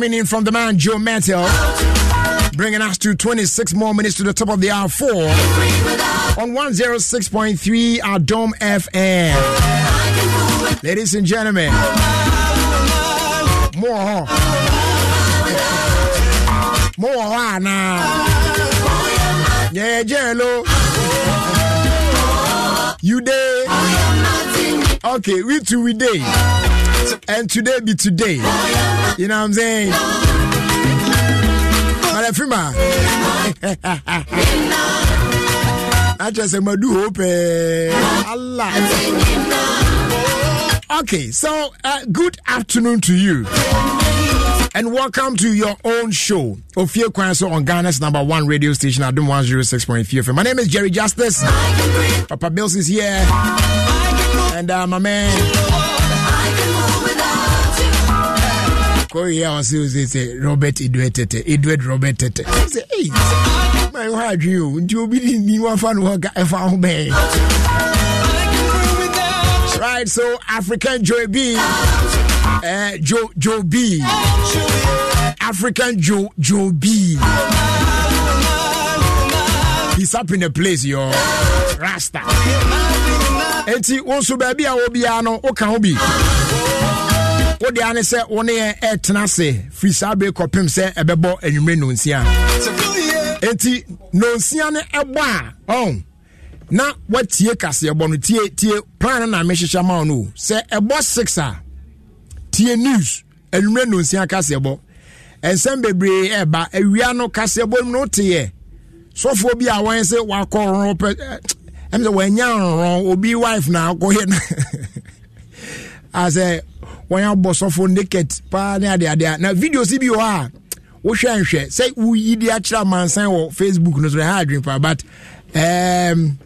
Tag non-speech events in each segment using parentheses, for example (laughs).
coming in from the man Joe Mantell, bringing us to 26 more minutes to the top of the hour four on 106.3 our Dome FM. Ladies and gentlemen, more, more ah, now. Yeah, jello. You day. Okay, we two we day and today be today. You know what I'm saying? Madam Fima. (laughs) I just say madu do hope. Eh, Allah. Okay, so uh, good afternoon to you. And welcome to your own show, Ophir Kwanso on Ghana's number one radio station, Adum 106.3 FM. My name is Jerry Justice. Papa Bills is here. And uh, my man. akɔyɛ a ɔse ɔse sɛ robert edward tɛtɛ edward robert tɛtɛ sɛ ma ɛhɔ adwene o nti obi ne ni wafa no hɔ ka ɛfa ho bɛɛ right so african joe b uh, joe joe b african joe joe b he's up in the place yo rasta enti wo nso baabi a wɔ biara no woka ho bi wode ane sɛ wo ne yɛn ɛtena ase firi saa bere kɔpem sɛ ɛbɛbɔ anwummerɛ nonsia enti nonsia no ɛbɔ a ɔn na watie kaseɛbɔ no tie tie plan no na mehyehyɛ ma wo no o sɛ ɛbɔ six a tie news anwummerɛ nonsia kaseɛbɔ ɛnsɛm bebree ɛba awia no kaseɛbɔ mu no woteɛ sɔfoɔ bi a wɔn sɛ wakɔ rɔn pɛ ɛm sɛ wɔanya rɔn obi wife na akɔyɛ no (laughs) asɛ wɔn abɔ sɔfo naked paa ne adeadeɛ na videos bi wɔ a wohwɛ nhwɛ sɛ woyi de akyerɛ amansan wɔ facebook no so na ɛha adwene paa but um,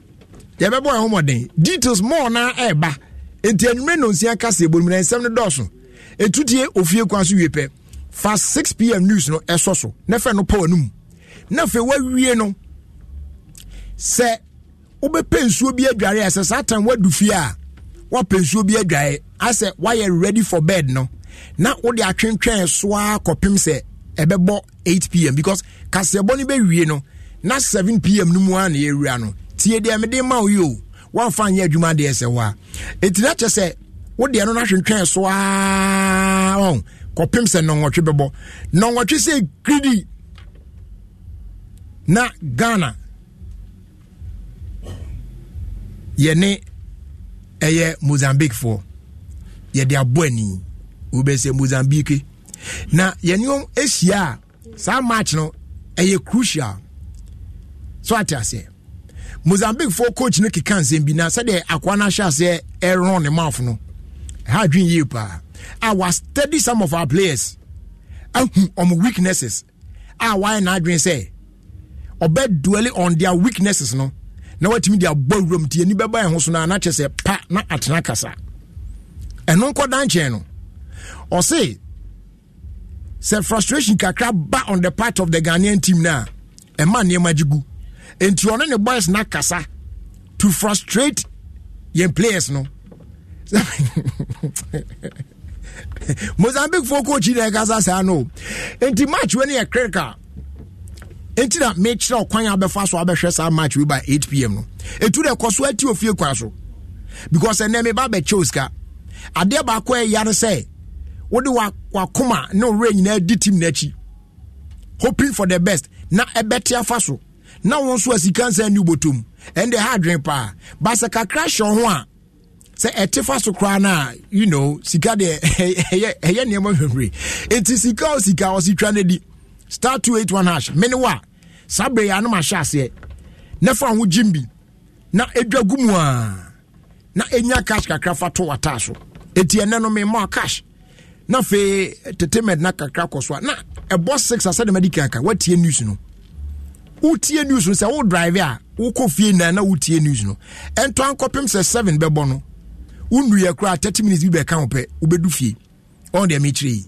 yɛbɛbɔ ɛho mmɔden details mɔɔ na ɛreba nti anwummerɛ nonsia ka se ɛbɔnum na nsɛm no dɔɔso ɛtutie ofie kwan so wie pɛ fa 6 pm news no ɛsɔ so na no pɔw anum na afei no sɛ wobɛpɛ nsuo bi adware a sɛ saa tam woadu fie a woapɛ nsuo bi adwae asɛ wayɛ ready for bed no na wode atwentwɛn so a kɔpem sɛ ɛbɛbɔ 8 pm because kaseɛbɔ no bɛwie no na 7 pm no mu a na yɛwura no tie deɛ mede ma wo yi o woamfa nyɛ adwuma deɛ sɛ wo a ɛnti na kyɛ sɛ wodeɛ no no atwentwɛn so a ɔ kɔpem sɛ nnɔnwɔtwe bɛbɔ nnɔnwɔtwe sɛ kiridi na ghana yɛne ɛyɛ mozambique foɔ yɛde abɔ ani wobɛsɛ mozambique na yɛne wɔn ahyia a saa match no ɛyɛ crucial so ate aseɛ mozambique foɔ coach no keka nsɛm bi na sɛdeɛ akoa no ahyɛ aseɛ ɛrɔn ne maf no ɛha adwene yie paa a wastudy some of our players ahu ɔmo weaknesses a wayɛ n'adwene sɛ ɔbɛduele on their weaknesses no na watumi de abɔ wuram nti yɛni bɛba yɛn ho so no a na kyɛ sɛ pa na atena kasa ɛno nkɔ dankyɛn no ɔse sɛ frustration kakra ba on the part of the ghanaian team no a ɛma nneɛma gye gu enti ɔne ne boys no akasa to frustrate yɛn players no (laughs) mozambique fo kochi na ɛkasa saa no enti match wei no yɛ critical enti na mekyerɛ ɔkwan a bɛfa so abɛhwɛ saa match wei by 8 pm no ɛtu dɛ ɛkɔ so ati ofie kwa so because ɛnɛ meba bɛkyɛ osika adeɛ baako a ɛyɛ no sɛ wode wakoma ne owura nyinaa di team n'akyi hoping for the best na ɛbɛte afa so na wɔn nso a sika nsa ni bɔtɔm ɛnna ɛha adwene paa baasa kakra hyɛ ho a sɛ ɛte fa so koraa na you know sika deɛ (laughs) ɛyɛ ɛyɛ nneɛma bebree eti sika o sika ɔsi twa n'adi star 281 eight one hash mene wa saa bere yɛ anum ahyɛ aseɛ ne fa ho gyim bi na edwa gu mu aa na enya cash kakra fa to wata so. eti ɛnɛ no memmɔ cash na afei tete med na kakra kɔ so a na ɛbɔ six asɛ dɛm adi kanka watie news no wotie news no sɛ wo a wokɔ fie na na wotie news no ɛntɔ ankɔpem sɛ seven bɛbɔ no wonuyɛ koraa thirty minutes bi bɛka wo pɛ wobɛdu fie ɔn deɛ mekyerɛ yi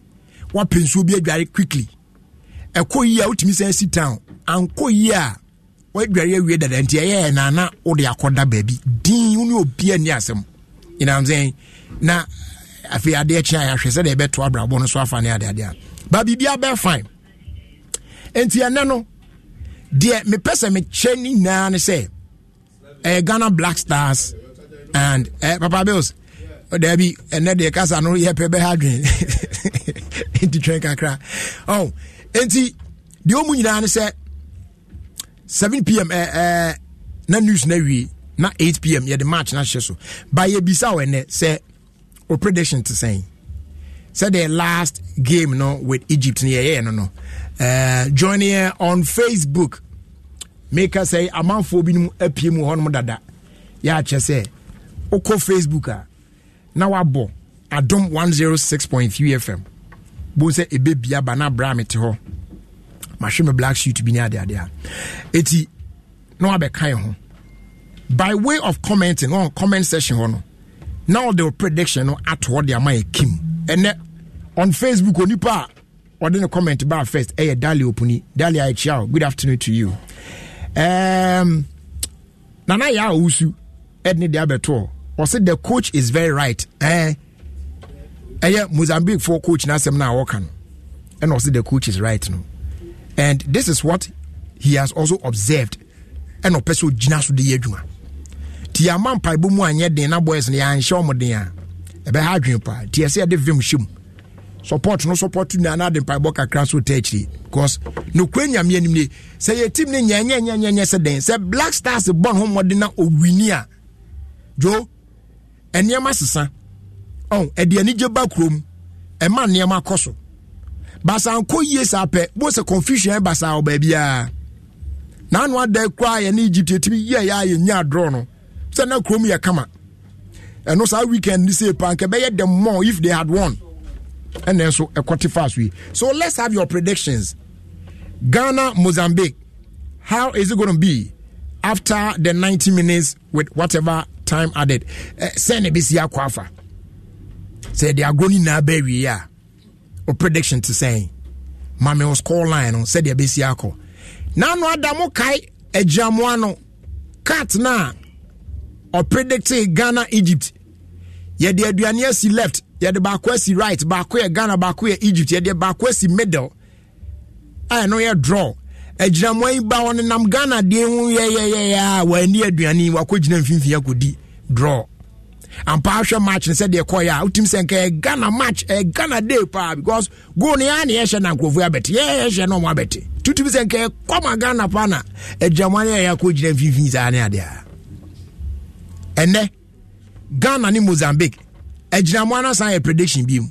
wapɛ nsuo bi adware quickly ɛkɔ yie a wotumi sɛn si town ankɔ yie a wadware awie dada nti ɛyɛ ɛnaana wode akɔda baabi din wo ne obia ni asɛm you know saying na afei adeɛ kyea yɛahwɛ sɛdeɛ ɛbɛto abrabɔ no so afa ne adeadeɛ a ba biribia bɛɛ fine enti ɛnɛ no deɛ mepɛ sɛ mekyɛ ne nyinaa ne sɛ ɛyɛ ghana black stars and eh, papa bills daabi ɛnɛ deɛ kasa no yɛpɛ bɛha adwene enti (laughs) twɛn kakra oh, enti deɛ ɔmu nyinaa ne sɛ 7 pm eh, eh, na news na wie na 8 pm yɛde match no ahyɛ so ba yɛbisa wɔ ɛnɛ sɛ Or prediction to say, sɛn sɛdeɛ last game no with egypt no yɛyɛɛ no no uh, join here on facebook say meka sɛ amanfoɔ binom apie mu hɔnom Yeah, yɛakyɛ say, oko facebook ah. now a na wabɔ adom 106.3 fm bohu sɛ ɛbɛbia ba na abrɛ a mete hɔ mahwe me black suit bi ne adeadeɛ a ah. no abe wabɛkae ho by way of commenting on comment section hɔ no Now the prediction no at what they ama yɛ kim on facebook onipa or ɔde ne comment about first Hey, dali opuni dali ayikyia good afternoon to you um, nana ya usu, owusu diabeto. de said the coach is very right eh hey, eh, mozambique for coach sem na awɔka And ɛna ɔsi the coach is right no and this is what he has also observed And ɔpɛ person gyina so de nti ama mpaebɔ mu anyɛ den na boys no yɛanhyɛ ɔmo den a ɛbɛha adwene paa nti ɛsɛ yɛde vim hyɛ mu support no support nyinaa na de mpaebɔ kakra so tɛ akyiri because nokorɛ nyame anim nie sɛ yɛ tim no nyɛnyɛnyɛnyɛnyɛ sɛ den sɛ black stars bɔ ne ho mmɔden na ni a dwo nneɛma sesa ɔn ɛde anigye ba kurom ɛma nneɛma kɔ so basankɔ yie saa pɛ bo sɛ confusion ɛba saa wɔ baabiara naano adan koraa yɛne egypt yɛtumi yie a yɛanya adorɔ no sɛ na kurom yɛ kama ɛno saa weekend ni sɛ pa nka ɛbɛyɛ them more if they had won ɛnna nso ɛkɔte fast yi so let's have your predictions ghana mozambique how is it going to be after the ninety minutes with whatever time added ɛ sɛ na ebi si akɔ afa sɛ de agorɔ ni nyinaa bɛɛ a o prediction ti sɛn maame o score line no sɛ de ebi si akɔ nanu adamu kai ɛgyamu ano cat naa ɔpredicte ghana egypt yɛde aduane asi left yɛde baako asi right baako yɛ ghana baako yɛ egypt yɛde baako asi middle a ɛno yɛ draw agyinamoa yi ba ɔnenam ghana deɛ ho yɛyɛyɛyɛ a wɔani aduane wakɔ gyina mfimfini akɔdi draw ampa ahwɛ match no sɛdeɛ kɔyɛ a wotim sɛ nka Ghana match Ghana day paa because goal no yɛa ne yɛhyɛ na nkurɔfoɔ abɛte yɛyɛhyɛ na ɔmo abɛte tutumi sɛ nka ɛkɔma ghana paa na agyinamoa no yɛyɛ akɔ gyina mfimfini saa ne adeɛ a ɛnɛ ghana ne mozambique agyinamoa e no asan yɛ prediction bi mu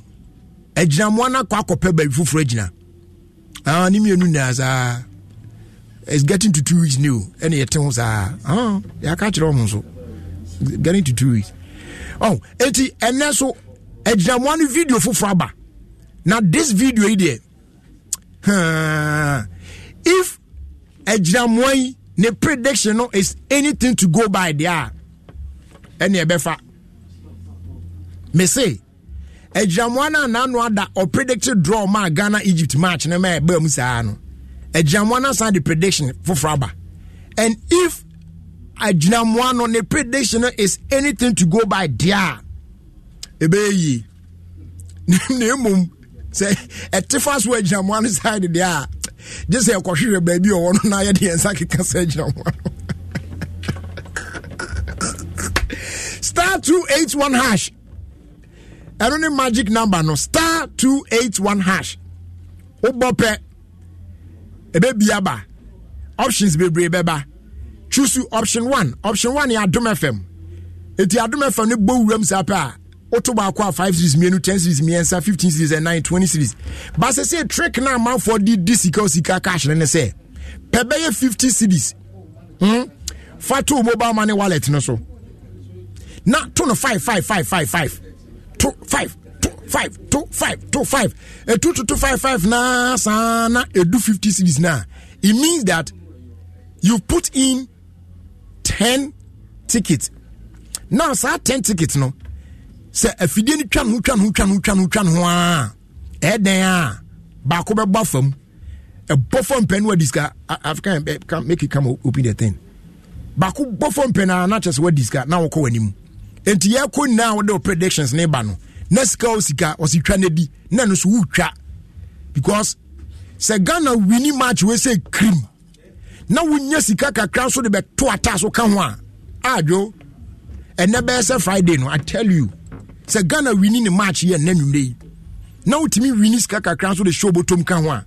agyinamoa e no akɔ akɔpɛ baabi foforɔ agyina e ah, ne mmienu nyinaa saa is getting to two weeks new ɛne yɛte ho saa ah, yɛaka kyerɛ ɔmo nso getting to two weeks oh, enti ɛnɛ so agyinamoa no video foforɔ aba na this video yi deɛ huh, if agyinamoa yi ne prediction no is anything to go by there ɛne ɛbɛfa mese adwamoa no anaano ada ɔpredict draw ma ghana egypt match no ma ɛbaa mu saa no adwamoa no asan de prediction foforɔ aba and if adwinamoa no ne prediction no is anything to go by deɛ a ɛbɛyɛ yie (laughs) na mmom sɛ ɛte fa so agyinamoa no side deɛ a gye sɛ ɛkɔhwehwɛ baabi ɔwɔ no na yɛde yɛnsa keka sɛ agyinamoa no star two eight one hash ɛno ne magic number no star two eight one hash wobɔ Ebe ɛbɛbi aba options bebree bɛba choose option one option one yɛ adom fm eti adom fm ne bɔ wuram saa pɛ a woto baako a five series mienu ten series miensa fifteen series and nine twenty series baasa sɛ trick na amanfoɔ de di sika o sika cash ne ne sɛ pɛ bɛyɛ fifty series hmm? fa to mobile money wallet no so. na to no five five five five five two five two five two five two five a two two two five five na sana a do fifty series na it means that you put in ten tickets now saa ten tickets no sɛ afidie no twa no ho twa no ho twa no ho twa no ho twa no ho a ɛdɛn a baako bɛbɔ fam ɛbɔ fam pɛ no wadi sika african eh, eh, make it come open the thing baako bɔ fam pɛ no a na kyerɛ sɛ wadi sika na wɔkɔ w'anim nti yɛkɔ nyinaa wɔde wɔ predictions ne ba no na sika o sika wɔsi twa no di na no so wotwa because sɛ ghana wini match wei sɛ krim na wonya sika kakra nso de bɛto ata so ka ho a adwo ɛnɛ bɛyɛ sɛ friday no i tell you sɛ ghana wini ne match yɛ nnɛ nwumire yi na wotumi wini sika kakra nso de hyɛ obotom ka ho a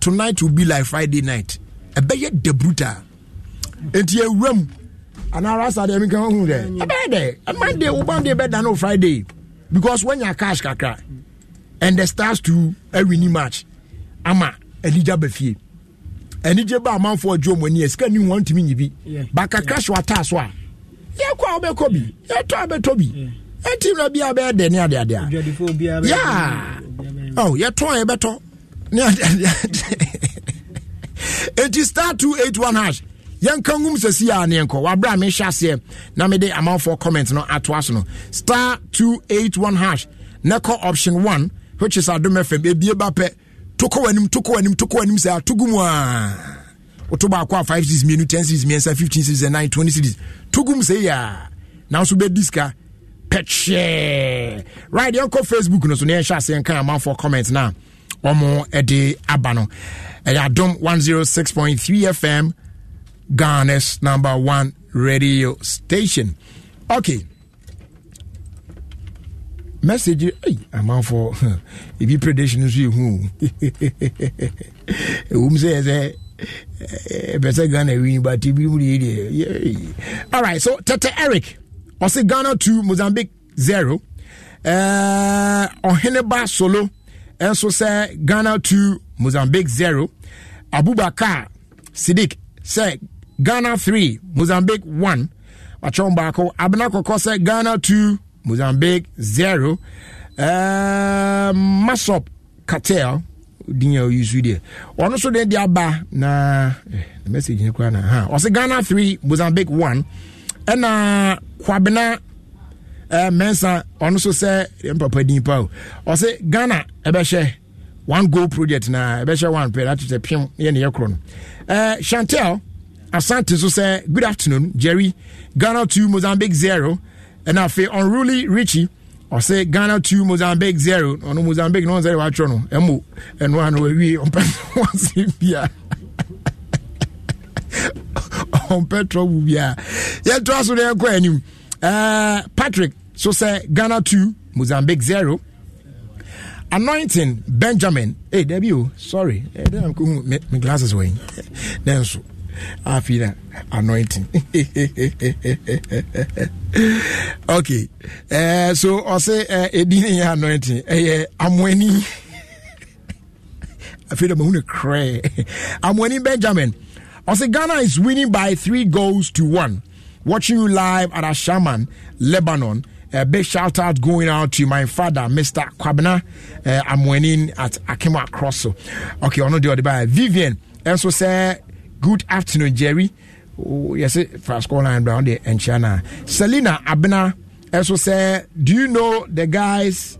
tonight will be like friday night ɛbɛyɛ e dabruta enti awura mu anaa rasa deɛ menka wahu dɛ ɛbɛyɛ mm. dɛ monday wo monday bɛda no friday because when wanya cash kakra and the stars to new match ama anigya ba fie anigye ba amanfoɔ adwo mu ani sika ni wɔn ntumi nyi bi ba kakra so ataa so a yɛkɔ a wobɛkɔ bi yɛtɔ a bɛtɔ bi ɛtim na bia bɛyɛ dɛ ne adeade a yaa oh yɛtɔ a yɛbɛtɔ ne adeade enti star two eight one hash yɛnka nwum sɛsi a ne yɛnkɔ wabrɛ a mehyɛ aseɛ na mede amanfoɔ comment no atoa so no star 281 hash na kɔ option 1 which is adom fm ebie ba pɛ tokɔ w'anim tokɔ w'anim tokɔ w'anim sɛ ato gu mu a woto baako a 5 6 mmienu 10 6 mmiɛnsa 15 6 9 20 6 to gu mu sɛ yi a nanso bɛdi sika pɛkyɛɛ right yɛnkɔ facebook no so na yɛnhyɛ aseɛ nka amanfoɔ comment no a wɔmo de aba no ɛyɛ adom 106.3 fm Ghana's number one radio station. Okay. Message hey, out for (laughs) if you prediction is you who (laughs) whom says eh, better Ghana win, but you All right, so Tete Eric, Ose Ghana two, Mozambique zero. Uh, eh, Oheneba Solo, and so say Ghana two, Mozambique zero. Abubakar Sidik say ghana 3 mozambique 1 matwɛn baako abena kɔkɔ sɛ ghana 2 mozambique 0 uh, masop cartel din a Ono so de diaba na eh, message ne kora na ha ɔsɛ ghana 3 mozambique 1 Ena kwabena uh, mensa ono so se mpapa din pa o ɔsɛ ghana ɛbɛhyɛ one goal project na ɛbɛhyɛ one pɛ that is a pem yɛ ne uh, chantel Asante so sɛ good afternoon Jerry Ghana 2 Mozambique 0 ɛna afei unruly Richie ɔsɛ Ghana 2 Mozambique 0 ɔno Mozambique no ɔnsɛ watwerɛ no ɛmo ɛno ano awie ɔmpɛ wɔnsɛ bia ɔmpɛ trɔbu bia yɛtoa so no yɛkɔ anim Patrick so sɛ Ghana 2 Mozambique zero Anointing Benjamin hey, debi o oh, sorry hey, me, me glasses wɔ yi nanso afei anointing okay uh, so ɔsɛ ɛdi uh, ne yɛ anointing ɛyɛ amoani afei na mahunu krɛ amoani benjamin ɔsɛ ghana is winning by three goals to one watching you live at ashaman lebanon a eh, big shout out going out to my father, Mr. Kwabena uh, winning at Akima Crosso. Okay, I know the other Vivian. And so say good afternoon jerry yɛsɛ frasco line brown de ɛnkyia in a selina abena ɛso sɛ do you know the guys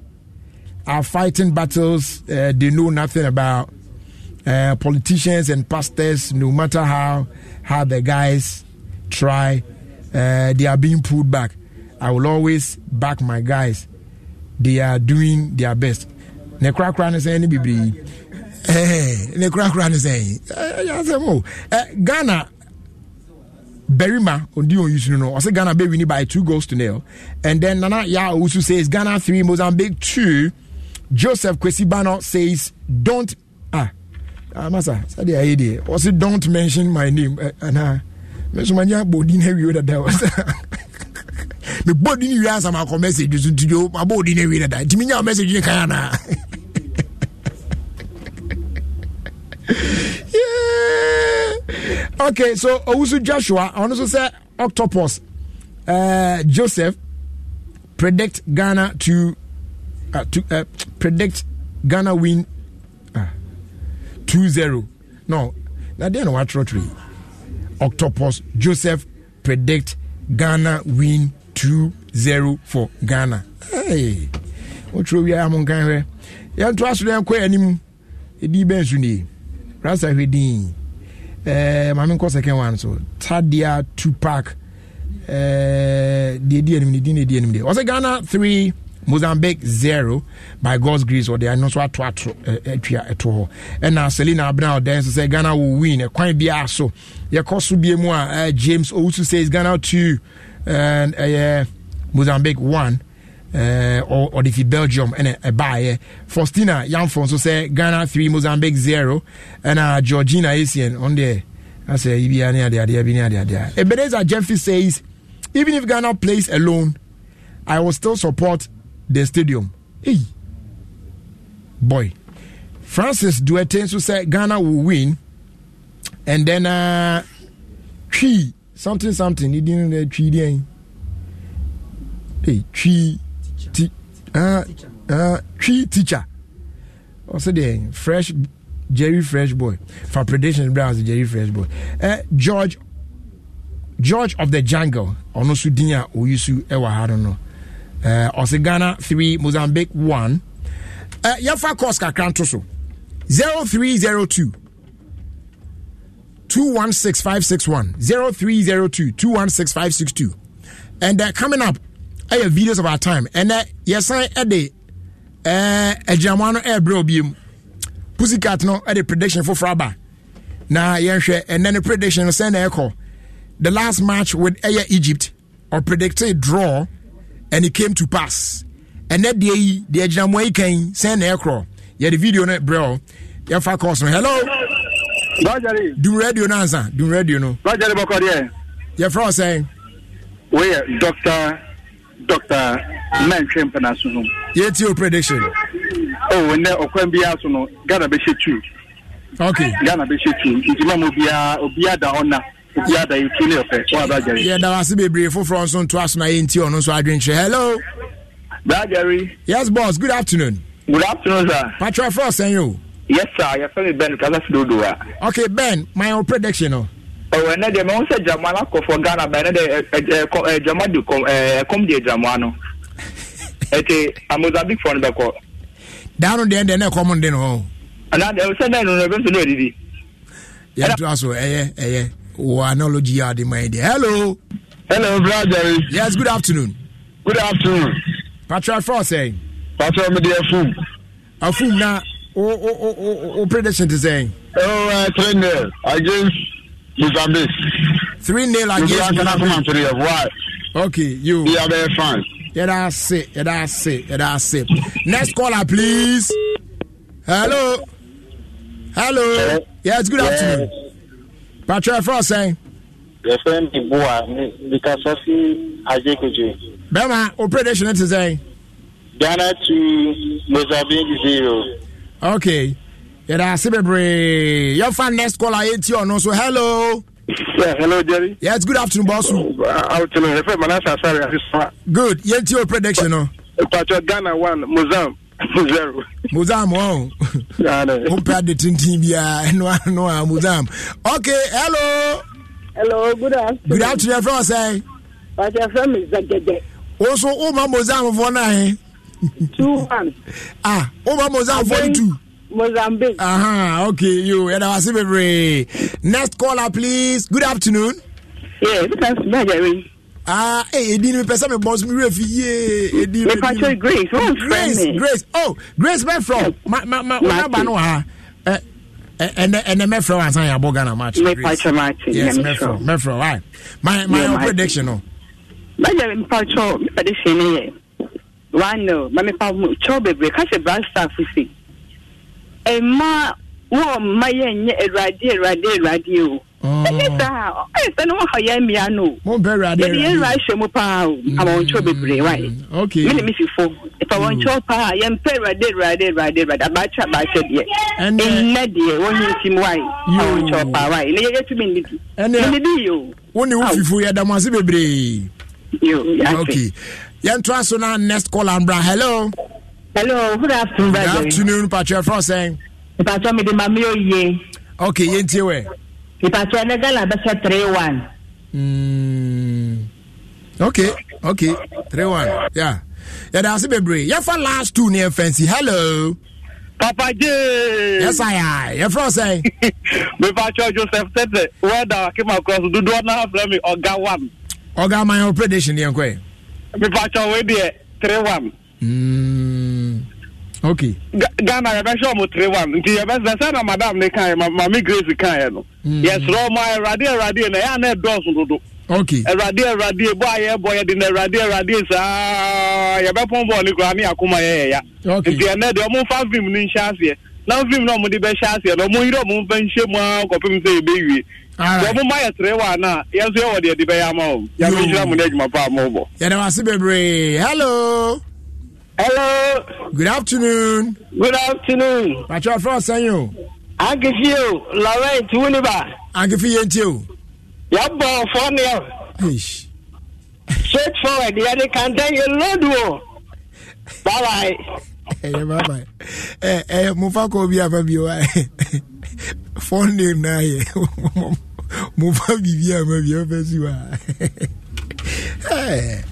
are fighting battles uh, they know nothing about uh, politicians and pastors no matter how how the guys try uh, they are being pulled back i will always back my guys they are doing their best ne korakora no ne korakora no sɛ yɛasɛm o ghana Berima Ondi Oyusuno. I say Ghana be winning by two goals to nil. And then Nana Ya Ousu says Ghana three, Mozambique two. Joseph Kwesibano says don't ah ah masa sadi ayidi. Also don't mention my name. Uh, eh, and uh, mesumanya bodi na wiyo da da was. (laughs) Me bodi ni wiyo asama ko message to yo. Ma bodi na wiyo da da. Timinya message ni kaya na. (laughs) okay so owusu joshua ɔno nso sɛ octopus uh, joseph predict ghana to uh, to uh, predict ghana win uh, ah, 2-0 no na deɛ na watwerɛtwerɛ octopus joseph predict ghana win 2-0 for ghana hey. wotwerɛ wiaa mo nkan hwɛ yɛnto aso no yɛnkɔ anim ɛdi bɛn so nie rasa hwɛ din eh, maame nkɔ second one so tadia tupac deɛ eh, di anim ne di ne di anim deɛ ɔsɛ ghana three mozambique zero by god's grace ɔde ɛno nso ato ato atua eh, eh, ɛto hɔ ɛna selina abena ɔdan nso sɛ ghana will win ɛkwan biara so yɛkɔ so bie mu a james owusu says ghana two and ɛyɛ uh, mozambique one. ɔde eh, fi belgium ɛna ɛbaeɛ eh, eh, faustina yamfo nso sɛ ghana 3 mozambique 0 ɛna uh, georgina asian ɔn deɛ asɛ yibia ah, ne adeadeɛ bi ne adeadeɛ ebedeza jeffy says even if ghana plays alone i will still support the stadium hey boy francis duete nso sɛ ghana will win and then uh, twi something something ne din no dɛ twi deɛn hey twi three uh, uh, teacher ɔsɛ deɛ fresh jerry fresh boy for predation brown jerry fresh boy uh, george george of the jungle ɔno nso din a oyi so ha no no ɔsɛ ghana three mozambique one uh, yɛfa course kakra nto so zero three zero two. 216561 216561 302 216562 and uh, coming up ɛyɛ videos of our time ɛnɛ yɛsan ɛde ɛɛ agyinamoa no ɛɛbrɛ obi mu pussycat no ɛde prediction foforɔ aba na yɛnhwɛ ɛnɛ no prediction no sɛn na ɛkɔ the last match with ɛyɛ egypt or predicted draw and it came to pass ɛnɛ deɛ yi deɛ agyinamoa yi kan sɛn na ɛkorɔ yɛde video no brɛ o yɛfa kɔɔso hello. Bajari. Dun radio no ansa, dun radio no. Bajari bɔkɔ deɛ. Yɛfrɛ wo sɛn? Woyɛ Dr. Doctor, mmɛntwe mpana so no prediction oh nnɛ ɔkwan biara so no ghana bɛhyɛ two okay ghana bɛhyɛ two nti mama obiara obiara da hɔ na obiara da yɛtu ne yɛpɛ wɔn aba gyere yɛda wase bebree foforɔ nso nto aso na yɛnti hello brajari yes boss good afternoon good afternoon sir patro fɔ ɔsɛn yi yes sir yɛfɛ mi ben kasa sidodo a okay ben my own prediction o. Oh ɛwɔ ɛnɛ deɛ mɛhu sɛ gyama no akɔfoɔ ghana ba ɛnɛ deɛ gyama de ɛkɔm deɛ gyamoa no (laughs) ɛti amozambikfoɔ no bɛkɔ daa no deɛ deɛ na ɛkɔm de no hɔ ɛna sɛ dɛn no no ɛbɛso no adidi yɛntoa so ɛyɛ ɛyɛ wɔ analogy yɛ ade ma yi deɛ hello hello brother yes good afternoon good afternoon Patrick afro sɛn patro mi deɛ afum afum na o o o o prediction ti sɛn ɛwɔ ɛtrɛn deɛ against Mozambique. Three nil against Mozambique. Why? Okay, you. We are very fans. Yeah, that's it. that's it. that's it. Next caller, please. Hello. Hello. Hello. Yes, good afternoon. Patrick Frost saying. Eh? Your the boy. because of Ajekoje. Bema, what prediction is a eh? Ghana to Mozambique zero. Okay yɛda ase bebree yɛfa next call a yɛti ɔno so hello Yeah, hello Jerry. Yes, good afternoon, boss. Oh, uh, good. Yet your prediction, no? Oh. Ghana one, Mozambique (laughs) zero. Muzam, wow. Umpad the Tintibia, no, no, uh, Muzam. Okay, hello. Hello, good afternoon. Good afternoon, from say. But your friend is Zagede. Also, Oma Muzam of one nine. Two hands. Ah, Oma Mozam forty two. Mozambique. Aha, uh-huh, okay, you. And I see bebree. Next caller, please. Good afternoon. Yeah, good afternoon. Ah, hey, Edin, person me boss me refi ye. Grace. me patcho Grace. Grace, Oh, Grace, where from? Ma, ma, ma, ma, ma, no eh, ha. Eh, and ɛnɛ mɛfrɛ wa asan yabɔ Bogana match. mɛpatro match yes mɛfrɛ mɛfrɛ Why? my my own prediction no. bɛjɛ My prediction yɛ one My mɛ mɛpa mu kyɛw bebree kasi brand star see mma wọ mma yẹ nye ewurade ewurade ewurade o. ɛnyɛ saa ɛyɛ sɛ no wɔha yɛ mmea no yɛde yɛwura ahyɛ mu paa o mm. ama wɔnkyɛw bebree wae me ne mesifo ɛfa wɔnkyɛw paa yɛmpɛ awurade awurade awurade awurade abaakyɛ abaakyɛ deɛ ɛnnɛ deɛ wɔhentim wae ma wɔnkyɛw paa wae na yɛyɛtumi nnidi menedi uh, o wo ne wo fifo yɛda mo ase bebree okay yɛntoa so na next call ambra hello hello good afternoon brother. good afternoon patro ẹfọ sẹyìn. ìpàtọ́ mi di mami oyè. ok yé I'm tiẹ wẹ. ìpàtọ́ ẹni gala bẹ hmm. Okay. three one. ok Yeah. three one ya yàda ase bebree yẹfa last two near fancy. hello. papa j. yes i i yẹ fọ sẹyìn. mipatro joseph tete wẹ́ẹ̀dà akima cross dudu ọ̀nà fúlẹ́mi ọ̀gá one. ọ̀gá mayan predation yẹn kọ́ ẹ̀. mipatro wẹ́ẹ̀dì ẹ̀ three one. Mm. ok. ghana yɛbɛhwɛ ɔmo tiri wan nti yɛbɛsɛ sɛ na madam ne kan yɛ ma grace kan yɛ no yɛsrɛ ɔmo a ɛwurade na ɛyɛ anɛ dɔɔso dodo. ok ɛwurade ɛwurade bɔ a na ɛwurade ɛwurade saa yɛbɛpɔn bɔɔl ne kura ne akoma ya. ok nti ɛnɛ deɛ ɔmo nfa ne nhyɛ aseɛ na na ɔmo de bɛhyɛ aseɛ na ɔmo yiri ɔmo nfa nhyɛ mu a sɛ ɔmo na Hello. Good afternoon. Good afternoon. Pàtó àfúrà sẹ́yìn o. Àǹkìfì o, Laurent Winiba. Àǹkìfì yẹn ti o. Yà bọ̀ fọ́ mi ọ. Straight forward, yẹ ni kàntẹ́ yẹn lódù o. Bye bye. Ẹ bye bye. Ẹ ẹ mo fa kọ bi afa bi wa. Fọ́ndé náà yẹ mo fa bìbí àmọ́ bi ọ fẹ́ si wa. (laughs) Hey, eh,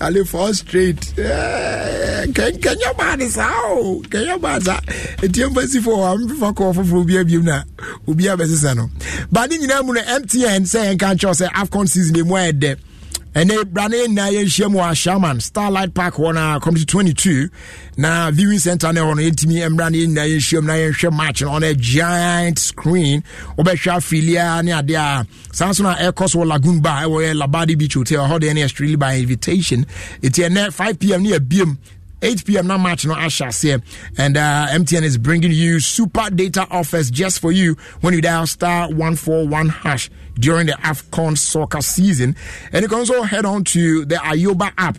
Alifor Street. Eh, Kenya bad is how. Kenya bad is how. Eti embassy for am for call for for bia bia na. Obi abesesa no. Ba ni nyina mu no MTN say enka cho say Afcon season dey mu ede. ɛnɛ brane na yɛnhyia mu wɔ ahyiaman starlight park hɔ no community 22 na viewing center no ɛhɔ no yɛntumi mmra no yɛnyinaa yɛnhyia mu na yɛnhwɛ match no ɔno giant screen wobɛhwɛ afilia ne ade a saa nso no a ɛkɔ so wɔ lagoon bar ɛwɔ yɛ labade beach hotel ɛhɔ deɛ ne yɛstrely by invitation ɛti ɛnɛ 5pm ne yɛbiam 8 p.m. now match no Asha here and uh, MTN is bringing you super data offers just for you when you dial star 141 hash during the AFCON soccer season. And you can also head on to the Ayoba app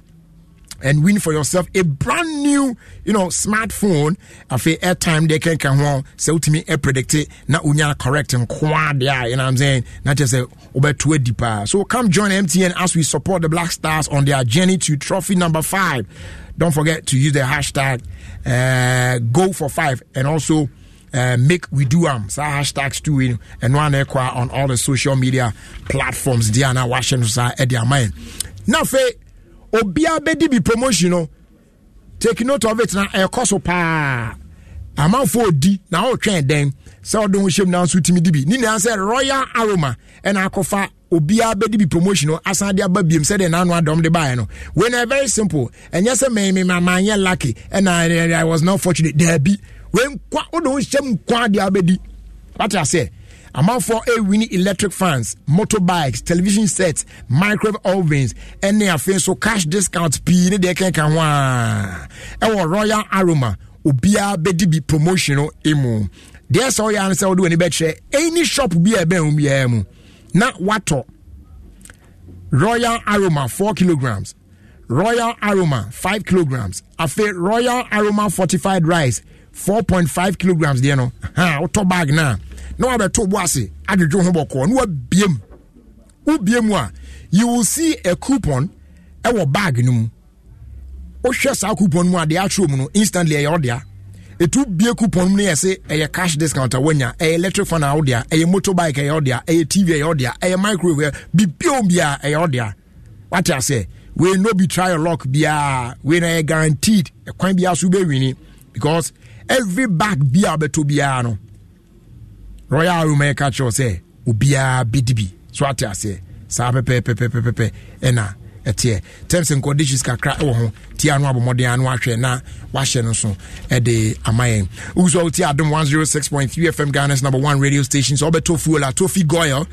and win for yourself a brand new, you know, smartphone. Afe airtime they can come on. So to me, a predict it. Not unya correct and quad. Yeah, you know what I'm saying? Not just a over two deeper. So come join MTN as we support the Black Stars on their journey to trophy number five. Don't forget to use the hashtag uh, go for five and also uh, make we do am um, saa hashtags too yi ɛno ana ɛkɔ on all the social media platforms deɛ ana wahyɛ no saa ɛde ama yɛn na afei obiara bɛdi bi promotion no take note of it now. ɛkɔ so paa amanfo odi na ɔtwɛn dɛn sɛ ɔde ho hyɛm na nso tumi di bi ne nyinaa sɛ royal aroma and Akofa. Obi abedi be promotion no asan de aba biem sɛdeɛ n'ano adɔm de baeɛ no When e very simple And yes, me sɛ mɛmɛmɛ manyɛ lucky And i I was not fortunate there be wenkwa wode wo nhyɛ nkwa adeɛ wobɛdi wate aseɛ amanfoɔ ɛwini electric fans motorbikes television sets microwave ovens ɛne afei nso cash discount pii ne deɛ kenka ho a ɛwɔ royal aroma obiara bɛdi bi promotion no mu deɛ sɛ woyɛ ano sɛ wode w'ani bɛkyerɛ ɛni shop bi a ɛbɛn wo biara mu na watɔ royal aroma 4 kilograms royal aroma 5 kilograms afei royal aroma fortified rice 4.5 kilograms deɛ no wotɔ bag no a na wabɛto bo ase adwodwo ho bɔkɔɔ na wabie mu wobie mu a you will see a coupon ɛwɔ bag no mu wohwɛ saa coupon mu a deɛ atwerɛ mu no instantly ɛyɛ ɔdea ɛtu bie coupon mu no yɛ se ɛyɛ cash discount a woanya ɛyɛ electric fan a wodea ɛyɛ motorbike ɛyɛ ɔdea ɛyɛ tv ɛyɛ ɔdea ɛyɛ microwave bibiom biaa ɛyɛ ɔdea wate asɛ wei no bi try your luck biaa wei na ɛyɛ guaranteed ɛkwan biaa so wobɛwini because every bag bia wobɛtɔ biara no royal aroma yɛka kyerɛw sɛ obiara bɛdi bi so ate aseɛ saa pɛpɛpɛpɛpɛpɛ ɛna ɛteɛ terms and conditions kakra ɛwɔ ho tia no abɔmmɔden ano ahwɛ na wahyɛ no so ɛde ama yɛn woso wotie adom 106.3 fm ghana's number one radio station so wobɛtɔ fuel a tofi goil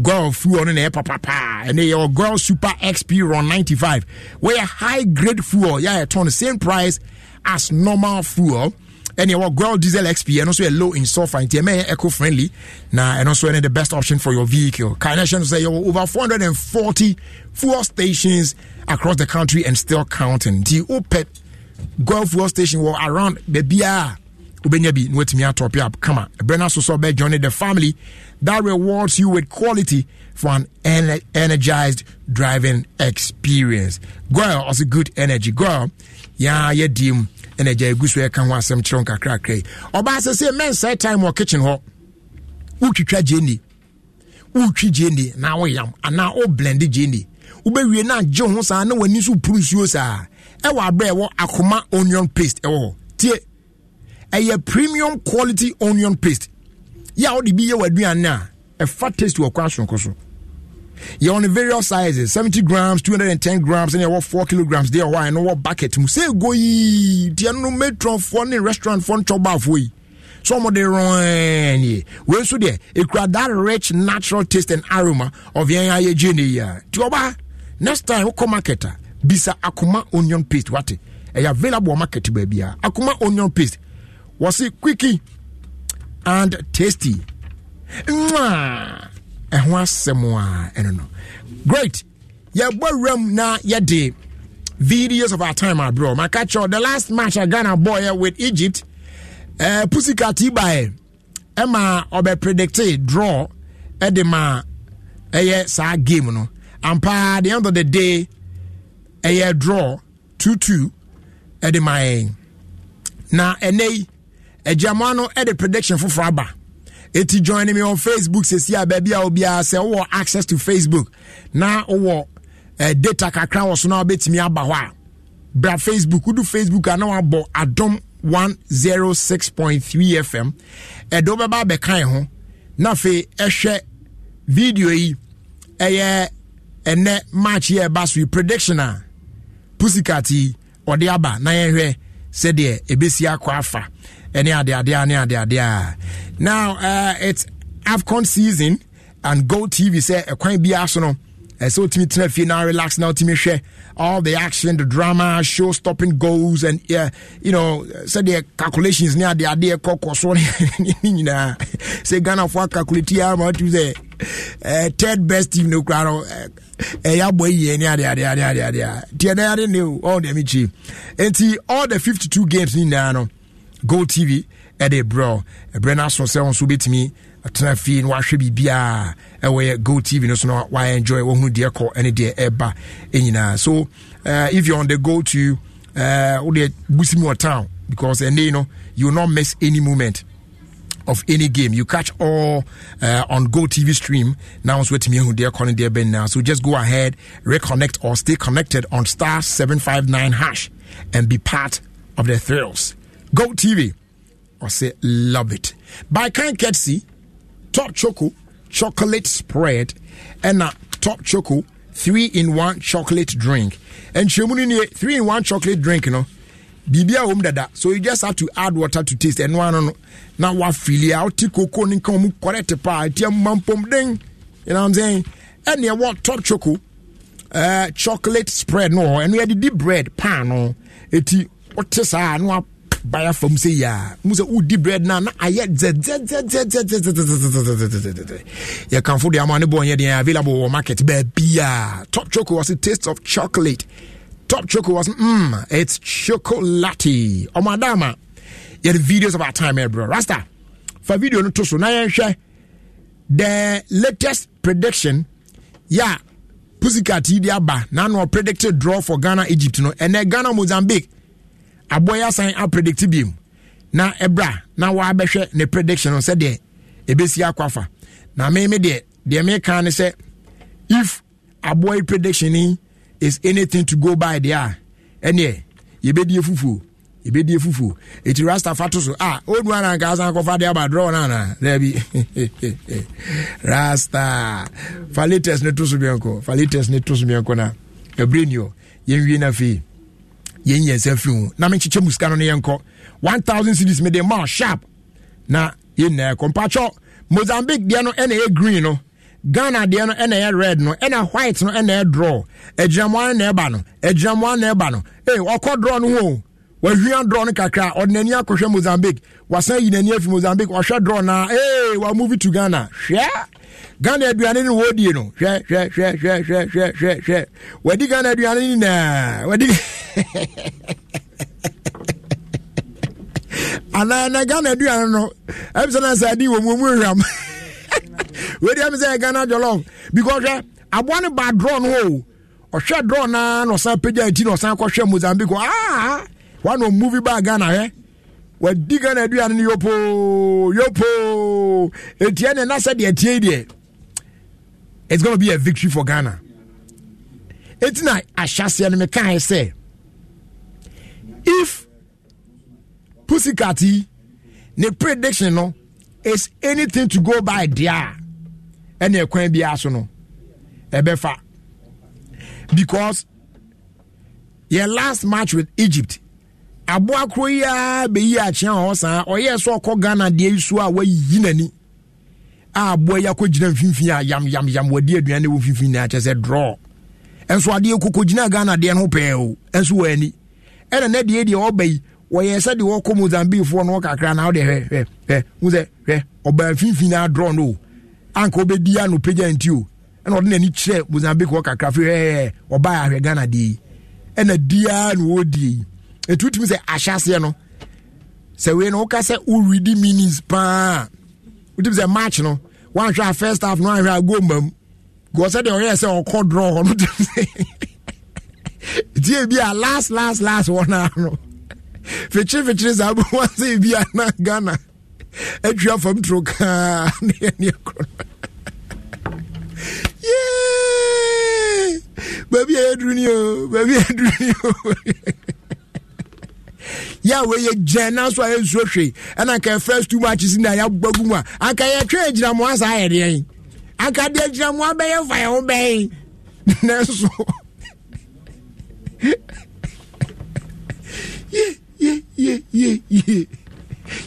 goil fuel no na ɛyɛ papapaa ɛne yɛwɔ goil super xp run ninety five wɔyɛ high grade fuel yɛayɛtɔ no same price as normal fuel ɛne ɛwɔ Goil diesel XP and also a low in sulfur and ɛmɛ eco friendly and also nso ɛne the best option for your vehicle Carnation say sɛ over 440 fuel stations across the country and still counting The open Gulf fuel station were around the BR. wobɛnya bi na watumi atɔpe up kama ɛberɛ on, so sɛ wobɛjoine the family that rewards you with quality for an energized driving experience goil also good energy goil yeah, yeah, dim. ɛna gya egu so ɛka ho asɛm kyerɛ nkakrakra yi ɔbaa sɛ sɛ mɛnsa time wɔ kitchen hɔ wotwitwa gyeene wotwi gyeene na woyam anaa woblende gyeene wobɛwie no agye ho saa na w'ani so puru nsuo saa ɛwɔ aberɛ ɛwɔ akoma onion paste ɛwɔ hɔ tie ɛyɛ premium quality onion paste yɛ a wode bi yɛ w'aduane a ɛfa taste wɔ kɔ asonko so yɛwɔ no various sizes 70 grams 210 grams ne yɛwɔ 4 kilograms deɛ ɛwɔ a ɛno wɔ bucket mu sɛ ɛgo yi deɛ no matronfoɔ ne restaurantfoɔ ntwɔbaafoɔ yi so ɔmo de rɔnnie wei nso deɛ ekura that rich natural taste and aroma of yɛn ayɛ gye ne yi a ti ɔba next time wokɔ market a bisa akoma onion paste wate ɛyɛ available wɔ market baabi a akoma onion paste wɔsi quicky and tasty mwaa ɛho asɛm a ɛno no great yɛbɔ wram na yɛde videos of our time abroad. My catcher, the last match I Ghana boy with Egypt, uh, Pussycat by Emma Obe predicted draw Edema a sa game. No, and by the end of the day, a draw 2 2 Edema. Na ene a Germano at the prediction for Fraba ɛti join me on facebook sɛsi a baabi a obiara sɛ wowɔ access to facebook na wowɔ uh, eh, data kakra wɔ so na wobɛtumi aba hɔ a bra facebook wodu facebook a na wabɔ adom oh three fm ɛde wobɛba abɛkae ho na fe ɛhwɛ video yi ɛyɛ ɛnɛ match yɛ ɛba so yi prediction a pusikat yi ɔde aba na yɛhwɛ sɛdeɛ ɛbɛsi akɔ afa any idea, any idea. Ah. Now, uh, it's AFCON season and Go TV say eh, a coin be arsenal. Eh, so Timmy Tina now relax now Timmy share all the action, the drama, show stopping goals and yeah, you know, say the calculations near the idea cock or so say Ghana for calculate how you say eh, third best team no crowd ɛyɛ abɔ yie ne ade ade ade ade ade a deɛ na yɛade ne o ɔn deɛ mi kyi nti all the fifty two games ni nyinaa no. Go tv ɛde brɛ ɛbrɛ no aso sɛ wo nso wobɛtumi atena fie no wahwɛ biribiaa ɛwɔyɛ go tv no so no enjoy wahunu deɛ kɔ ɛne deɛ ɛba nyinaa so uh, if you on the go to uh, eh, wode busi mu town because ɛne no you will not miss any moment of any game. You catch all uh, on Go TV stream. Now it's with me who they're calling their Ben now. So just go ahead, reconnect or stay connected on star 759 hash and be part of the thrills. Go TV. I say love it. By Can Ketsi, Top Choco, chocolate spread, and a Top Choco three in one chocolate drink. And Shemuni, three in one chocolate drink, you know. Bibia home dada. So you just have to add water to taste and one no, now wa filia out koni ni come correct pa mampom ding. You know what I'm saying? And yeah, what top choco uh chocolate spread no and we had the deep bread pan no it what is no baya fam sɛ yi a mu sɛ wodi bread no a na ayɛ dzɛdzɛdzɛdzɛdzɛdzɛdzɛdzɛdzɛdzɛdzɛdzɛ yɛkamfo deɛ ama ne bɔnyɛ deɛ available wɔ market baabia top choco wɔ se taste of chocolate top choco wɔ se mm, it's chocolate ɔmo adama yɛde videos of our time ɛbrɛ rasta fa video no to so na yɛnhwɛ the latest prediction yɛ a pussycat yi de aba na na ɔpredicted draw for ghana egypt no ɛnɛ ghana mozambique aboa asan apredicti biem na ɛbra na wabɛhwɛ ne prediction no sɛdeɛ ɛbɛsi akɔ afa na meme deɛ deɛ meka ne sɛ if aboa yi prediction is anything to go by deɛ a ɛneɛ yɛbɛdie fufuo yɛbɛdie fufuo ɛti rastafa to so a ah, ɔnu ana nka asan kɔfa deɛ aba drɔw no ana daabi (laughs) rasta fa latest ne to so biɛnkɔ fa latest ne to so biɛnkɔ na ɛberɛ ni ɔ yɛnwie no yɛn yɛn nsa firi ho na menkyekyɛ mu sika no no yɛnkɔ 1000 cities mede ma sharp na yɛnna ɛkɔ mpatwɔ mozambique deɛ no ɛna ɛyɛ green no ghana deɛ no ɛna ɛyɛ red no ɛna white no ɛna ɛyɛ draw agyinamoa no na ɛba no agyinamoa no ɛba no ee ɔkɔ draw no ho wahwia draw no kakra ɔde n'ani akɔhwɛ mozambique wasan yi n'ani afi mozambique ɔhwɛ draw na ee wa move to ghana hwɛ ghana aduane no wɔdie no hwɛ hwɛ hwɛ hwɛ hwɛ hwɛ hwɛ wɔdi ghana aduane nyinaa Wadi (laughs) (laughs) anaa na (laughs) ghana aduane no ɛm sɛ na sɛ adi wɔ mu mu nhwam wedi ɛm sɛ ghana jɔlɔf because hwɛ eh, aboa no ba drɔ no o ɔhwɛ drɔ naa na ɔsan pagya ati na ɔsan kɔhwɛ mozambique aa ah, wana ɔmuvi baa ghana hwɛ eh? wadi ghana aduane no yopoo yopoo etia ne na sɛdeɛ tie deɛ it's gonna be a victory for ghana eti na ahyɛseɛ no mekae sɛ if pussycat ne prediction no is anything to go by there ɛna ɛkwan bi aso no ɛbɛfa because yɛ last match with egypt aboa koro yi a bɛyi akyea hɔ saa ɔyɛ sɛ ɔkɔ ghana deɛ yi so a wayiyi n'ani a aboa yi akɔgyina mfimfini a yam yam yam wɔde aduane wɔ mfimfini na akyɛ sɛ draw ɛnso adeɛ kokɔgyina ghana deɛ no ho pɛɛ o ɛnso wɔ ani ɛna ne deɛ deɛ ɔba yi wɔyɛ sɛ deɛ wɔkɔ mozambifoɔ no kakra na wɔde hwɛ hwɛ hwɛ hu sɛ hwɛ ɔbaa finfin na adrɔ no anka ɔbɛdi ano pagya nti o ɛna ɔde n'ani kyerɛ mozambifoɔ kakra fi hwɛ hwɛ ɔbaa ahwɛ ghana deɛ yi ɛna diaa na wɔredie yi etu tumi sɛ ahyɛaseɛ no sɛ wei no woka sɛ woredi meanings paa wotumi sɛ march no wanhwɛ a first half no anhwɛ a go mam gɔɔ sɛ deɛ ɔyɛ sɛ ɔkɔ drɔ hɔ no (laughs) tie bi a last last last wɔn ano fitiri fitiri saa bɛ wɔn sɛ ebi a na ghana atwa fam turo kaa (laughs) ne yɛ ne koro yee baabi a yɛduru ni o baabi a yɛduru ni o yà wò yẹ jẹ n'aso a yẹ nsuo hwè ɛnna nkà first two matches ní a yà bọ gu mu a anka yẹ twɛ gyinamoa saa yɛ deɛ yi anka deɛ gyinamoa bɛyɛ fa yɛ ho bɛyɛ (laughs) nanso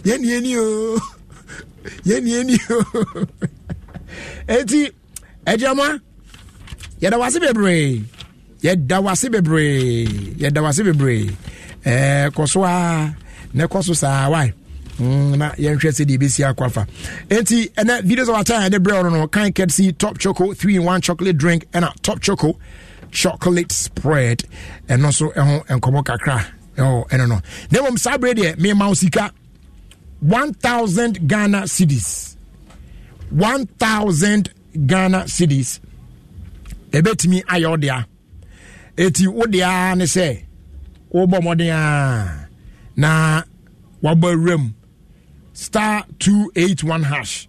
yɛni ani o yɛni ani o eti agyama yɛda wase bebree yɛda wase bebree yɛda wase bebree ɛɛ kɔ so a mm, na ɛkɔ so saa wae na yɛnhwɛ sɛ deɛ bɛsi akɔ afa enti ɛnɛ videos a wakyɛ a yɛde brɛ ɔno no kan kɛdsi top choco 3 in 1 chocolate drink ɛna top choco chocolate spread and also ɛho eh, nkɔmɔ kakra Oh, I don't know. mmom saa bere deɛ mema wo sika 1000 ghana cedis 1000 ghana cedis ɛbɛtumi ayɛ wo dea ɛti wo dea ne se wobɔ mmɔden a na wabɔ awuram star 281 hash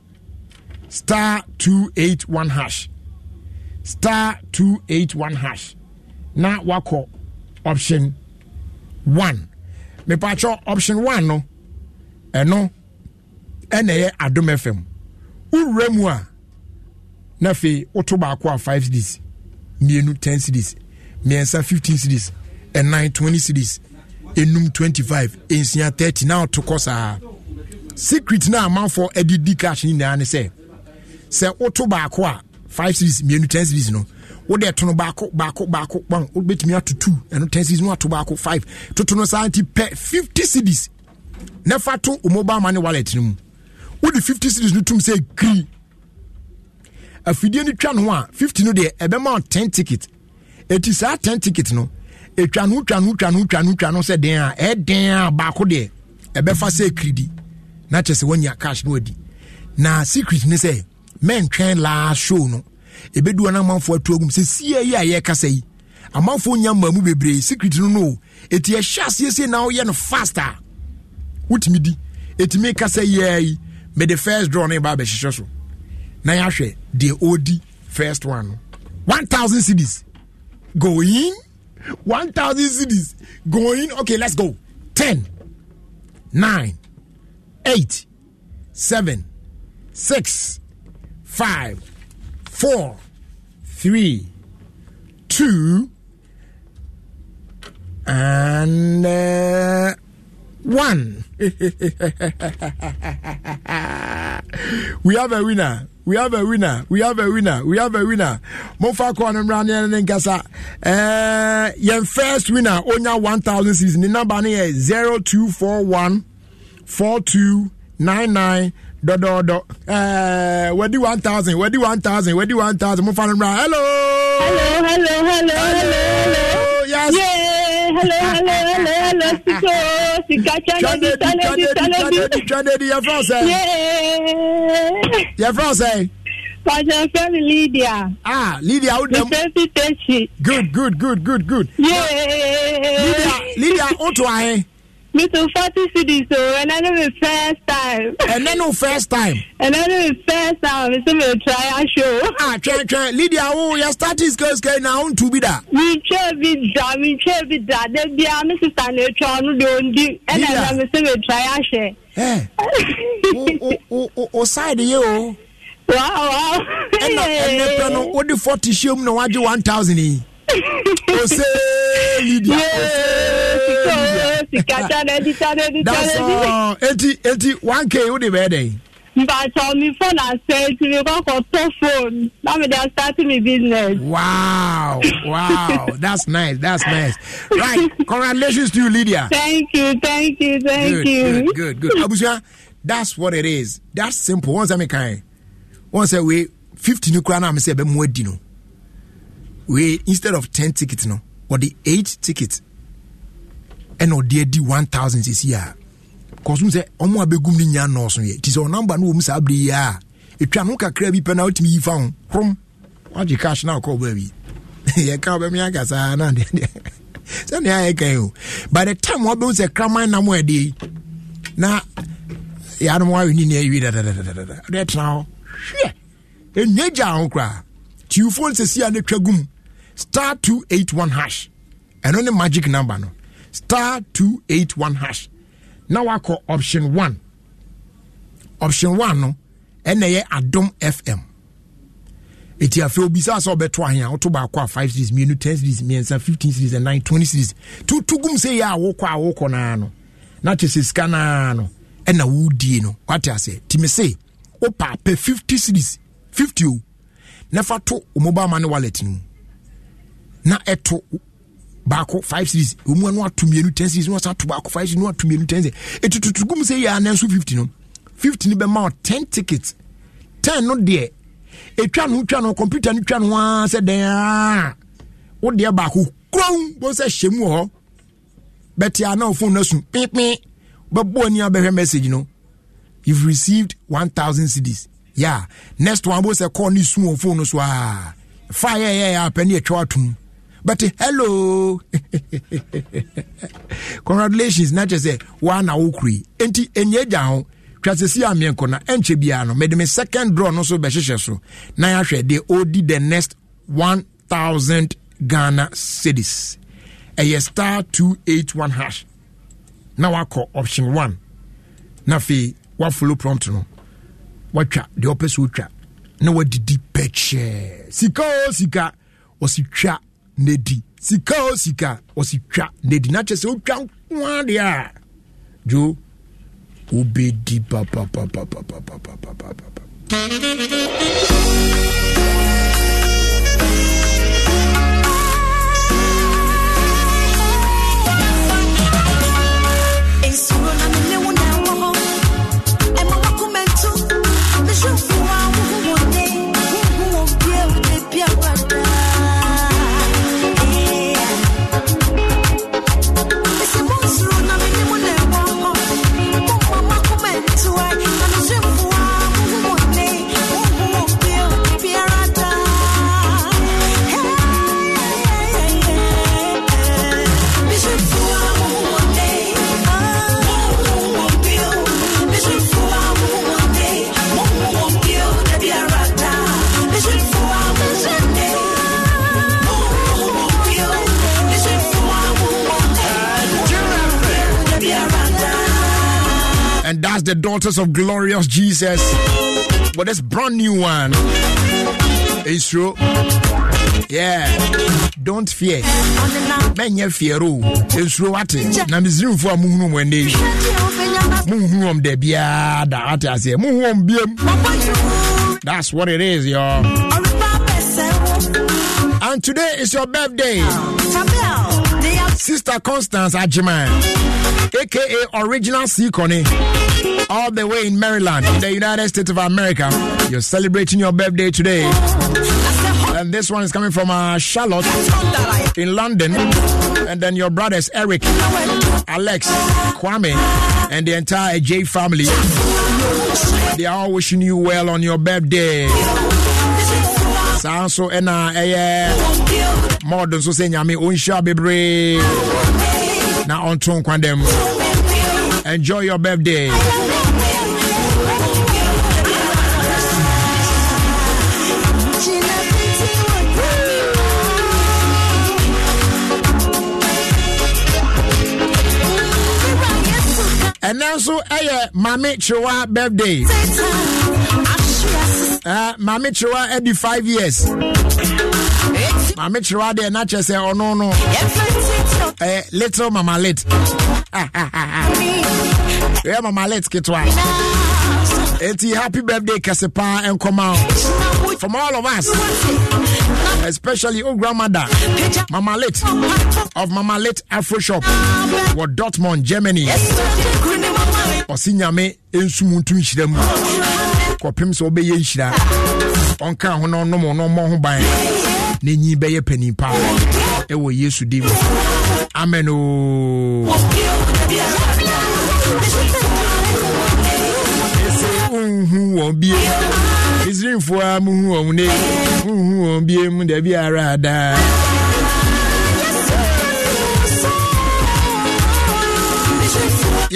star 281 hash star 281 hash na wakɔ option 1 mepatwɛ option 1 no ɛno ɛna ɛyɛ adom fm wowura mu a na afei woto baako a 5 cities mmienu 10 cities mmiɛnsa 15 cities ɛnan 20 cities enum 25 nsia 30 na ɔto kɔ saa secret na amanfoɔ de di cash nyinaa ne sɛ sɛ woto baako a five series mmienu ten series no wode ɛtono baako baako baako kpɔn wobɛtumi ato two ɛno ten series no ato baako five toto no saa nti pɛ fifty series na fa to mobile money wallet no mu wode fifty series no tum sɛ kiri afidie no twa no ho a fifty no deɛ ɛbɛma ten ticket eti saa ten ticket no etwa no twa no twa no twa no twa no sɛ den a ɛden a baako deɛ ɛbɛfa sɛ kiridi na kyerɛ sɛ wanya cash no adi na secret ne sɛ mɛntwɛn laa show no ebedu wɔn amanfoɔ atu agum sɛ sie yi a yɛrekasa yi amanfoɔ nya mmaamu bebree secret no no eti ɛhyɛ asiesie na ɔyɛ no fast a wotumi di etumi kasa yɛɛ yi mɛde first draw no ba abɛhyehyɛ so na yɛahwɛ deɛ ɔredi first one no one thousand cities going. one thousand cities going. okay let's go ten nine eight seven six five, four, three, two, and uh, one. (laughs) we have a winner. We have a winner. We have a winner. We have a winner. Mofa Kwanumrani and Nkasa. Uh, your first winner, Onya 1000 season. The number is 0241 4299 dɔdɔɔdɔ ɛɛ eh, wadi one thousand wadi one thousand wadi one thousand mo fa mura hello. hello hello hello hello. Yeah, hello hello hello hello siko sika twanedi twanedi twanedi twanedi yɛfrɛ sɛ. yɛfrɛ sɛ. Pastor Femi Lydia. Ah, Lydia, how dem? Good, good, good, good, good. Yeah. Lydia, Lydia, o to ahe. Me to forty cities so and I know my first time. And I know first time. And I know my first time. Me so me try a show. Ah, try try. Lydia, oh, your status goes going now to be that. We try be that. we try be that. Then be a me sister me try no don't do. And I know me so me try a show. Eh. Oh, o o side ye o. Wow wow. And and then no, what the forty show no no one thousand ose lidia ose that's all eti one k o de bɛ dɛ. mbàtọ̀ mi phone àṣẹ tí mi kọ́kọ́ tó phone láti dey start mi business. wow wow that's nice that's nice right congratulations to you lydia. thank you thank you thank good, you. good good good abusia that's what it is that's simple once I make kind once I wait fifty ni kura na mi sẹ ẹ mu ẹ no we instead of 10 tickets no the 8 tickets ɛna ɔde the 1000 sisi a kɔsum sɛ ɔmo abɛgum no nya nɔɔso yɛ nti sɛ ɔnamba no wɔm saa berɛ yi a ɛtwa no kakra bi pɛ na wotumi yi fa ho horom wagye cash na wokɔ baa bi (laughs) yɛka wobɛme aka saa na deɛ (laughs) sɛnea o by the time we wabɛhu sɛ kraman nam ɛde na yɛanom waweni ne awie dadadadadada wode Now, hɔ hwɛ ɛnua gyaa ho koraa tiwfoɔ nsɛsi a ne twa gum star two eight one hash ɛno ne magic number no star two eight one hash na wakɔ option one option one no ɛna yɛ adom fm eti afei obisa sɛ ɔbɛto ahen a woto baako a five series mmienu ten series mmiɛnsa fifteen series and ɛnan twenty series tutu gum sɛ yɛ a wokɔ a wokɔ naa no na kyɛ sɛ sika naa no ɛna wodie no wate asɛ timi se wopa apɛ fifty series fifty o na fa to mobile money wallet no mu na ɛto baako five series omu anu ato mmienu ten series wọn san to baako five series wọn ato mmienu ten series etu tutu gum se yɛ anan so fifty no fifty ni bɛ ma ten tickets ten no deɛ etwa no twa no computer no twa no waa sɛ dɛɛn o deɛ baako kurom bɔn sɛ hyɛ mu wɔ hɔ bɛte anan phone na sun pinpin bɛbɔ ani abɛhwɛ message no you've received one thousand cds yaa yeah. next one bɔ sɛ call ne sun wɔ phone no so aa fa yɛ yɛ yɛ apɛ ne yɛ twɛ but hello (laughs) congratulations eh, na kyerɛ sɛ woa na wokuri enti ɛnyɛ agya ho twa sɛsi a mmeɛnkɔ na ɛnkyɛ biara no mede me second draw no so bɛhyehyɛ so na yɛahwɛ deɛ ɔdi the next 1000 ghana cities ɛyɛ star 281 hash na wakɔ option 1 na afei wafolo prompt no watwa deɛ ɔpɛ sɛ wotwa na wadidi pɛkyɛɛ sika o sika ɔsi twa n'edi sika o sika ɔsi twa n'edi n'akyɛ sɛ otwa nkoa deɛ a jo obedi papapapapapapapapa. the daughters of glorious Jesus. But this brand new one. It's true. Yeah. Don't fear. Menya fearo. Oh. It's true what it. Na mizrim for muhunu wende. Muhunu om de bia da ati ase. Muhunu om That's what it is, y'all. And today is your birthday. Sister Constance Ajiman aka Original C all the way in Maryland, in the United States of America. You're celebrating your birthday today. And this one is coming from uh, Charlotte in London. And then your brothers, Eric, Alex, Kwame, and the entire J family. They are all wishing you well on your birthday. so nso ɛna ɛyɛ mɔɔdo nso sɛ nyame ɔnhyia bebree na ɔnto nkwa dɛm enjoy your birthday And now so, ɛyɛ mami chua birthday uh, maame kyewa adi five years Mami chua, deɛ na kyerɛ sɛ ɔno no eh, little oh, mama lit (laughs) yeah, mama lit ketewa eti happy birthday kɛse paa from all of us especially old grandmother mama lit of mama lit afro shop dortmund germany ɔsi nyame nsumu ntu nhyira mu kɔpem sɛ ɔbɛyɛ nhyira ɔnka ho na ho ban ɛwɔ yesu din mu amen o nhu wɔn bie misraimfoɔ a muhu wɔn ne muhu wɔn bie mu dabi ara daa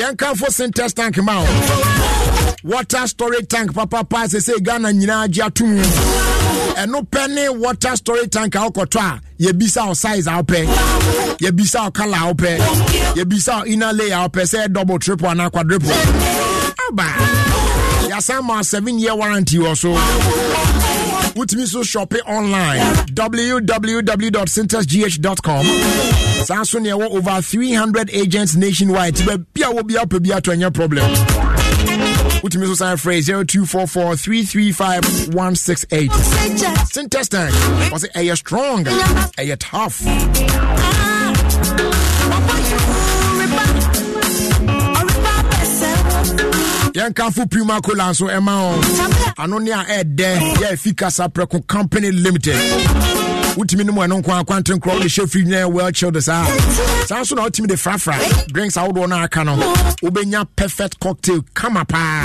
yɛnkamfo sintex tank ma o water storage tank papapa sɛ sɛ ghana nyinaa gye atom ɛno pɛ ne water storage tank a wokɔtɔ a yɛbisa wo size a wopɛ yɛbisa wo color a wopɛ yɛbisa wo inner layer a wopɛ sɛ double triple anaa quadruple aba yɛasan ma 7 year warranty wɔ so wotumi so shope online www.syntesgh.com saa nso ɛwɔ over 300 agents nationwide ti baabi a wobia wopɛ bi ɛnyɛ problem wotumi so san frɛ 0244 335 168 syntestan ɔse ɛyɛ strong ɛyɛ tough yɛnkamfo puma cola nso ɛma ɔ ano ne a ɛɛdɛ yɛ afi prɛko company limited wotumi no mu ɛno nko akwante nkorɔ wode hyɛ firi nyɛ well chilled saa saa nso na wotumi de frafra drinks ahodoɔ no aka no wobɛnya perfect cocktail kama paa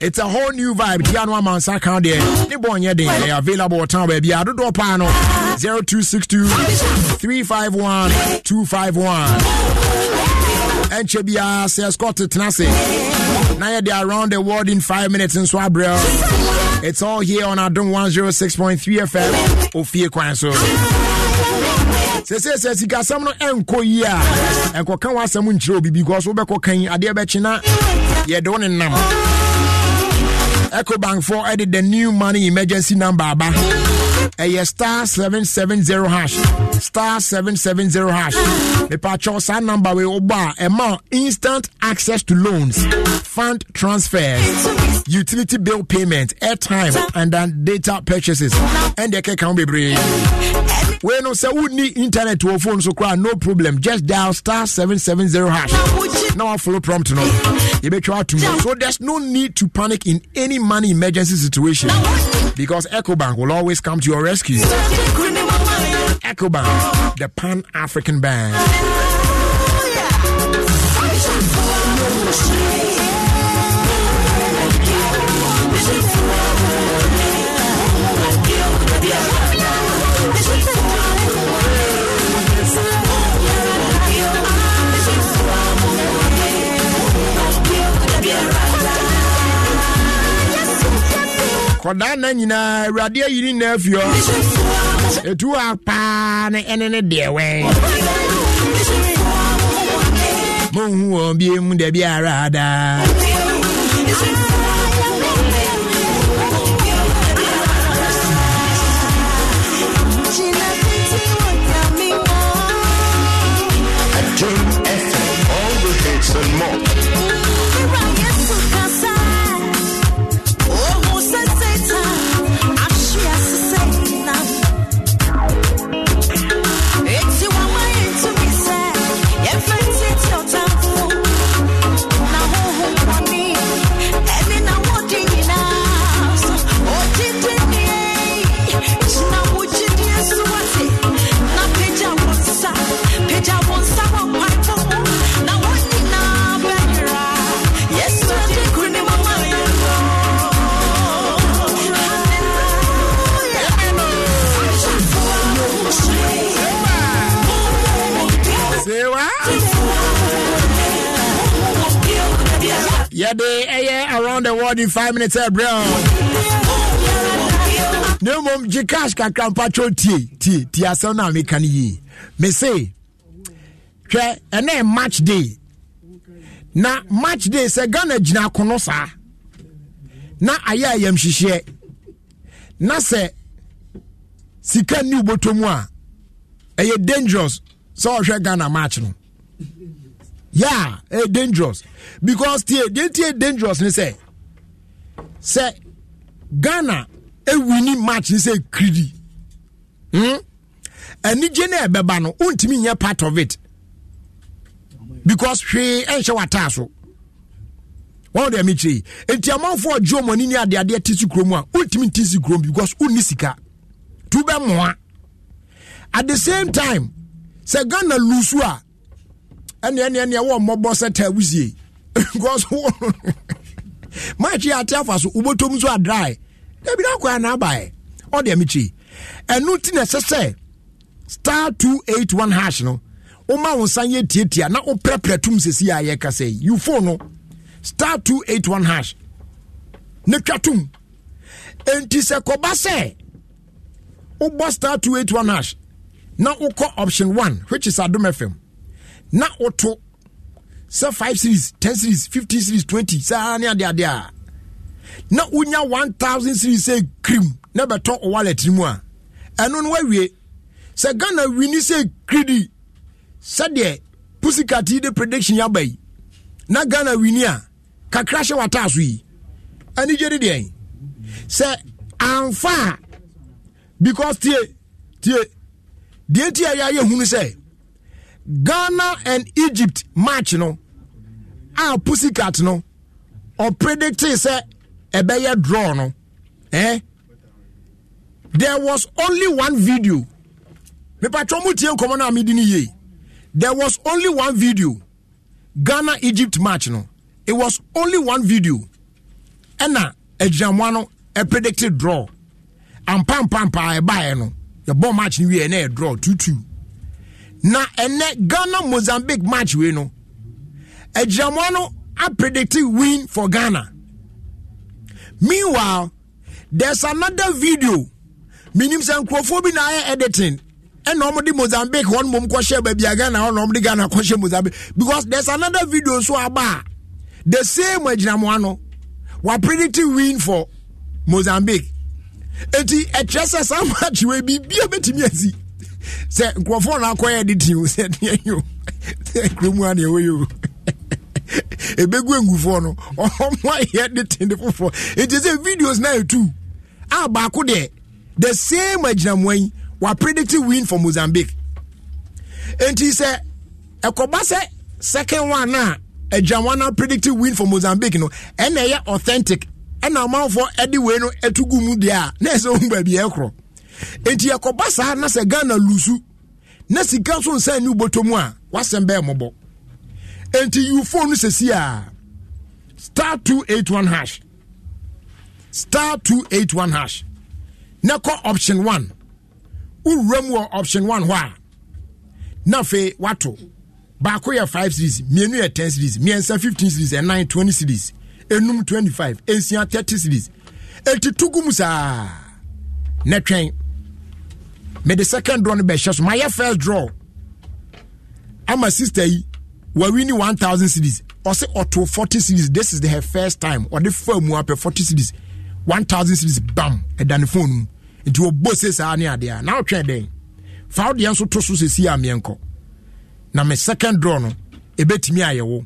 it's a whole new vibe tia no ama nsa ka deɛ ne bɔnyɛ den ɛyɛ available wɔ town baabi a paa no 0262 351 251 ɛnkyɛ biara sɛ scott tena se na yɛde around the world in 5 minutes nso abrɛ It's all here on Adum 106.3 FM. Ofie Kwan so. sɛsɛsɛ sikasɛm no ɛnkɔ yi a ɛnkɔka wo asɛm nkyerɛ obi because wobɛkɔ kan adeɛ bɛkye na yɛde wo ne nam ecobank fo ɛde the new money emergency number aba ɛyɛ star seven seven zero hash star seven seven zero hash mepatwɛw saa number wei wobɔ a ɛma instant access to loans fund transfers utility bill payment airtime and then data purchases ɛndeɛ kɛka ho bebree wei no sɛ wonni internet wɔ phone so koraa no problem just dial star seven seven zero hash na wafollow prompt no yɛbɛtwa atom so there's no need to panic in any money emergency situation because EcoBank will always come to your rescue. EcoBank, the Pan African Bank. yeah. akwadaa na nyinaa awurade ayi ne nyinaa afie a paa ne ɛne ne deɛ wɛn monhu wɔn bie mu da biara daa yɛde ɛyɛ around the world in five minutes ɛbrɛ na mmom gye cash kakra mpatwɛ tie tie tie asɛm no a meka no yie me se hwɛ ɛnɛ match day na match day sɛ ghana gyina akono saa na ayɛ ayamhyehyeɛ na sɛ sika nni wobɔtɔ mu a ɛyɛ dangerous sɛ ɔhwɛ ghana match no yeah eh, dangerous because tie dentie dangerous ni sɛ sɛ ghana ewi eh, ni match ni sɛ kiridi hmm anigye na ɛbɛba no ontumi nyɛ part of it because hwee ɛnhyɛ wata so wɔn de ɛmi kyerɛ nti amanfo ɔgye wɔn ani ne adeadeɛ ti si kurom a ontumi ti si kurom because onni sika tu bɛ mmoa at the same time sɛ ghana lusu a ɛne ɛne ɛne ɛwɔ mmɔbɔ sɛ taa wusie because wɔn maakyi ate afa so wobɔtɔm so adrae dabi na akɔa na abaɛ ɔde ɛmi kyi ɛno ti na ɛsɛ sɛ star two eight one hash no woma wo nsa yɛ tiatia na woprɛprɛ tum sesi a yɛkasa yi ufo no star two eight one hash ne twa tum enti sɛ kɔba sɛ wobɔ star two eight one hash na wokɔ option one which is adom fm na woto sɛ 5 series 10 series 50 series 20 saa ne adeade a na wonya 1000 series sɛ krim na bɛtɔ wallet no mu a ɛno no wawie sɛ ghana wini sɛ kridi sɛdeɛ pusikat yi de prediction yɛ aba yi na ghana wini a kakra hyɛ wataa so yi anigye ne deɛn sɛ amfa a because tie tie deɛ nti a yɛayɛ hunu sɛ ghana and egypt match no a pussycat no ɔpredicte sɛ ɛbɛyɛ draw no eh? there was only one video mepatwɛ mu tie nkɔmmɔ no a medi no yie there was only one video ghana egypt match no it was only one video ɛna agyinamoa no ɛpredicte draw ampampampaa ɛbaeɛ no yɛbɔ match ni no wieɛ draw two two na ɛnɛ ghana mozambique match wei no agyinamoa no apredictive win for ghana meanwhile there's another video menim sɛ nkurɔfoɔ bi na ayɛ editing ɛna wɔn de mozambique wɔn mom kɔhyɛ baabi a ghana wɔn wɔn de ghana kɔhyɛ mozambique because there's another video nso aba a the same agyinamoa no wa win for mozambique eti ɛkyerɛ sɛ saa (laughs) match wei bi bia bɛtumi asi sɛ nkurɔfoɔ no akɔyɛ (laughs) de ti o sɛ deɛ yo sɛ kurom a deɛ wɔyɛ o (laughs) ɛbɛgu angufoɔ no (laughs) ɔmo ayɛ de te de foforɔ ɛnti sɛ videos na ɛtu a baako deɛ the same agyinamoa yi wapredict win for mozambique ɛnti sɛ ɛkɔba sɛ second one a adwamoa na predict win for mozambique no ɛna ɛyɛ authentic ɛna amanfoɔ de wei no etu gu mu deɛ a na ɛsɛ ɔhu baabi ɛkorɔ enti yɛkɔba saa na sɛ ghana lusu na sika nso nsan ne wobɔtɔ mu a wasɛm bɛɛ mmɔbɔ enti ufo no sɛsi a star 281 hash star 281 hash na kɔ option one, wowura mu wɔ option one hɔ a na afei wato baako yɛ 5 series mmienu yɛ 10 series mmiɛnsa 15 series ɛnan twenty series enum 25 nsia 30 series eti tugu mu saa na twɛn mede second draw no bɛhyɛ so mayɛ first draw ama sister yi wawini 1000 cities ɔsɛ ɔto 40 cities this is the, her first time ɔde fa mu apɛ 40 cities 1000 cities bam ɛda ne phone mu nti wɔbɔ se saa ne adeɛ a na wotwɛn dɛn fa wodeɛ nso to so sɛsi a meɛnkɔ na me second draw no ɛbɛtumi ayɛ wo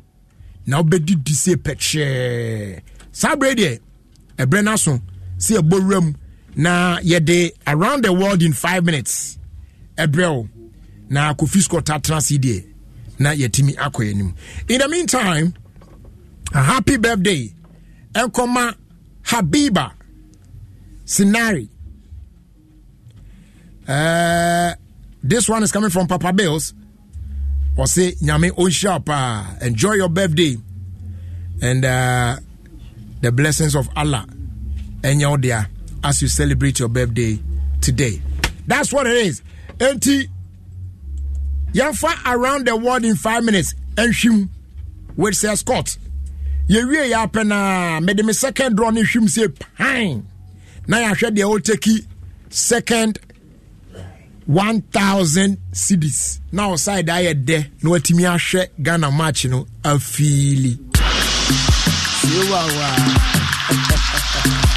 na wobɛdidi se pɛkyɛɛ saa berɛ deɛ ɛberɛ no so sɛ ɛbɔ wura mu na yɛde around the world in five minutes ɛbrɛw na kofi scott atena se deɛ na yɛtumi akɔ anim in the meantime a happy birthday ɛnkɔma habiba sinari uh, this one is coming from papa bills ɔse nyame ɔnhyira paa enjoy your birthday and uh, the blessings of allah ɛnyɛ wo as you celebrate your birthday today. That's what it is. Enti yɛmfa around the world in five minutes nhwim with sir scott yɛwie yɛ apɛ made mede me second draw say, hwim Now I na the deɛ woteki second one thousand cities Now na ɔside ayɛ dɛ na watumi ahwɛ ghana match no a afiili (laughs)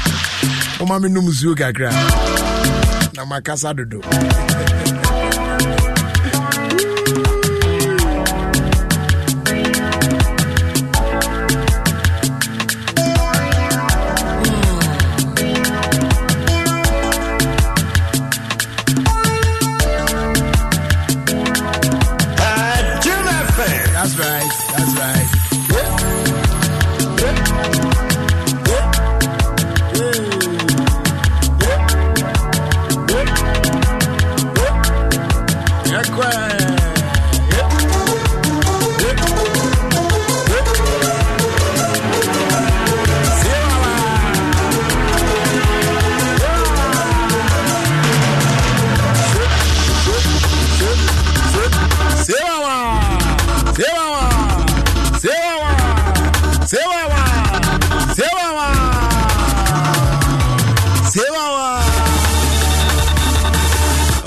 ɔma me nom nsuo kakra na makasa dodo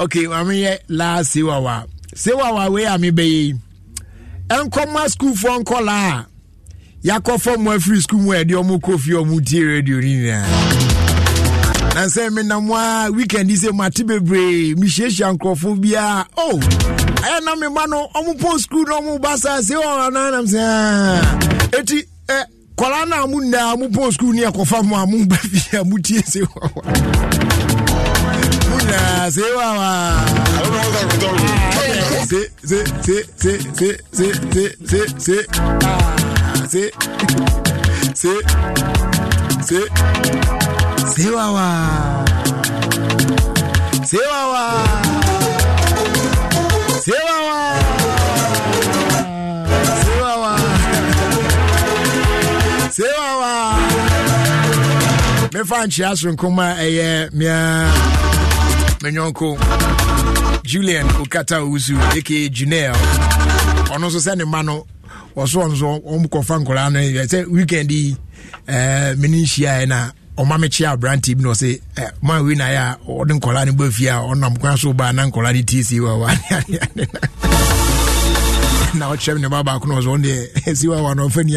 okay maame yɛ laa sewawa sewawa wei a mebɛyɛ nkɔma sukuufoɔ nkɔlaa a yɛakɔfa mu afiri sukuu mu a yɛde ɔmo kɔ fie ɔmo tie radio no nyinaa nansɛ menam a weekend yi sɛ mate bebree mehyiahyia nkurɔfoɔ biaa o oh, ɛyɛ na mema no ɔmo pɔ sukuu na ɔmo ba saa sewawa no anam ah. sɛ ɛti ɛ eh, kɔlaa no a mo nnaa mo pɔ sukuu ne yɛkɔfa mu a (laughs) mo ba fie a motie sewawa nyinaa se wa ma. se se se se se se se se se se se se se wa ma. se wa ma. se wa wa ma. se wa ma. mefa nkyia mia. menyɔnko julian okata owusu aka junel ɔno nso sɛ ne ma no wɔso ɔno kɔfa no yɛ weekend yi eh, mene nhyiaeɛ na ɔma bi na ɔse eh, ma wei na yɛ a ɔde no fie a ɔnam baa na nkɔraa no tc wawa (laughs) na ɔkyerɛ m ne baako (laughs) na ɔsɛ ɔno deɛ na ɔfa ni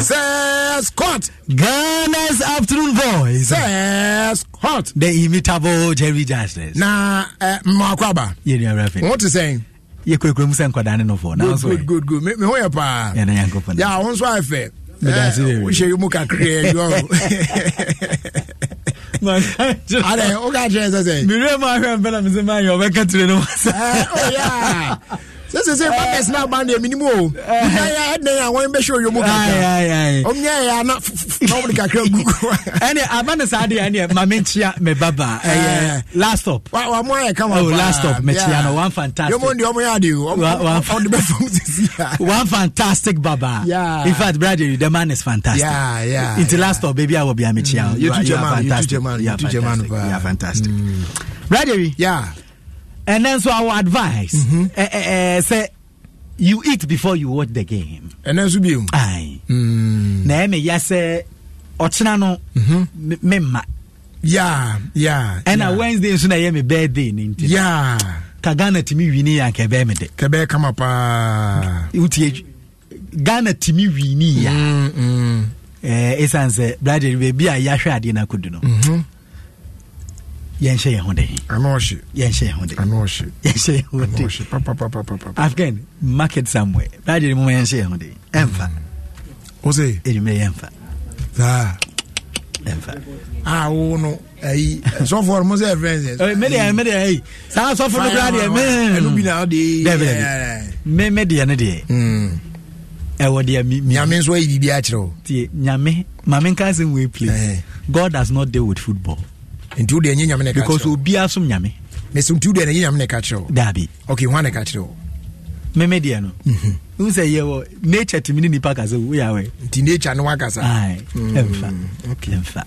Sir Scott. Ghana's afternoon voice. Sir Scott. The imitable Jerry Justice. Na uh, eh, Mwakwaba. Yeni yeah, Arafi. What you saying? yɛ kurakura mu sɛ nkwadaa ne nofo nansgoodgood me ho yɛ paa ɛna nyankopɔn yɛ wo nso ayɛ fɛ wohyɛ yi mu kakraa yɔ adɛ woka kyerɛ sɛ sɛ merɛ ma ahwɛ mpɛ na mesɛ maayɛ ɔbɛka tire no masa eh, oh, (laughs) sese se eh. bakɛs na ban deɛ minimu o nyaya ɛdɛn a wɔn bɛ se oyomu kakra ɔmu nyaya na n'ɔmu kakra gu. ɛnni aba ne saa de yɛ ɛnni maame nkyia mɛ baba ɛyɛ last stop. wa wa mu ayɛ kama paa last stop mɛ kyia no one fantastic. yomu ndi ɔmu yɛ adi o ɔmu bɛ fɔm sisi. one fantastic baba yeah. in fact brother the man is fantastic. Yeah, yeah, nti last stop baby awɔ bi a mɛ kyia o you are fantastic you are fantastic you are fantastic. brother and then so our advice mm-hmm. uh, uh, say you eat before you watch the game. And then so be you. Aye. Mm. Na me ya say ochina no mm-hmm. me ma. Yeah, yeah. And yeah. Wednesday so na ye me birthday ni nti. Yeah. Ka Ghana timi wini ya kebe me de. Kebe kama pa. Utie Ghana timi wini ya. Mm. mm. Eh esanse brother baby a yahwe ade na kudu no. Mhm yɛnhyɛ yɛn ho de yɛnhyɛ yɛn ho de yɛnhyɛ yɛn ho de afghan market somewhere radio mm. ni mo ma yɛnhyɛ yɛn ho de ɛnfa ose edumire yɛnfa saa ɛnfa a wo no ayi sɔfo ɔmo sɛ friends yɛ mɛ de yɛ mɛ de yɛ ayi saa sɔfo no kura deɛ mɛ ɛnu bi na ɔde dɛbi dɛbi mɛ mɛ deɛ ne deɛ ɛwɔ mm. eh, deɛ mi mi nyame nso ayi bibi akyerɛ o tie nyame maame nkansi wo play eh. god does not deal with football nti wode ɛnyɛ nyame because obiaa som nyame meso nti wode ɛnyɛ nyame ne ka kyerɛ daabi okay ho ne ka kyerɛ meme deɛ no wohu mhm. sɛ yɛwɔ nature tumi ne nipa kasa woyɛwɛ nti nature no wakasa mm. ɛmfa ɛmfa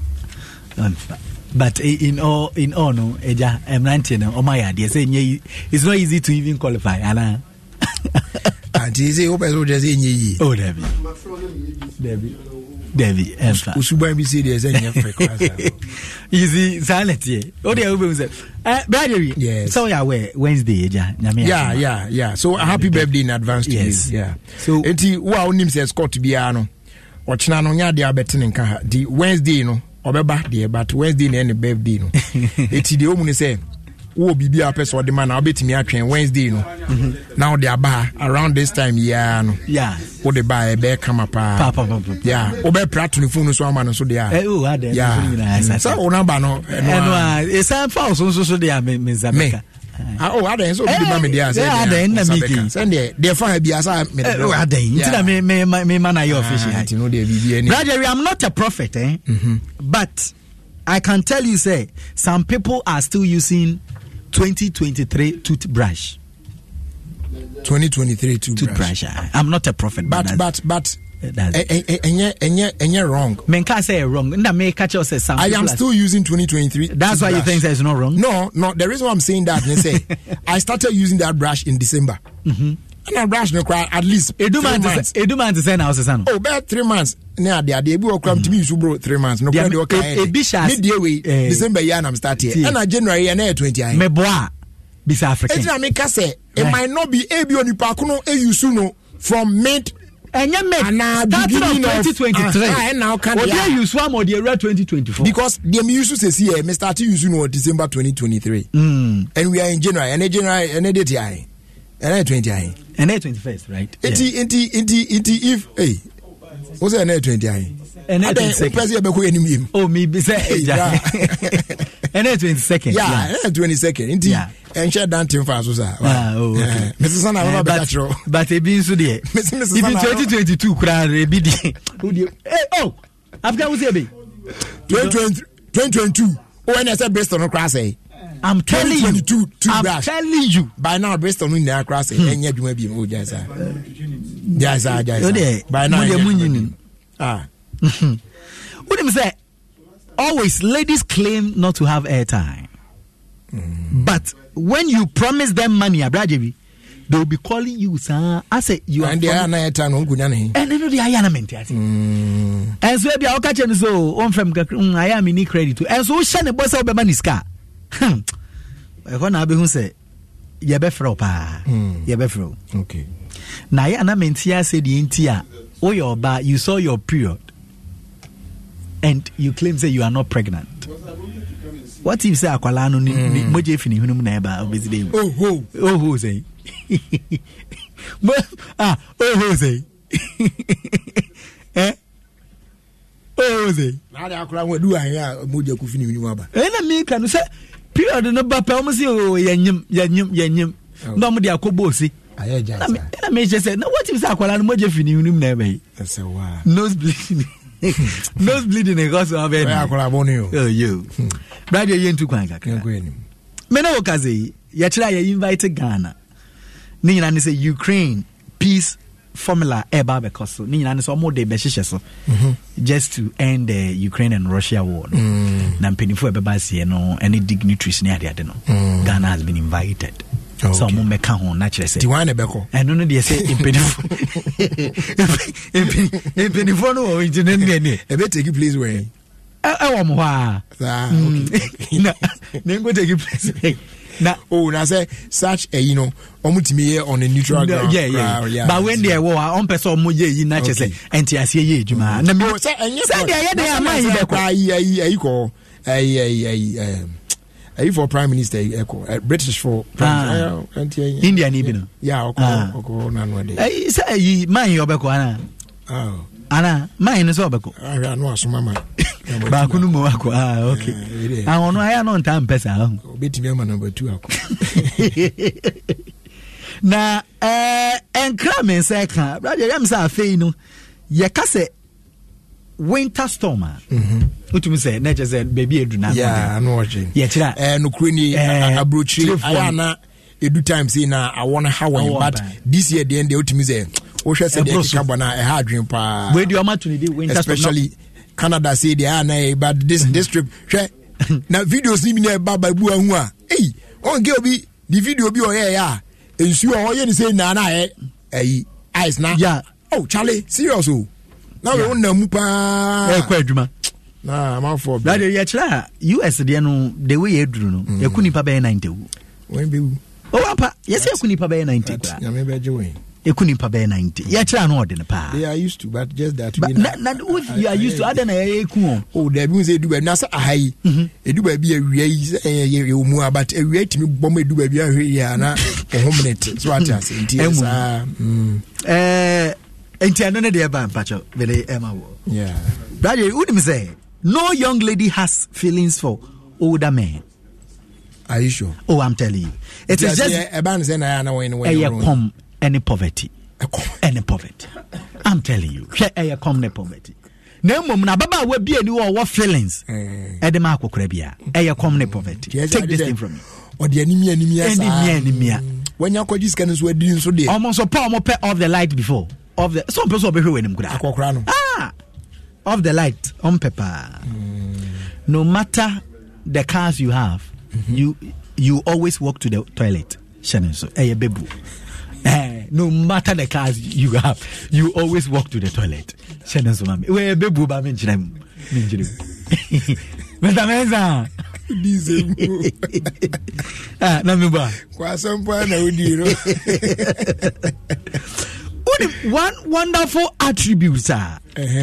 ɛmfa but in all in all no ɛgya mmeranteɛ no ɔma yɛ adeɛ sɛ ɛnyɛ it's not easy to even qualify anaa (laughs) anti sɛ wopɛ sɛ wogyɛ sɛ ɛnyɛ yie oh dabi dabi dabi ɛmfa wosuban bi sɛ deɛ sɛ nyɛ fɛ (laughs) easy sanity. Oh, there will be. Uh, Brother, yes. So yeah, we Wednesday, yeah, yeah, yeah, yeah. So happy birthday in advance to yes. you. Yeah. So enti wa onim says Scott biano. Ɔkyena no nya de abɛtene nka ha. Di Wednesday no ɔbɛba deɛ but Wednesday na ɛne birthday no. di (laughs) deɛ mu ne sɛ wowɔ biribi a wopɛ sɛ ɔde ma na wobɛtumi atwɛn wednesday no mhm. na wode aba around this time yiaa no wode ba ɛbɛyɛ kama paa wobɛpra to ne fonu so ama no so deɛ eh, oh, ah, mm. sɛ wo naba no eh, ɛsan ah, eh, fa wo so nso so deɛ mensa adan sɛ obi ma mede asɛadan ah, na mege sɛdeɛ deɛ fa ha biasa medeadan oh, nti na mema no yɛ official brother i'm not a prophet eh? mm-hmm. but i can tell you say some people are still using 2023 toothbrush. 2023 toothbrush. toothbrush. Ah. I'm not a prophet, but but but. but ɛnyɛ eh, eh, eh, wrong menka say wrong na meka kyɛw sɛ sam i am still using 2023 that's why you think that is not wrong no no the reason why i'm saying that, say (laughs) i started using that brush in december mm-hmm. na brush no kora at least eduma nti sɛ na ɔsesa no o bɛɛ three months ne ade ade ebi wɔ kura tumi nsu bro three months no kura de ɔka yɛ ebi hyɛ ase wei december yi anam start yɛ ɛna january yɛ na yɛ twenty ayɛ mɛbɔ a bisa african etina mi ka sɛ it eh. might not be ebi onipa kono eyi su no from mid ɛnyɛ mid starting of ɛna ɔka de a ɔde eyi su ama ɔde ewura twenty twenty four because deɛ mi yusu sɛ si yɛ mi start yusu no december twenty twenty three hmm. and we are in january ɛne january ɛne date ayɛ ɛnna twenty ayin. ɛnna twenty first right. nti nti nti nti if ee o sɛ ɛnna twenty ayin. ɛnna twenty second adan o pɛsɛ ɛbɛ ko yɛ ni mu yɛ mu. o mi bi sɛ ɛja ɛnna twenty second. ya ɛnna twenty second nti ɛnhyɛ dante nfa so sa. mesi sanni awon bɛ kakyɛrɛ. but ebi nso deɛ. (laughs) ibi twenty twenty two kura ebi di. o de ee o afika wusu ebe. twenty twenty two o ɛna ɛsɛ bristol no kura sɛ. I'm telling you. Two, I'm rash. telling you. By now, Bristol no nyinaa kura sɛ ɛnyɛ adwuma bi mu gya saa. Gya saa gya saa. Yode by now ɛnyɛ adwuma bi mu. Wonim say? always ladies claim not to have airtime. Mm. But when you promise them money, abraje they will be calling you sir. I say you are. And they are not airtime na onkunya ne. Ɛnɛ no de ayɛ hmm. And so ase. Ɛnso ebi a ɔka kyɛ no so ɔnfɛm kakra ayɛ a mi ni credit. Ɛnso o hyɛ ne bɔ sɛ ɔbɛma Hmm. ɛhɔ na abɛhu sɛ yɛbɛfrɛ wo paa hmm. yɛbɛfrɛ wo na yɛ ana mente asɛ deɛ nti a woyɛ ɔbaa you saw your period and you claim say you are not pregnant what if sɛ akwalaa no hmm. mogya fini hwenum na ɛba wobɛsi dɛ oho sɛi oho sɛi (laughs) oho sɛi (laughs) eh? ɛna meka no sɛ period no ba pɛ ɔmo si o oh, yɛnyim yɛnyim yɛnyim na ɔmo de akɔ bɔɔsi ɛna mi kyerɛ sɛ na wɔti sɛ akwadaa no mogye fi ne num na ɛbɛyi nose bleeding (laughs) nose bleeding nka ɔsɛ ɔbɛ ni akwadaa bɔ ne o oh, yo hmm. bradi yɛ ntu kwan kakra mena wɔ kaze yi yɛkyerɛ a yɛ invite ghana ne nyinaa ne sɛ ukraine peace formula ɛba abɛkɔ so ne nyinaa ne sɛ ɔmo de bɛhyehyɛ so mhm. just to end the ukraine and russia war no mm. na mpanimfoɔ ɛbɛba aseɛ no ɛne dignitaries ne adeade no mm. ghana has been invited sɛ ɔmo mmɛka ho na kyerɛ sɛ ɛno no deɛ sɛ mpanimfoɔ mpanimfoɔ no wɔ nti no nneɛ ɛbɛtaki place wɛ ɛwɔ mo hɔ a na nkɔ taki place na oh na sɛ such a you know ɔmo tumi yɛ on a neutral ground. Yeah, yeah. Crowd, yeah, but when they were ɔn pɛ sɛ ɔmo yɛ yi na kyɛ sɛ ɛnti aseɛ yɛ edwuma. na mi sɛ ɛnyɛ kɔ sɛ deɛ yɛ deɛ ama yi bɛ kɔ. ayi ayi ayi kɔ ayi ayi ayi ayi for prime minister yi ɛkɔ ɛ british for. prime minister india ni bi no. ya ɔkɔ ɔkɔ nanu ɛdi. sɛ ayi maa yi ɔbɛ kɔ ana. ana maa yẹn ni sọ ọbẹ kọ. anu ah, asoma ma. (laughs) baako nu mọ wa kọ aa ah, ok àwọn eh, eh, ah, ọ̀nà ayé àná ntà mpẹ sàá. obi tìmí ama nọmba tu na ɛnkra eh, me nsa ka brade yɛm sɛ afei no sɛ winter storm a wotumi mm-hmm. sɛ na kyɛ sɛ baabi aduna ɛdu time sei na awɔ no ha wɔn but this year deɛ deɛ wotumi sɛ wohwɛ sɛ deɛ keka bɔ no a ɛha adwene paa especially canada sei deɛ a ah, na ɛba eh, this this trip hwɛ (laughs) na videos ni bi na ɛba baabu ahu a ei ɔnkɛ obi the video bi ɔyɛɛyɛ a nsuo a ɔyɛ ne sɛ naa na ayɛ ayi ice na yeah. oh charlie serious o na wɔn yeah. nam mu paa ɛkɔ adwuma na amanfoɔ bi. yɛkyerɛ a us deɛ no the way yɛ duro no mm. yɛku nipa bɛyɛ nine tewu. wɔn bɛ wu. owura yɛsɛ ɛku nipa bɛyɛ 90 kora nyame bɛgye wɔn ɛku nipa bɛyɛ 90 mm. yɛkyerɛ no ɔde no they are used to but just that but, na, na, you are used to na oh, awia mm-hmm. eh, eh, a but awia tumi bɔm ɛdu baabi ahwɛ yi a na (laughs) so ate ase nti saa mm. eh, nti ɛno ne deɛ ba mpakyɛ bele ɛma e wɔ brade wonim sɛ no young lady has feelings for older men Are you sure? Oh, I'm telling you. it is just a ban is any poverty. Any poverty. I'm telling you. any com ne poverty. na mmom na baba a wabi ani wɔ wɔ feelings ɛde eh. ma akɔkora bia ɛyɛ com ne poverty take this thing from me ɔde animia animia saa animia animia wɔnya kɔgye sika no nso adi nso deɛ ɔmo nso pa ɔmo pɛ off the light before off the so mpɛ so ɔbɛhwɛ wɔ anim koraa akɔkora no ah off the light ɔmpɛ paa mm. no matter the cars you have mm-hmm. you you always walk to the toilet shannon so hey, eh, bebu. Eh, no matter the class you have you always walk to the toilet shannon so mami we bebu ba me nchira mu me nchira mu metameza dizembu ah na me ba kwa sampa (laughs) one wonderful attribute a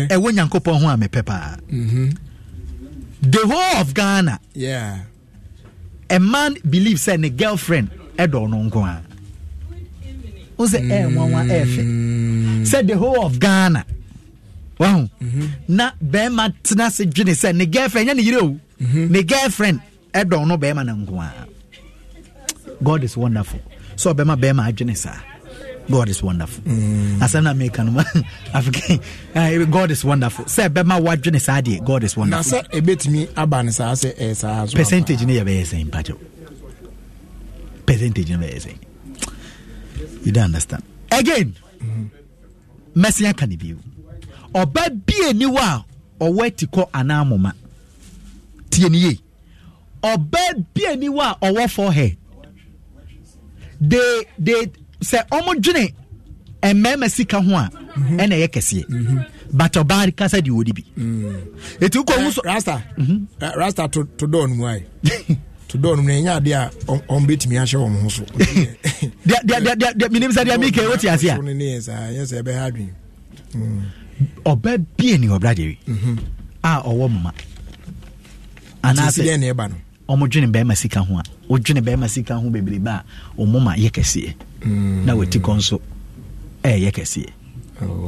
ɛwɔ nyankopɔn ho a mepɛ paa the whole of ghana yeah. a man believes sɛ ne girlfriend ɛdɔ no nko a wo sɛ ɛɛwanwa ɛɛfɛ sɛ the whole of ghana wahu mm-hmm. na bɛrima tena se dwene sɛ ne girlfriend nyɛ ne yere o ne girlfriend ɛdɔ eh, no bɛrima no nko a ah. god is wonderful sɛ ɔbɛma bɛrima adwene saa God is wonderful. Asɛm na meka no (laughs) African eh, eh, God is wonderful. Sɛ bɛma wadwene saa deɛ God is wonderful. Na sɛ ebetumi aba ne saa sɛ ɛyɛ eh, saa so. Percentage ne yɛ sɛn mpakyɛw. Percentage ne bɛyɛ sɛn. You don't understand. Again, mmɛsia ka ne bio. Ɔba bie ni wa a ɔwɔ ati kɔ anaa moma. Tie ne yie. Ɔba bie ni wa a ɔwɔ forehead. They they sɛ ɔmo dwene mmarima sika ho a mhm. ɛna ɛyɛ kɛseɛ mhm. but ɔbaa kasa deɛ wɔde bi ɛti mm. wokɔ wu so rasta mhm. rasta to dɔɔ no mu ae (laughs) to dɔɔ no mu ɛnyɛ adeɛ a ɔmbɛtumi ahyɛ wɔ mo ho so (laughs) menim sɛ deɛ mekɛ wɔte ase a yɛ sɛ ɛbɛyɛ adwene mm. ɔbɛ bie ni ɔbradeɛ wi a ɔwɔ mma anaasɛ ɔmo dwene bɛrima sika ho a wodwene bɛrima sika ho bebrebe a ɔmo ma yɛ kɛseɛ na wɔati kɔ nso ɛyɛ kɛseɛ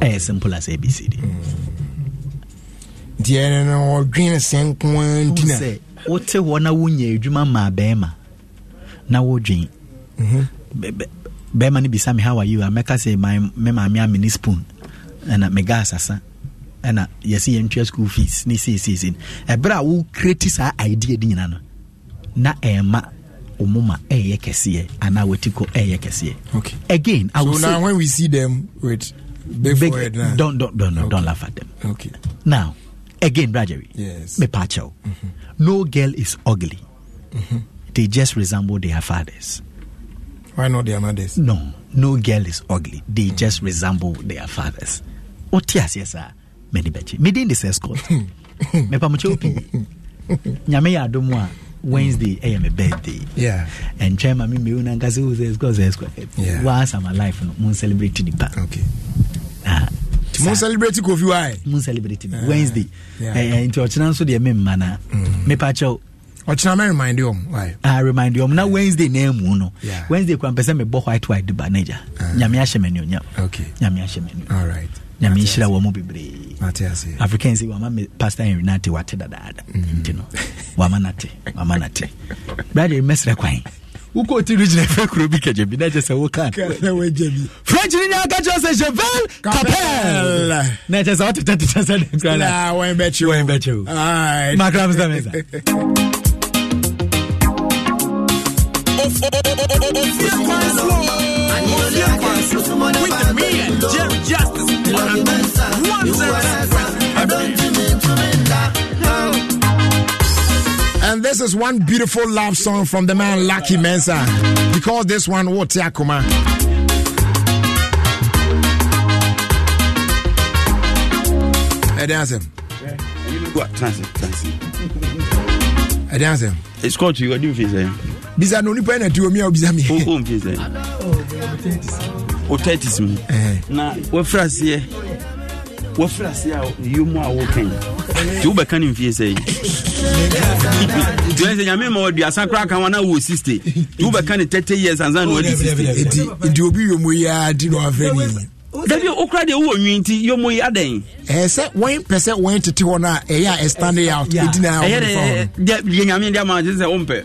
ɛyɛ simple as abcd deɛ no ɔdwene sɛ nko a nti na wote hɔ na wonya adwuma maa bɛrima na wodwen bɛrima no bisa me how are you a mɛka sɛ me maame a mene spoon ɛna mega asasa ɛna yɛsɛ yɛntua school fees ne seesiesie eh, no ɛberɛ a wocreate saa idea de nyina no na ɛma eh, omoma ɛyɛ kɛseɛ anaa watiko ɛyɛ kɛseɛ okay again i will so say now when we see them with big, forehead now don't don't don't, okay. don't laugh at them okay now again brajery yes me pacho mm-hmm. no girl is ugly mm-hmm. they just resemble their fathers why not their mothers no no girl is ugly they mm-hmm. just resemble their fathers what yes yes sir many betchi me din this escort me pa mo (laughs) nyame ya adomu Wednesday, I am a birthday. Yeah. And chama mimi una ngazi uzesko zesko. Yeah. Once I'm life no, mun celebrate ni pa. Okay. Ah. Mun celebrate Kofi why? Mun celebrate uh, Wednesday. Yeah. Eh, eh nti ochina nso de memma na. Mm. Me pa cho. Ochina me remind you why? Ah, remind you. Na Wednesday na emu no. Wednesday kwa mpesa me bo white white ba Niger. Nyame ahye menu nyam. Okay. Nyame ahye menu. All right. Nyame hira wo mu bebree. africans wama pastor henry nate wate dadaada nti no wama nate wama nate brade mmɛserɛ kwan wokɔ ti no gyina fɛ kuro bi kagya bi na kyɛ sɛ woka french no nyaa ka kyerɛ sɛ chevel capel na ɛkyɛ sɛ wotetɛtetɛ sɛ ne kranabɛkyɛw makram sɛ mesa With me and Jerry Justice. And this is one beautiful love song from the man Lucky Mensa. Because this one Wotiakuma. Hey, dance him. What? Dance it, It's called you. What do you feel? Bisa no nipa na tuo mi a obisa mi. be (laughs) oh, o thirties eh. mu na wafiri aseɛ wafiri aseɛ a yom a wɔkɛn nti wobɛka ne mfie sɛ tiɛ sɛ nyame ma wɔde asa kora ka wa na wɔ 60 nti wobɛka ne 30 years ansa na wɔde 60 nti obi yom yi a di na wafrɛ ne dabi okura de wo nwi nti yomo yi adan. ɛɛ eh, sɛ wɔn pɛ sɛ wɔn tete hɔ no ɛyɛ a ɛstande out ɛdi na ɛyɛ de yɛ nyame de ama ɔgye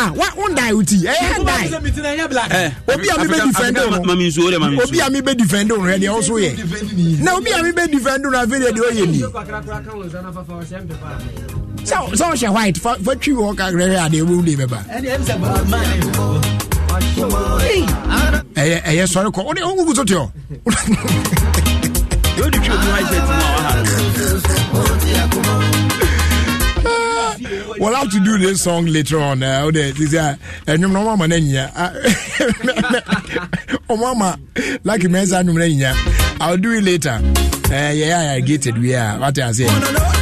ah wa n da o ti ẹ ẹ da obi a mi bɛ defend o no obi a mi bɛ defend o no ɛdi ɔso yɛ na obi a mi bɛ defend o no afi de o yɛ ni sɛ ɔhyɛ white fa twi wɔ kakra yɛ adeɛ wo de bɛ ba ɛyɛ ɛyɛ sɔre kɔ ɔde ɔgugu so teɛ o. yóò di tí o tún wáyé tẹ̀ tí mo àwọn ha we'll have to do this song later on. Uh, this, uh, and oh, mama, like you mentioned, I'll do it later. Uh, yeah, I get it. we Yeah, what I say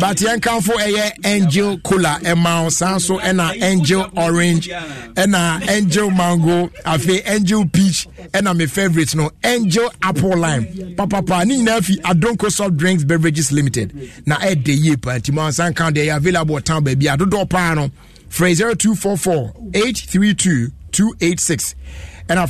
but yɛnkamfo ɛyɛ angel cola ɛma saa nso ɛna angel orange ɛna angel mango afei angel peach ɛna me favorite no angel apple lime papapa ne nyinaa fi adonko soft drinks beverages limited na ɛdɛ yie paa nti mansa nka deɛ ɛyɛ available ɔtan baabi a dodoɔ paa no frɛ 0244 832 286 ɛna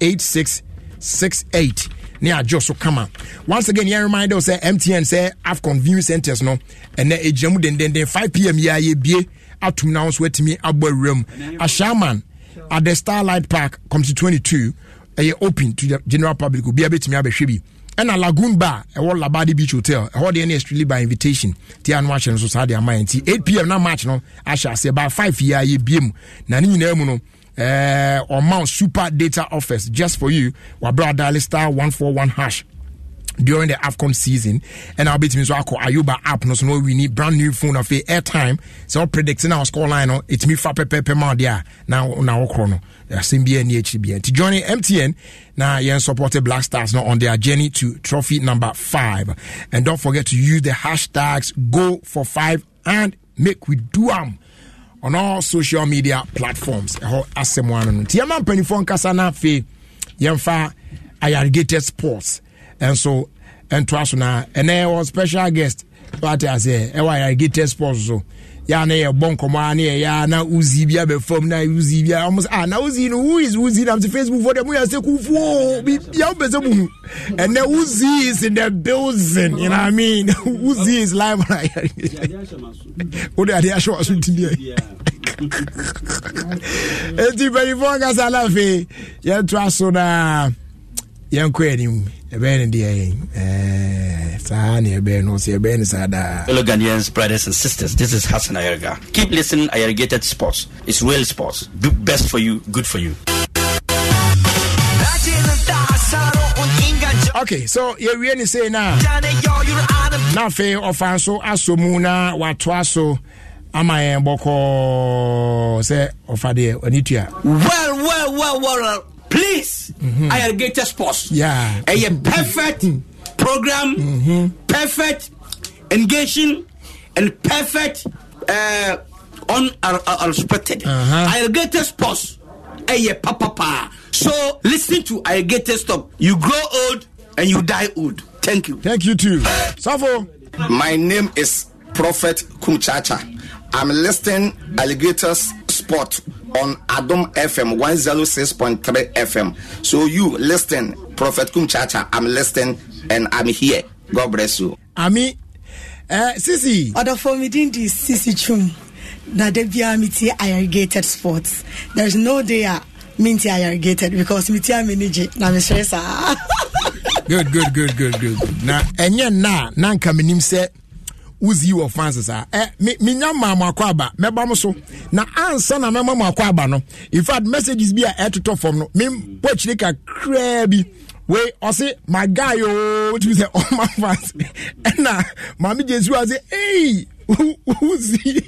eight six six eight ne agye so kama once again yɛn reminder sɛ mtn sɛ afcon view centers no ɛnɛ egyina mu dendenden 5 pm yi a yɛbie atum na ahosuo atumi abɔ awura mu ashaman at the starlight park comes to 22, ɛyɛ open to the general public obi abɛtumi abɛhwɛ bi ɛna lagoon bar ɛwɔ labade beach hotel ɛhɔ deɛ no extremely by invitation ti a no ahyɛ no so saa deɛ ama yɛn nti eight pm na march no ahyɛ aseɛ by five yi a yɛbie mu na ne nyinaa mu no uh, or mount super data Office, just for you. Wabra dial star 141 hash during the AFCON season. And I'll be to me so I call Ayuba app. No, so no, we need brand new phone of airtime. So predicting our score line. it's me for pepe pe ma dia. Now, now, chrono. Same BN, HBN. To join MTN, now you supported Black Stars now on their journey to trophy number five. And don't forget to use the hashtags go for five and make we do on all social media platforms ɛhɔ asɛm ano no nti yɛma mpanimfoɔ nkasa I afei yɛmfa ayargated sports and ɛntoa so na ɛnɛ was special guest wate aseɛ ɛwɔ ayargated sports so ya na yɛbɔ nkɔmmɔ a ne yɛyɛ a na wozi bi abɛfam na wozi bi a ɔmo sɛ na wozi no who is wozi nam sɛ facebook fɔ deɛ moyɛ sɛ kufuo oh, biribia wopɛ sɛ muhu ɛnɛ wozi is in the building you know what i mean wozi (laughs) is live wode (laughs) adeɛ ahyɛ waso ntimiɛ ɛnti (laughs) mpanyifoɔ kasa no afei yɛntoa so na yɛnkɔ anim ɛbɛyɛ no deɛ saa ne ɛbɛyɛ no sɛ ɛbɛyɛ no saa daa Hello Ghanaians, brothers and sisters, this is Hassan Ayerga. Keep listening Ayergated Sports. It's real sports. Do best for you, good for you. okay so yɛwie ne sei no Now, na afei ɔfa nso asɔ mu na watoa so ama yɛn bɔkɔɔ sɛ ɔfa deɛ ɔne tua well, well, well, well please mm-hmm. i get a sports yeah a mm-hmm. perfect program mm-hmm. perfect engaging and perfect uh, uh, uh unrespected uh-huh. i get a sports a papa pa. so listen to i get a stop you grow old and you die old thank you thank you too Savo. my name is prophet Kuchacha. i'm listening alligators sport on Adam FM 106.3 FM. So you listen, Prophet Kumchacha, I'm listening and I'm here. God bless you. Ami, uh, Sisi. Other for me, didn't Sisi Chum. Na debia miti irrigated sports. There's no day minti irrigated because miti aminiji na mistressa. Ah. (laughs) good, good, good, good, good. Na enye na na nka minim se wosi wɔ fances a menya maa mo akɔ aba mɛba mo so na ansa na mɛma mo akɔ aba no infact messages bi a ɛtotɔ fam no mempɔ akyire kakraa bi wei ɔse my guy o oh, tumi sɛ ɔma oh, fans (laughs) ɛna maame gye nsuo ase ei wosi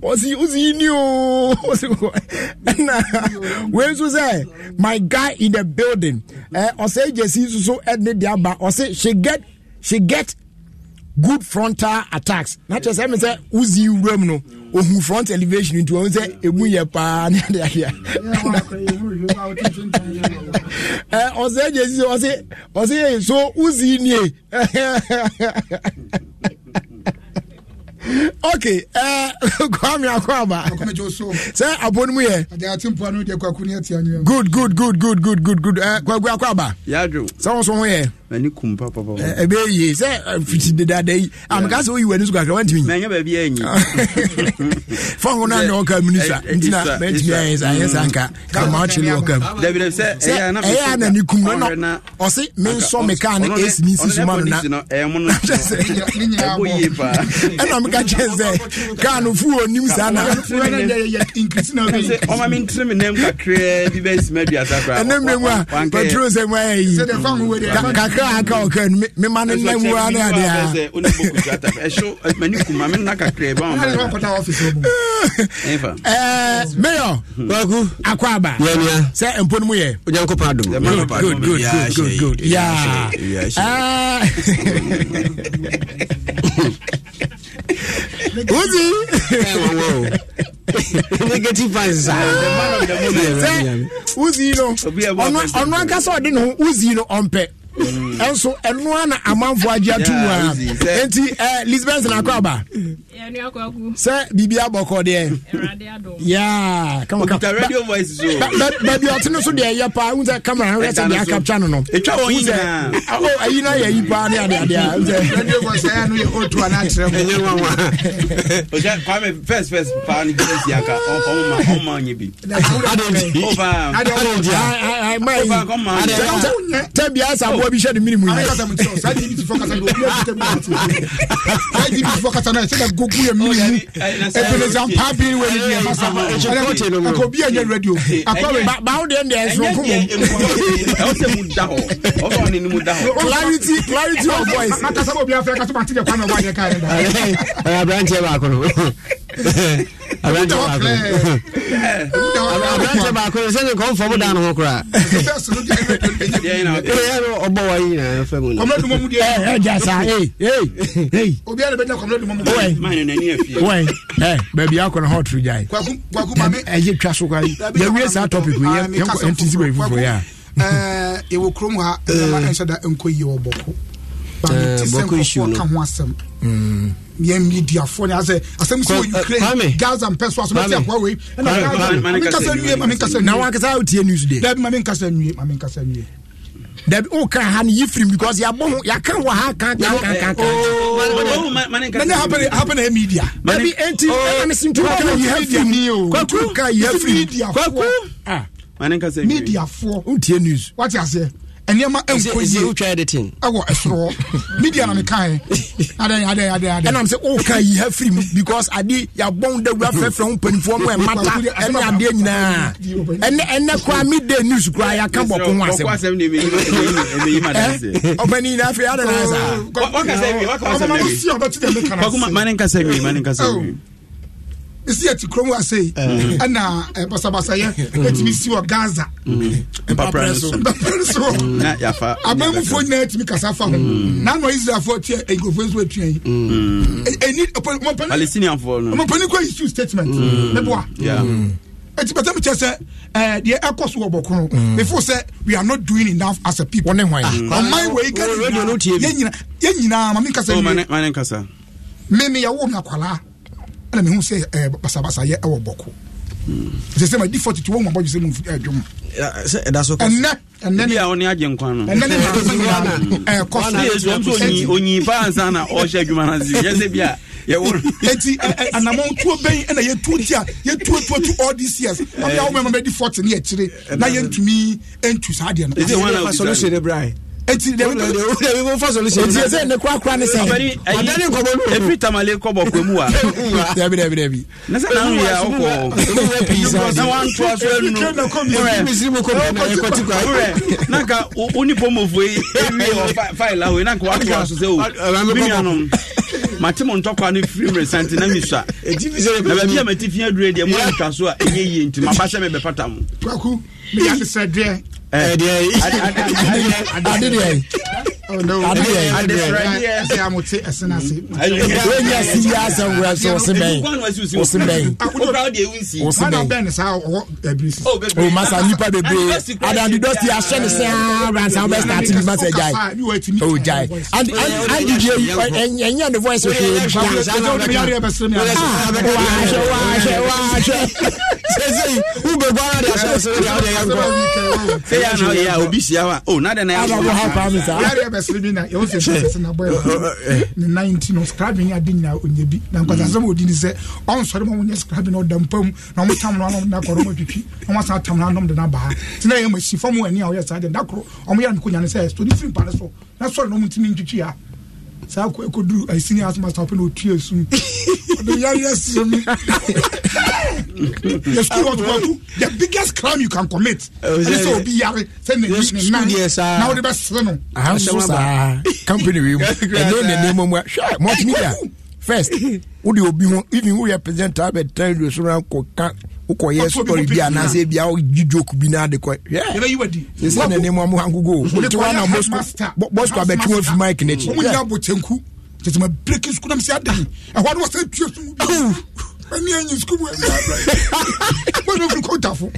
wosi wosi ni o (laughs) ɛna wei nso sɛ my guy in the building ɛ ɔsɛ gyesi nso so ɛne de aba ɔse she get she get good frontal attacks na kyerɛ sɛ me sɛ wozi wura mu no ohu front elevation nti ɔhu sɛ ɛmu yɛ paa ne adeadeɛ ɔsɛ gye si ɔse ɔse yɛ so wozi nie (laughs) ok eh, (laughs) kwame akwaba sɛ abɔ no mu yɛ good good good good good good good eh, kwagu akwaba sɛ eh, ah, ah. (laughs) wo so ho yɛ ɛbɛyie sɛ fiti dedada yi ameka sɛ woyi w'ani so kakra wantimi fa ho no anɛ wɔka mu no sa ntina mantimi ayɛ sa ayɛ sa nka kama wokye ne wɔka mu ɛyɛ a na ne kum no na ɔse mensɔ me kaa ne ɛsi ne nsi so ma no na ɛna meka kyɛ sɛ kaa no fu onim saa na ɔma me nam kakraa bi a patro sɛ mu ayɛ yi aka ɔka no mema no nna (laughs) mu eh, hmm. a adeɛ mayor waku akɔ aba sɛ mpo no mu yɛ onyankopɔn adom ya (laughs) (laughs) woti (laughs) negative fans saa sɛ wozi no ɔno ankasa ɔde ne ho wozi no ɔmpɛ ɛnso ɛnoa na amanfoɔ agye ato mu a enti lisbeth na akɔ aba sɛ biribi abɔ kɔ deɛ yaa kama kama baabi ɔte no so deɛ ɛyɛ paa n sɛ kamera ahwɛ sɛ deɛ akapcha no no ɛtwa wɔn nyinaa ɔ ayi na yɛ yi paa ne adeɛ adeɛ n sɛ radio voice ɛyɛ no yɛ otu ana akyerɛ mu ɛnyɛ nwanwa ɔjɛ kwame first first paa ni gyina si aka ɔmo ma ɔmo awa bi hyɛ ne mini mu yi. saa dbt fɔ kasa dbt fɔ kasa náà sɛdɛ gogu yɛ mini mu epelezan paa bi wɛ ni diɛ masa akɔ bi yɛ nyɛ radio akɔ bɛ. baawu de ndɛ nsurunkun mu. ɛwɔ sɛ mu da hɔ ɔfɔ ni mu da hɔ. clarity clarity of voice. n'a kasa b'o bi a fɛ kasɔrɔ a ti kɛ kwan na o b'a ɲɛ k'a yɛrɛ da. ayi abirantiɛ b'a kɔnɔ abirante baako (laughs) abirante baako sani kò fọ mu dan ho kura ọbọ wa yi na fẹ mu na. kọmọdé mọmu di yẹn. ẹ jà sa ee ee. obi a le bẹ jẹ kọmọdé mọmu. wọ́n wọ́n ẹ bẹẹbi akọni hɔ turu jaa ye. kwaku maami. ẹ yé twa so kwa yi yẹ wiye sa topic yi yẹ nkọ ẹ ti si bẹ fufu yà. ɛɛ ewu kurom ha ɛnlɛma ɛnhyɛ da nko yi wɔ bɔko. ɛɛ bɔko issue no bɔko issue no yɛn mediafoɔ ne asɛ asɛm sɛ wɔ uh, ukraine gaza mpɛ so asoma ti akoa wei ɛna mamekasa nwie mamekasa nwie na wankasa wotie news de dabi mamekasa nwie mamekasa nwie dabi o kan oh, ha ni yi firim because yabɔ ho yakan wɔ ha kan kan kan kan kan. mɛ ne happen happen media. dabi eti ɛna mi si tu kan yi ha firim tu kan yi ha media fɔ. n tie news. wati ase nneɛma nkɔ yie ɛwɔ ɛsoro hɔ media na mekae adɛn adɛn adɛn adɛn ɛnam sɛ woka oh, yi ha firi mu because ade yɛabɔn dawura fɛfrɛ ho mpanimfoɔ mu ɛmata ɛne adeɛ nyinaa ɛnɛ ɛnɛ koraa midday news koraa yɛaka bɔko ho asɛm ɔpani nyinaa afei adɛn na saa ɔmama mo si ɔbɛto dɛ mekana mane nkasa wie mane nkasa wie ɛsi ati kurom wa sei ɛna eh. uh, eh, basabasayɛ ɛtumi (laughs) si wɔ gaza mpaprɛ so abamufoɔ nyinaa ɛtumi kasa fa ho mm. na ama israelfoɔ tiɛ nkurɔfoɔ nso atua yi ɛni ɔmɔpani kɔ issue statement mɛboa ɛti bɛtɛ mi kyɛ sɛ ɛɛ deɛ ɛkɔ so wɔ bɔkɔn before sɛ we are not doing enough as a people. wɔn ah, mm. oh, ne hwan ɔman wɔ ika nyinaa yɛ nyinaa maame nkasa yi. mɛ mi yɛ wo mi akwalaa ɛna mehu sɛ basabasayɛ ɛwɔ bɔko sɛ sɛ madi 42 wɔmu abɔdwe sɛ mumfiri adwom ɛnɛ ɛnti anammɔntuo bɛn ɛna yɛtuo ti a yɛtuotuo to all these years ɔbia womɛma bɛdi 40 ne yɛkyire na yɛntumi ɛntu saa deɛ no eti de mi de mi fa solution eti ese ne kura kura ne sɛ adani nkɔmɔ nu efi tamale kɔbɔ pɛmu wa dabi dabi dabi ne sɛ n'anw yɛ aw kɔ na wa n tɔ so yɛ nunu rɛ n'a ka o ni pɔmɔ fo ye e mi yɛ ɔ fa yɛlɛ o ye n'a ka wa tɔ a sɔsɛ o mi yɛ nɔ ma ti mo ntɔkwa ni firi mi santi na mi sa na bɛ bi a ma ti fiɲɛ dure deɛ mo yɛ tɔ so a e ye yen tuma ba sɛ mi bɛ pata mu. kwaku mi yà sɛ deɛ ɛdeɛ ade deɛ Oh, no, I say I'm with Senasi. When you see us and we are so Simbay, Simbay, Simbay, Ben is how oh, Master Nipa de Bay, and then the dusty Ashen is around some best at the Master Guy. Oh, Jai, and and and and and the voice of him. Say, I know, yeah, Obisiawa. Oh, not an hour bɛsere bi na yɛwo sɛ sɛsɛ na bɔɛ (laughs) eh. ne 19 no scrabin ade nyina ɔnyɛ bi na nkɔsasɛm mm. ɔdi ne sɛ ɔnsɔre ma wonyɛ scrabin na ɔda mpa mu na ɔmotam no anom nakɔrɔ ma twipi na ɔmasa tam no anom de no abaa nti na yɛma si fam ani a ɔyɛ saa deɛ da korɔ ɔmoyɛ no kɔnya ne sɛ sɔde firi mpa ne so na sɔre no ɔmotumi ntwitwi a saa akɔ ɛkɔduru asini asomasa pɛ na otu esu ɔde yari ɛsi mi yɛ sukuu wɔtu wɔtu the biggest crime you can commit ɛni sɛ obi yari sɛ ne ne nan na o de bɛ sere saa company wi mu ɛno ne ne mu mu multimedia first o de obi ho even o yɛ president abɛ tɛn do so na kɔ wokɔyɛ sotɔre bi anaasɛ bia wogye joke bi na ade kɔhwɛ sɛsɛ ne nemu amu hankogo wote wa na bosco abɛtwe afiri mike no akyi tẹsán breaking school náà mi sẹ adan ẹwà ni e wọn sẹ tuye sun ẹni ẹyin school mu ẹni abẹ wọn náà fi kó ta fún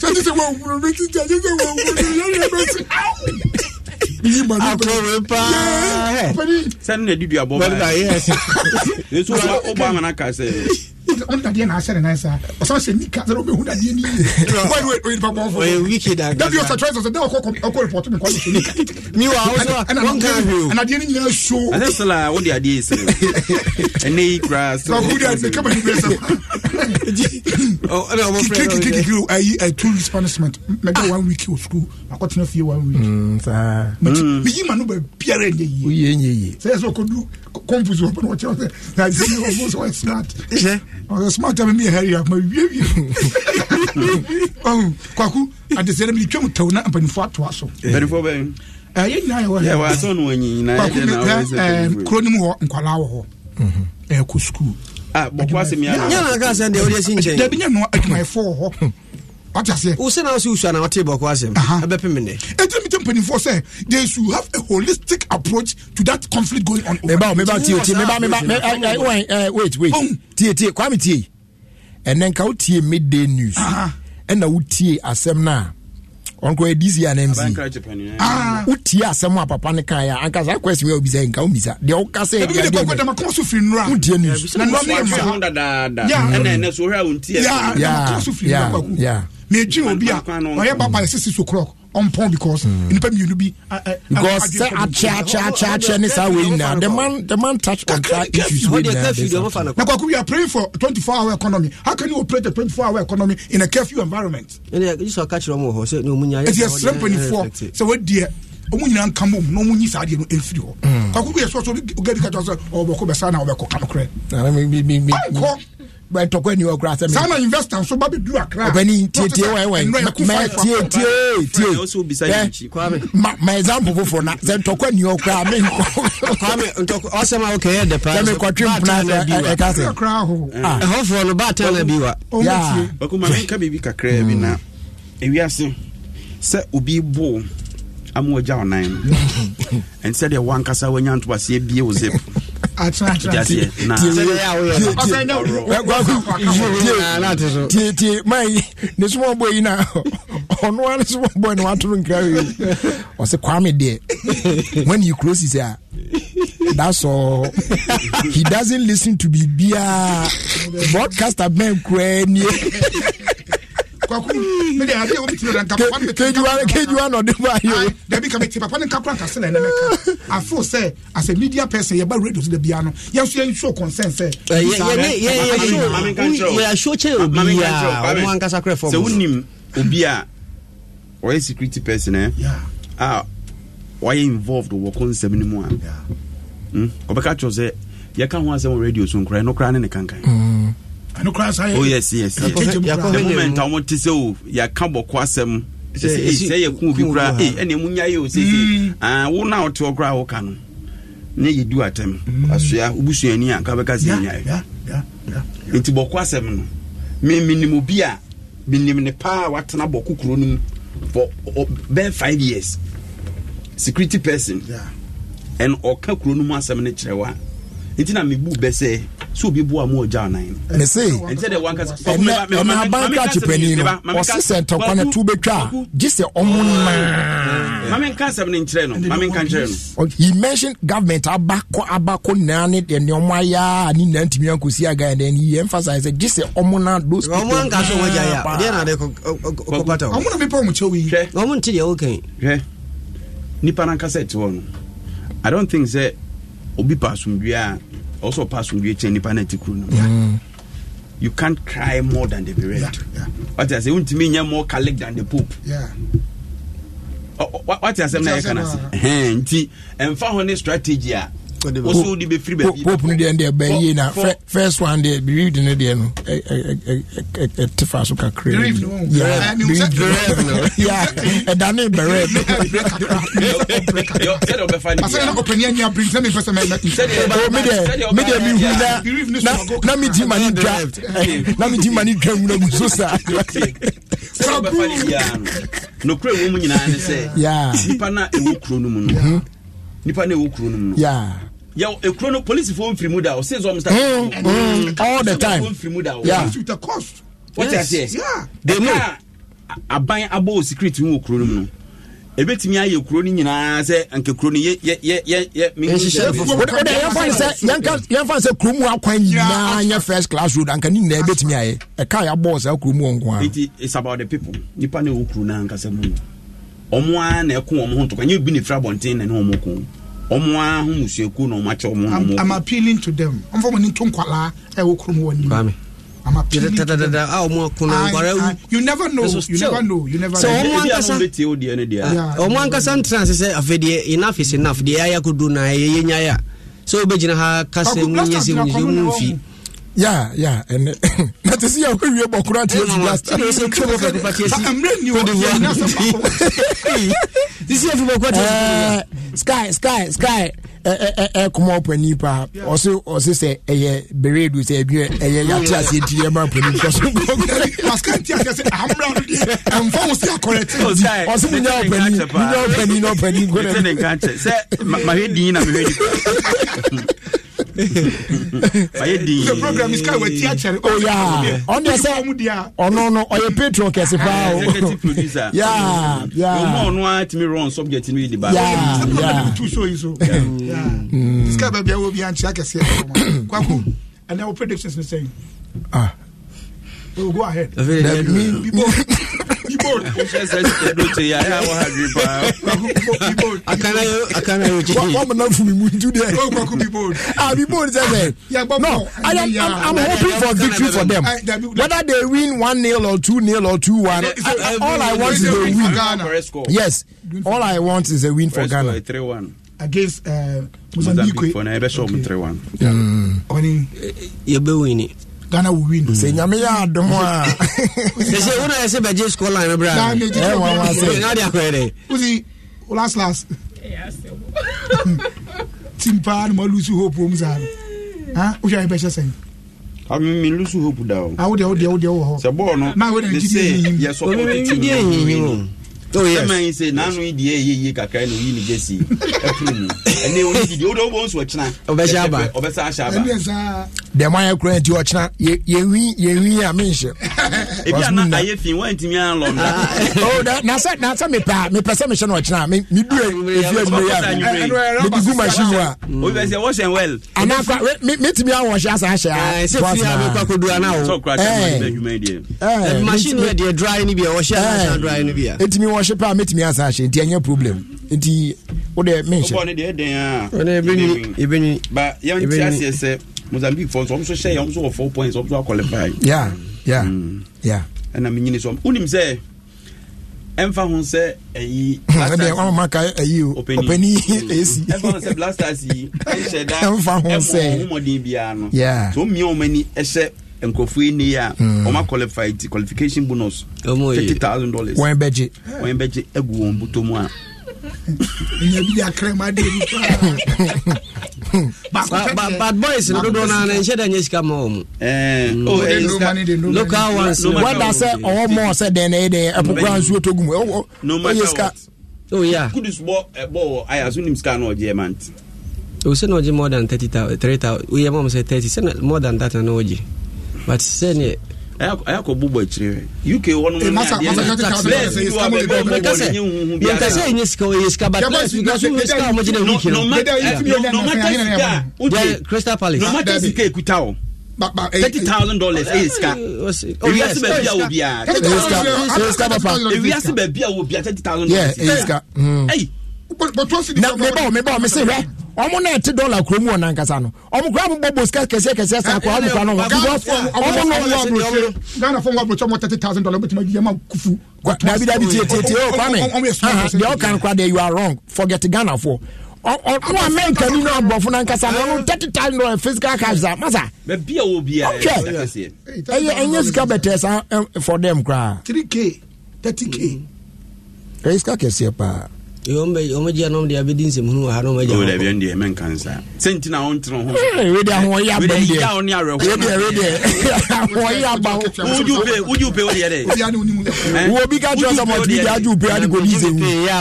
sẹni sẹ wọn wúlò mi ti jẹ ẹni sẹ wọn wúlò mi yẹn lè bẹ sí yìí ma ní bẹ paa sẹni na didi abọ báyìí ẹsùn ọba amana kà sẹ ɔne dadeɛ na ahyɛ ne nan saa ɔsan hyɛ nika sɛ wobɛhu dadeɛ no yie wone wɔyɛ nipa bɔnfo dabi ɔsɛ trɛsɛ sɛ dɛ ɔkɔ repɔto me kɔne nika ɛnadeɛ no nyinaa so ɛnɛ sɛla wode adeɛ sɛ ɛnɛ yi koraa sɛ kama ne brɛsɛ ayi two one week wɔ school akɔtena fie one week meyi mm, mm. ma no baabiara ɛnyɛ yie sɛ yɛ sɛ confuse wɔn pɛnɛ wɔkyɛw sɛ na ɛsɛ mi wɔn sɛ ɔyɛ smart ɔyɛ oh, smart ɛmi mi yɛ hɛri akuma wie wie ɔhun oh, kwaku adesɛn mi twɛn mu tɛw na mpanimfoɔ ato aso. mpanimfoɔ bɛn. ɛyɛ nyinaa yɛ wɔ hɛ. ɛwɔ asɔn wɔn nyinaa yɛ dɛ na wɔn sɛ ɛɛ kuro nimu hɔ nkwalaa wɔ hɔ ɛɛ kɔ sukuu. a bɔkɔ asɛm yɛ. nyɛ na aka asɛm deɛ o de si nkyɛn. dabi nyɛ nɔ adwumayɛfoɔ wɔ hɔ. ɔte aseɛ. wosɛ na ɔsi wusu ana ɔte bɔkɔ asɛm. ɛbɛpɛ mi dɛ. etu mi mpanimfoɔ sɛ they should have a holistic approach to that conflict going on. meba meba tie tie meba meba eh, eh, eh, wait wait tie tie kwame tie ɛnɛ nka wotie midday news ɛna wotie asɛm no a ɔnkɔ adc anmc wotie asɛm a papa no kaeɛ anka saa question a wobisa nka wommisa deɛ woka sɛwotie news medwene obi a ɔyɛ baba ne sisi so crɔk ɔmpɔn because nipa mmienu bi. because sɛ akyɛ akyɛ akyɛ akyɛ ne saa wei nyinaa the man the man touch kakra issues wei nyinaa. na kwaku we are praying for twenty four hour economy how can you operate a twenty four hour economy in a curfew environment. ɛnna yɛ sɔ kakyere ɔmo wɔ hɔ ni ɔmo nya. eti ɛsrɛ mpanyinfoɔ sɛ wɔadiɛ ɔmu nyinaa nka mom na ɔmu nyi saa adeɛ no ɛmfiri hɔ hmm. kwaku bi yɛ sɔ so obi gadi kakyɛ sɛ ɔbɛkɔ bɛsa na ɔbɛkɔ kanokorɛ. ɔnkɔ. tɔkɔ ani ɔkura sɛ saa na investor nso ba akra ɔbɛni mɛ tie ma ma example foforɔ na sɛ ntɔkɔ ɔkura mi nkɔ ɔsɛm a okɛ yɛ dɛ paa sɛ mpuna sɛ ɛka sɛ ɛhɔ no baa tɛn na bi wa oh, yaa ɔkuma mi nka biribi kakra bi na hmm. ewia se sɛ obi bo ama ɔgya ɔnan mu ɛnti sɛdeɛ woankasa woanya ntoaseɛ bie wo zip mai ne soma bɔ yi na ɔnoa ne soma bɔ ne watoro nkra wei ɔse kwame deɛ when you close his eye that's all he doesn't listen to bibia broadcaster bɛn koraa nie kwaku me de ade obi tiri ranka papa me kejuwa kejuwa no de ba yo da bi ka me ti papa ne kakura kase na na me ka afo se as a media person ye ba radio so de bia no ye so ye show concern se ye ye ye show we are show che obi ya o an kasa kre form se unim obi a oyɛ security person eh a wayɛ involved wɔ kɔ nsɛm mu a ɔbɛka kyerɛ sɛ yɛka ho asɛm wɔ radio so nkoraa no koraa ne ne kankan ɛnokora sa oh, yɛmomɛnta ɔmote sɛ o oh, yɛka bɔkɔ asɛm sɛ eh, yɛku obi kora eh, ɛne munya yɛ o oh, sɛsɛ mm. ah, wo na wote wɔ kora woka no ne yɛdu atɛm mm. asoa wobusuani a kabɛka sɛ nyaɛ nti bɔkɔ asɛm no menim obi a menim ne paa watena bɔko kuro no mu for bɛɛ five years security person ɛn ɔka kuro no mu asɛm no kyerɛ wo nti na mebu bɛ sɛ sɛ obi boa mu ɔgya anan mesɛɛna banka kyepani no ɔse sɛ ntɔkwa no to wobɛtwa a gye sɛ ɔmo naa he mentioned government abakɔ abakɔ nyinaa ne deɛ nneɔmo ayɛa ne nyinaa ntumi ankɔsi aga ɛ then he emphasise gye sɛ ɔmo na those nipa nankasa ɛte hɔ no i don't think sɛ obi pa asomdua a also pass on the nipa na the kuro mm. you can't cry more than the bereft yeah, what i say wuntumi nyɛ more calic than the pope yeah. Oh, oh, what i say na yɛ kana and nti ɛnfa strategy wosow de bɛ firi baabi pope no deɛ deɛ bɛn yie na first one deɛ believe de no deɛ no ɛte fa so kakra ɛdane bɛrɛmedeɛ mehu na megye ma oh, ne dwa (laughs) na megye ma ne dwa mu na mu so saa nokora ɛwɔ mu nyinaa ne sɛ nipa no a kuro no mu no mm-hmm nipa na ɛwɔ kuro no mu no yɛ ekuro eh, no polisifoɔ nfiri mu da o sinzɔ mu sita all the time nfiri mu da o wɔte aseɛ de na aban abɔ o security mu wɔ kuro no mu no ebetumi ayɛ kuro no nyinaa sɛ nke kuro no eh, yɛ sɛ kuro mu akwan nyinaa nyɛ first class road anka ni nyinaa ebetumi ayɛ ɛka yɛ abɔ kuro mu wɔn nko ara. is about the people nipa na ɛwɔ kuro no ankasa mu ɔmo ara na ɛko ɔmo ho ntɔkwa nye obi na efira abɔnten na ne ɔmo ko ɔmo ara ho musuaku na ɔmo akyɛ ɔmo ho ɔmo. Eh, i'm appealing to them ɔmo fɔ mo ni nto nkwalaa ɛwɔ kurom wɔ nimu. I'm appealing to them. Ah, ɔmo ako na nkwalaa. you never know you never know you never know. sɛ ɔmo ankasa ɔmo ankasa ntrance sɛ afɛ deɛ enough is enough deɛ ayɛ do na ɛyɛ nyaya sɛ obɛgyina ha kasa oh, mu nyɛ sɛ mu nfi ya ya ɛnɛ (coughs) na te sɛ yɛ wokɔwie bɔkoro ate asi glassky sky sky sky. ɛkoma ɔpani paa ɔse ɔse sɛ ɛyɛ beredu sɛ adwe ɛyɛ yɛate aseɛ ti ɛma pani ɔse munya ɔpani munya ɔpani na ɔpani mahwɛ din na mehwɛ (laughs) the program is kind of a teacher. Oh yeah. On the side. Oh no no. Oh, you patron kesi pa. Ah, executive producer. (laughs) Yeah yeah. Omo ọ̀nù á ti mi run subject mi di ba. Yeah yeah. Program tu so yi so. Yeah. Sika bẹbi awo bi anchi akasi ẹ. Kwaku. And our predictions are saying. Ah. We'll go ahead. Let me no, I am, I'm, I'm hoping for victory for them. Whether they win 1 0 or 2 0 or 2 1, all I want is a win. Yes, all I want is a win for Ghana. 3 1 against uh, Mozambique. Mozambique eh? for ghana will win. sè nyame yà àdùnmù a. sèse wọn náà yẹ sẹ bẹjẹ score line bẹrẹ. dáa méjì tó wọn wá sẹ. n'a di akọrẹ dẹ. wúsi last last. team paa ni mo lose hope wọn sa. o ṣe àyè bẹ ṣe sẹyìn. àmì mi lose hope da o. awo ah, de awo de awo de awo wọ. sẹ bọ́ọ̀ náà o de yẹ sọ pé o ti ti ní ìyín o sɛma yi sɛ nano yi deɛ ɛyɛyie kakra na oyi ne gya si afuru mu ɛne ɔne didi wode wobɔ nso ɔkyena ɔbɛhyɛ aba ɔbɛsa ahyɛ aba deɛ moayɛ kora nti ɔkyena yɛwi a menhyɛ ebi ana ayé fi wọn ti mi an lọ nda. Oh, na sẹ na sẹ mi pa mi pẹ sẹ mi sẹ na ọkyina mi mi dure efi ẹnumere ya mi gugu machine wa. o bẹ sẹ wash and well. anakwa mi mi ti mi an wọsi asa ahyẹ a. ẹ ṣe fi abẹ kọkọ do ana o. sọ kura ṣe ma ẹdwuma yi diẹ. machine yẹ diẹ dry ni bi ya wọsi eh, asa asa dry ni bi ya. etimi wọsi pa mi ti mi asa ahyẹ nti ẹ nye problem nti o de mi n ṣe. o bọ ne de ẹ dẹn a. o de ebi ni ebi ni. ba yan ti a se sẹ mozambique fɔ sɔmuso sɛ yan muso wɔ four points sɔmuso a qualify. yaa. Yeah. Yeah, mm. yeah. ɛna menyini so wonim sɛ ɛmfa ho sɛ ayi (laughs) (laughs) mm. sɛ blasters yi (laughs) ɛnhyɛ daɛmmɔden biara no sɛ wommia wɔmani ɛhyɛ nkurɔfoɔ yi nei a mm. ɔma qualify ti qualification bonus thousand dollars wɔn bɛgye agu wɔn botɔ mu a ɛnya boys no dodoɔ oh, no nhyɛ da nyɛ sika ma wɔ mu local ones wada sɛ ɔwɔ mɔ sɛ dɛn na ɛdɛ ɛpokora nsuo tɔ gu mu ɔyɛ sika kudus bɔ bɔ ayɛ so nim sika na ɔgyeɛ ma nti ɔsɛ na ɔgye more than 3 woyɛ ma m sɛ 30 sɛ more than that na na ɔgye but sɛneɛ ayakɔbu bɔ akyire uk hɔnomnkasɛ ɛnyɛ sika ɛyɛ sika batnasika ɔmɔgyina wiki crystal palace wo ah, eh, thirty thousand ɛyɛ sika ɛyɛ sika mebɔ mebɔ mese hwɛ ɔmo na ɛte dɔla kuro mu ɔna nkasa no ɔmo kura mo bɔ bosika kɛseɛ kɛseɛ san kora ɔmo kura no ɔmo no wɔ aburokye ghana fɔ wɔ aburokye ɔmo thirty thousand dollar ɔmo tuma yi yɛma kufu. dabi dabi tie tie tie o kwame deɛ ɔka nkora deɛ you are wrong forget ghana fɔ ɔmo america ni na aburɔfo na nkasa no ɔmo thirty thousand dollar physical cash sa masa. mɛ bia wo bia ɛyɛ ɛyɛ ɛyɛ sika bɛtɛ sa for them koraa. three k thirty k. ɛyɛ sika kɛseɛ paa ɔmagya nom deɛ bɛdi nsɛmhunu wɔ ha no ɔmagyaɛdeɛ mɛnka nsa sɛ nti na wontene ho wede ahoɔyɛ abamdeɛwobi ka kyerɛ sɛ matibide agye wope ade kɔdi sɛ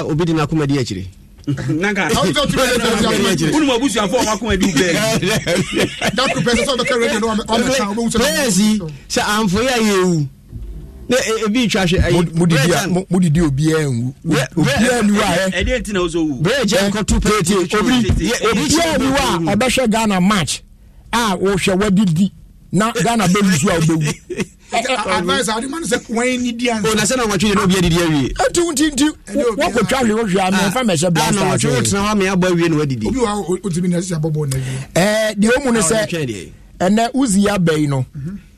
hu obi de (laughs) (laughs) no akomadi akyire wonum abusuafoɔ ɔmakomadi wopɛɛsi sɛ amfoyɛ a yɛwu ne ebi twa hwɛ ayi brejan mudidi obiara nwu obiara nwu a yɛ ɛdi eti na ozo wu brejan nkɔtu pɛti obiara nwu a ɔbɛhwɛ ghana match a wɔhwɛ wadidi na ghana bɛ lusu a ɔbɛwu. advice adi man sɛ wɔn ni di ansa. o na sɛ na wɔn atwi yɛ n'obi yɛ didi awie. etu nti nti wɔn kò twa hwee wɔhwee amɛ nfa mɛsɛ blaster ase. ana wɔn atwi wɔn tena hɔ amɛ abɔ awie na wadidi. obi wa o ti mi na sisan bɔ bɔ ɔna awie. ɛɛ deɛ o mu ni sɛ ɛnɛ uzi ya bɛyi no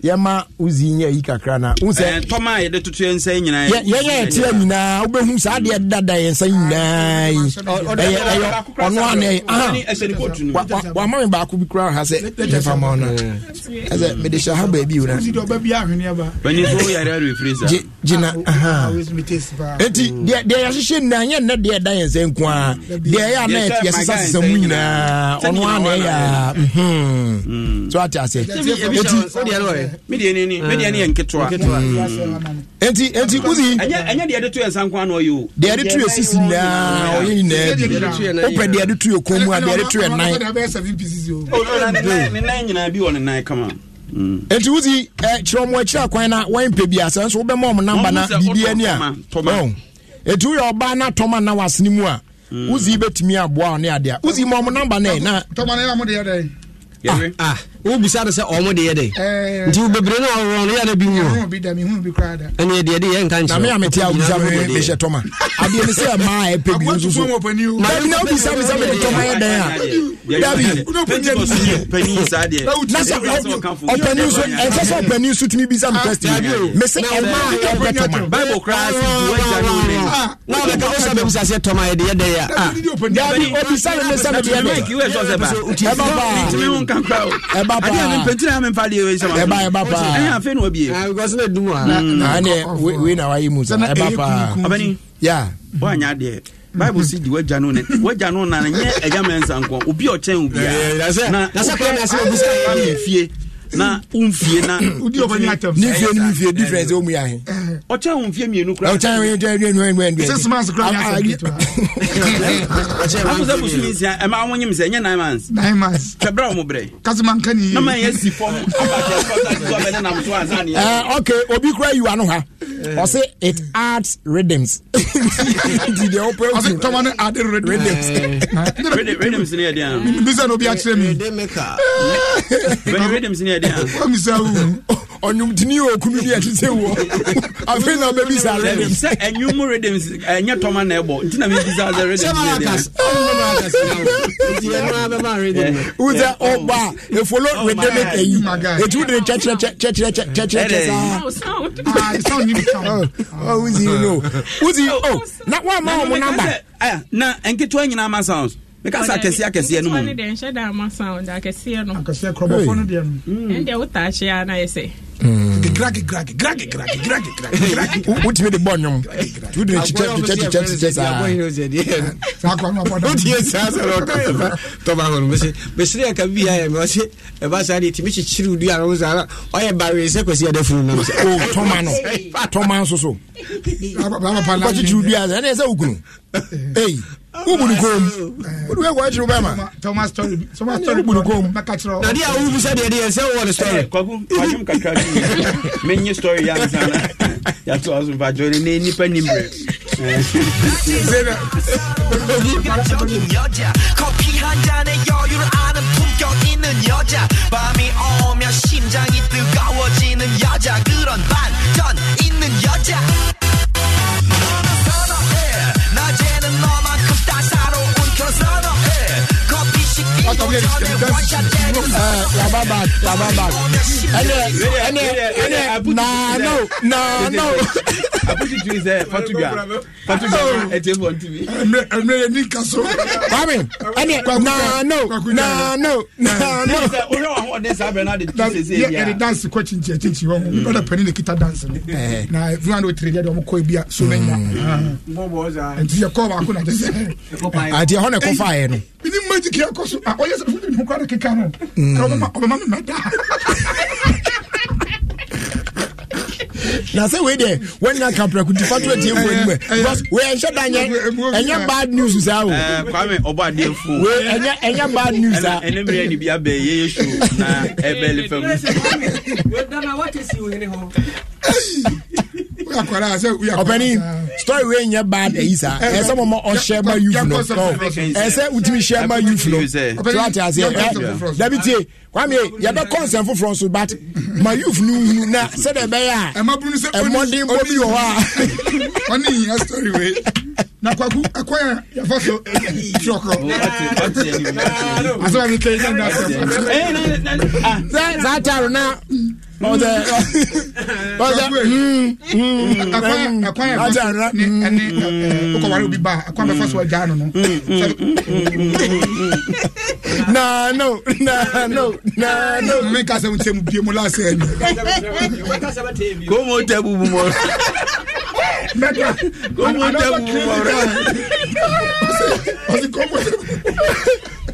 yɛma wozi nyɛ yi kakra na wosɛtɔma eh, a yɛde toto yɛ nsa nyinaa yɛyɛ ɛteɛ nyinaa wobɛhu saa deɛ dada yɛ nsa nyinaa yi ɔno anɛ wama me baako bi kora ha sɛ yɛfa ma no ɛsɛ mede hyɛ ha baabi wonagyina ɛnti deɛ mm. yɛhyehyɛ nyinaa yɛ nnɛ deɛ ɛda yɛ nsa nko a deɛ ɛyɛ ana yɛsesa sesa mu nyinaa ɔno anɛ yɛa mhm. mm. so ate aseɛ media ni ni media ni yɛ nketewa eti eti kuzi ɛnyɛ deɛ de to yɛ nsanko ano sisi naa ɔyɛ nyinaa bi opɛ deɛ de to yɛ kɔn mu a deɛ de to yɛ nan ne nan nyinaa bi wɔ ne nan kama eti wuzi ɛ kyerɛ ɔmo akyire akwan na wɔn mpɛ bi asɛn so wobɛma ɔmo namba na bibi ani a eti woyɛ ɔbaa na tɔma na wasene mu a wuzi betumi aboa ɔne adeɛ wuzi ma ɔmo namba na yɛ na. tɔmɔ na wobisa no sɛ ɔmo de yɛ dɛ nti bebree no ɔwɔ no yɛda bi wuɛne deɛ de yɛnka nkyerɛmete wobisa mehyɛ tɔma adeɛ ne sɛ maa ɛpɛ bi nsusona wobisa me sɛ mede tɔma yɛ dɛn a ɔpani so ɛsɛ sɛ ɔpani so tumi bisa me question me sɛ ɛmaa ɛpɛ tɔma na ɔbɛka wo sɛ bɛbisa sɛ tɔma yɛde yɛ dɛn a dabi obisa me ne sɛ mede yɛ dɛn ɛbabaa nka nkura o adi a mi mpɛnti na mi nfa de ewe ah, sɛ ma ɛba ɛba paa ɛyɛ afei na obi yɛ. because ne dum a. Mm. na ɛnɛ ah, wei na wayi mu sa ɛba paa ɔbɛni ya wɔn anya adeɛ bible si di wagya no ne wagya no na nyɛ ɛgya mɛ nsa nkɔ obi ɔkyɛn obi a eh, eh, na na sɛ kɔn na sɛ obi sɛ ɛyɛ na womfie na ne fie no mfie difference ɔmu yɛ ahe ɔkyɛ wo mfie mmienu koraapsɛ bosom nsia ɛma wonyem sɛ ɛnyɛ nine months twɛberɛ wo moberɛ na mayɛ si fam ok obi kora yiwa no ha ɔse it adds rhythms nti deɛ wopɛ tɔma no ade rhythms rhythms ne yɛdeɛ bisa na obi akyerɛ me rhythms ne yɛ de a. wamisa wu ɔnyumtini ɛti se wɔ afei na bɛbi sa rhythm. sɛ ɛnyumu rhythm ɛnyɛ tɔma na ɛbɔ nti na mi bi sa sɛ rhythm. sɛ marakas wusa ɔba efolo rhythmic eyi etu de kyɛkyɛkyɛkyɛkyɛkyɛkyɛ saa. wusi yi no wusi oh na wa ma wɔn namba. na nketewa nyinaa ma sounds meka sɛ akɛseɛ akɛseɛ no mu akɛseɛ korɔbɔfoɔ no deɛ no ɛndeɛ wotaahyɛ a na yɛ sɛ wotumi de bɔ nwom wode kyekyɛkyekyɛkyekyɛkyekyɛmesere aka biaɛ mɛse ɛba saa deɛ tumi kyekyere wodu ano saa ɔyɛ bawe sɛ kwasi adafunu nam no tɔma nso so wokɔkyekyere wodu a ɛneɛ sɛ wokunu ei wobunu kom wode wɛ kɔkyere wo bɛma wobunu kom nade a wobu sɛdeɛ deɛ sɛ wowɔ ne story menye story yɛ ansana yɛatoa so mpatwɛ ne ne nnipa nimbre 낮에는 너만큼 따사로운 결선어 out n'a no na no so ɔyɛ sɛ wode ne ho kora de keka no ɔbɛma me mɛda na sɛ wei deɛ woanya ka prako ntifa to atiefoɔ anim because weiɛnhyɛ da nyɛ ɛnyɛ bad news saa o kwame ɔbɔ adeɛfo ɛnyɛ ɛnyɛ bad news saa ɛne mmerɛ ne bi abɛn ɔpɛni story wey nyɛ bad ɛyi sa ɛsɛ mo ma ɔhyɛ ma youth no ɛsɛ wotumi hyɛ ma youth no so ati ase ɛ dabi tie kwami yɛbɛ kɔnsɛn foforɔ so but ma youth no hunu na sɛdeɛ ɛbɛyɛ a ɛmɔden bɔ bi wɔ hɔ a. ɔne yiyan story wey na kwaku akɔya yafa so tiɔkɔ asɛbɛ mi kɛ yi sɛ n da sɛ. saa taaro na. Ah ọtẹ ọtẹ akwan akwan ẹni ọkọwari obi ba akwan bẹ fọ so ẹja nínú. Hmm, hmm, hmm, na no na no na no. mi kasa mi tẹ mu bie mu laasẹ ẹni. kò mo tẹ bubu mọ. kò mo tẹ bubu mọ. ọsì kò mo tẹ bubu mọ.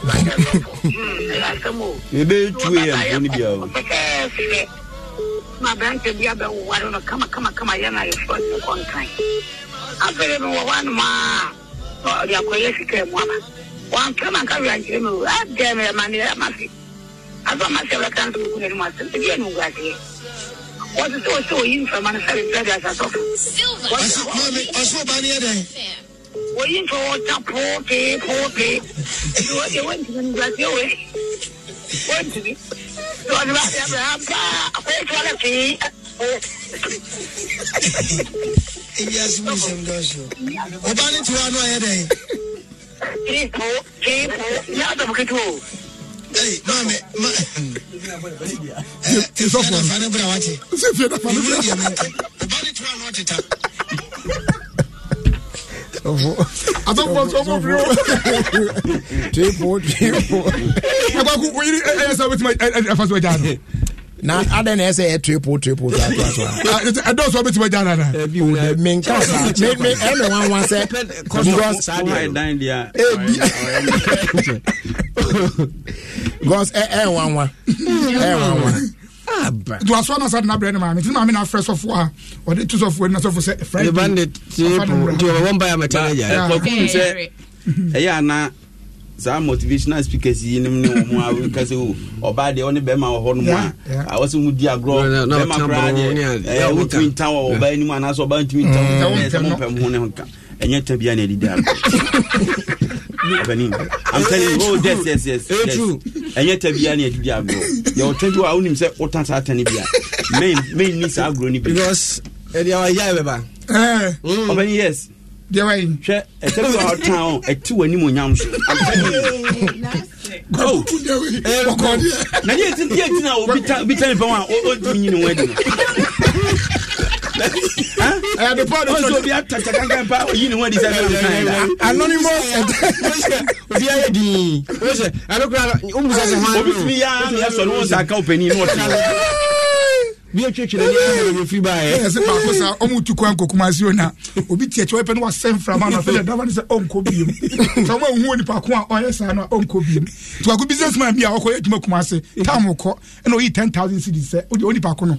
yɛbɛyɛ two am fo no bia o na woyi nfa wɔta poopee poopee nti wɔde tiwa no ɔyɛ dɛn fiipo fiipo nyɛ adɔm ketewa Hey, maame, ma. Efafo. Efafo. Efafo. Efafo. Efafo. Efafo. Efafo. Efafo. Efafo. Efafo. Efafo asɔfo asɔfo fi o. tepo tepo. ɛgbako oyiri ɛyɛ sɛ obetuma ɛfa so ɛgya no. na adan na ɛsɛ yɛ tepo tepo ta to aso. ɛdɔwɔsɔ obetuma ɛgya nana. mi nka sa mi mi ɛna wan wan sɛ. because ebi. because ɛ ɛ wan wan ɛ wan nti waso anasa de nabrɛ ne maame nti maame na afrɛ sɔfo a ɔde to sɔfo ani na sɔfo sɛ friday sɛ ɛyɛ ana saa motivational speakers yi nim ne wɔn a wɔka sɛ o ɔbaa deɛ ɔne bɛrima wɔ hɔ nom a awɔ sɛ mu di agorɔ bɛrima koraa deɛ ɛɛ wotumi ntan wɔ ɔbaa anim anaasɛ ɔbaa ntumi ntan wɔ ɔbaa yɛ sɛ mo mpɛm ho ne ho kan ɛnyɛ ta bia na ɛdidi i'm telling you oh yes yes yes eh, yes ɛnyɛ ta bia na ɛdidi agorɔ yɛ bi wa awonim sɛ ɔtan saa ta bia main saa agorɔ ne bi. hwɛ ɛtɛ bi wa ɔtan o ɛti wɔ anim onyam so i'm telling you. Oh, na yɛ ti na obi ta nipa wa o ti nyini wɔ adi na ẹ eh, de paul de sọ obi atata kankan pa oyi ni wọn di sẹbi ọdún náà yẹn. anonymous obi ayé dín in abekura o musa sẹ hàn. obi fi ya mi sọ ni wọn sà ká òpèní inú ọtí bi etwetwere ni ɛyɛ yɛ firi ba yɛ. ɛyɛ eh, sɛ baako sa ɔmu tu kwan koko ma o na obi tiɛ kyɛw ɛpɛ ne wa sɛn firama na fɛn yɛ daba ne sɛ ɔnko bi mu sɛ ɔmu ehu nipa ko a ɔyɛ saa na ɔnko bi mu tuwako business man bi a ɔkɔ yɛ adwuma kuma se eh. taamu kɔ ɛna oyi ten thousand cedis sɛ o de o nipa ko no.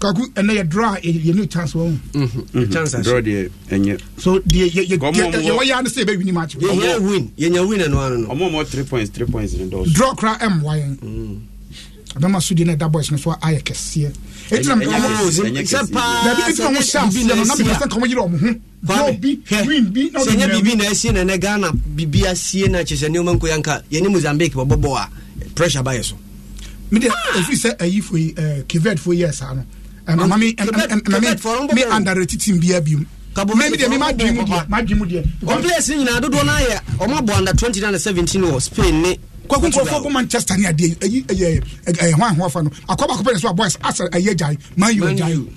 kaku ɛnɛ yɛ draw eh, yɛ new chance wɔn. Mm-hmm, mm-hmm. chance ase eh? draw deɛ ɛnyɛ. so deɛ yɛ yɛ yɛ wɔ yaa ne se yɛ bɛ win match. yɛ yɛ win yɛ nya win ɛnu ano. ɔmɔ mɔ three points three points ni dɔw. draw kura ɛmu wa yɛn. abɛma so deɛ na ɛda boys no so ayɛ kɛseɛ. ɛti na nkɔmɔ ɛnyɛ kɛseɛ paa dabi ɛti na wɔn hyɛ ase yɛ no na bi yɛ sɛ nkɔmɔ yiri ɔmo ho. Kwame sɛ nyɛ biribi na ɛsie na ɛnɛ ghana biribi asie na kyesɛ nneɛma nkɔ yɛ nka yɛne mozambique bɔbɔbɔ a pressure ba yɛ so. mi de ɛfiri sɛ ɛyi fo yi ɛɛ kivet fo yi yɛ saa no me underrate team bia biom ɔmplayers no nyinaa dodoɔ no ayɛ ɔma bɔ under 29 17 wɔ spain ne kwaku nkurɔfoɔ kɔ manchester ne adeɛ ayi ɛyɛ ɛyɛ hwan ho afa no akɔba akɔpɛ ne so a boys asa ɛyɛ gyae man yu gyae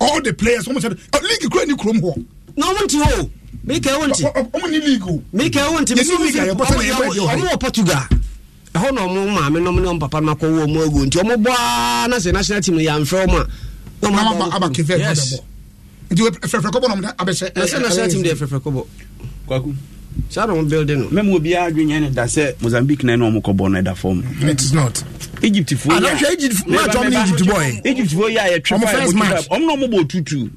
all the players wɔn sɛ eh, league kura ni kurom hɔ. na wɔn ti hɔ o mi kɛ wɔn ti. wɔn ni league o. mi kɛ wɔn ti mi si mi fi ɔmɔ wɔ portugal ɛhɔ na ɔmo maame nom ne ɔmo papa nom akɔwɔ ɔmo agu nti ɔmo bɔa na sɛ national team yɛamfrɛ ɔmo a ɔmo aba kefɛ yes nti fɛfɛ kɔbɔ na ɔmo abɛsɛ na national team deɛ fɛfɛ kɔbɔ kwaku saa na ɔmo building no mɛmu obiara adwenya ne da sɛ mozambique na ɛna ɔmo kɔbɔ na ɛda fam it is not egypt fo yi a anahwɛ egypt match ɔmo ne egypt bɔ yɛ egypt fo yi a yɛ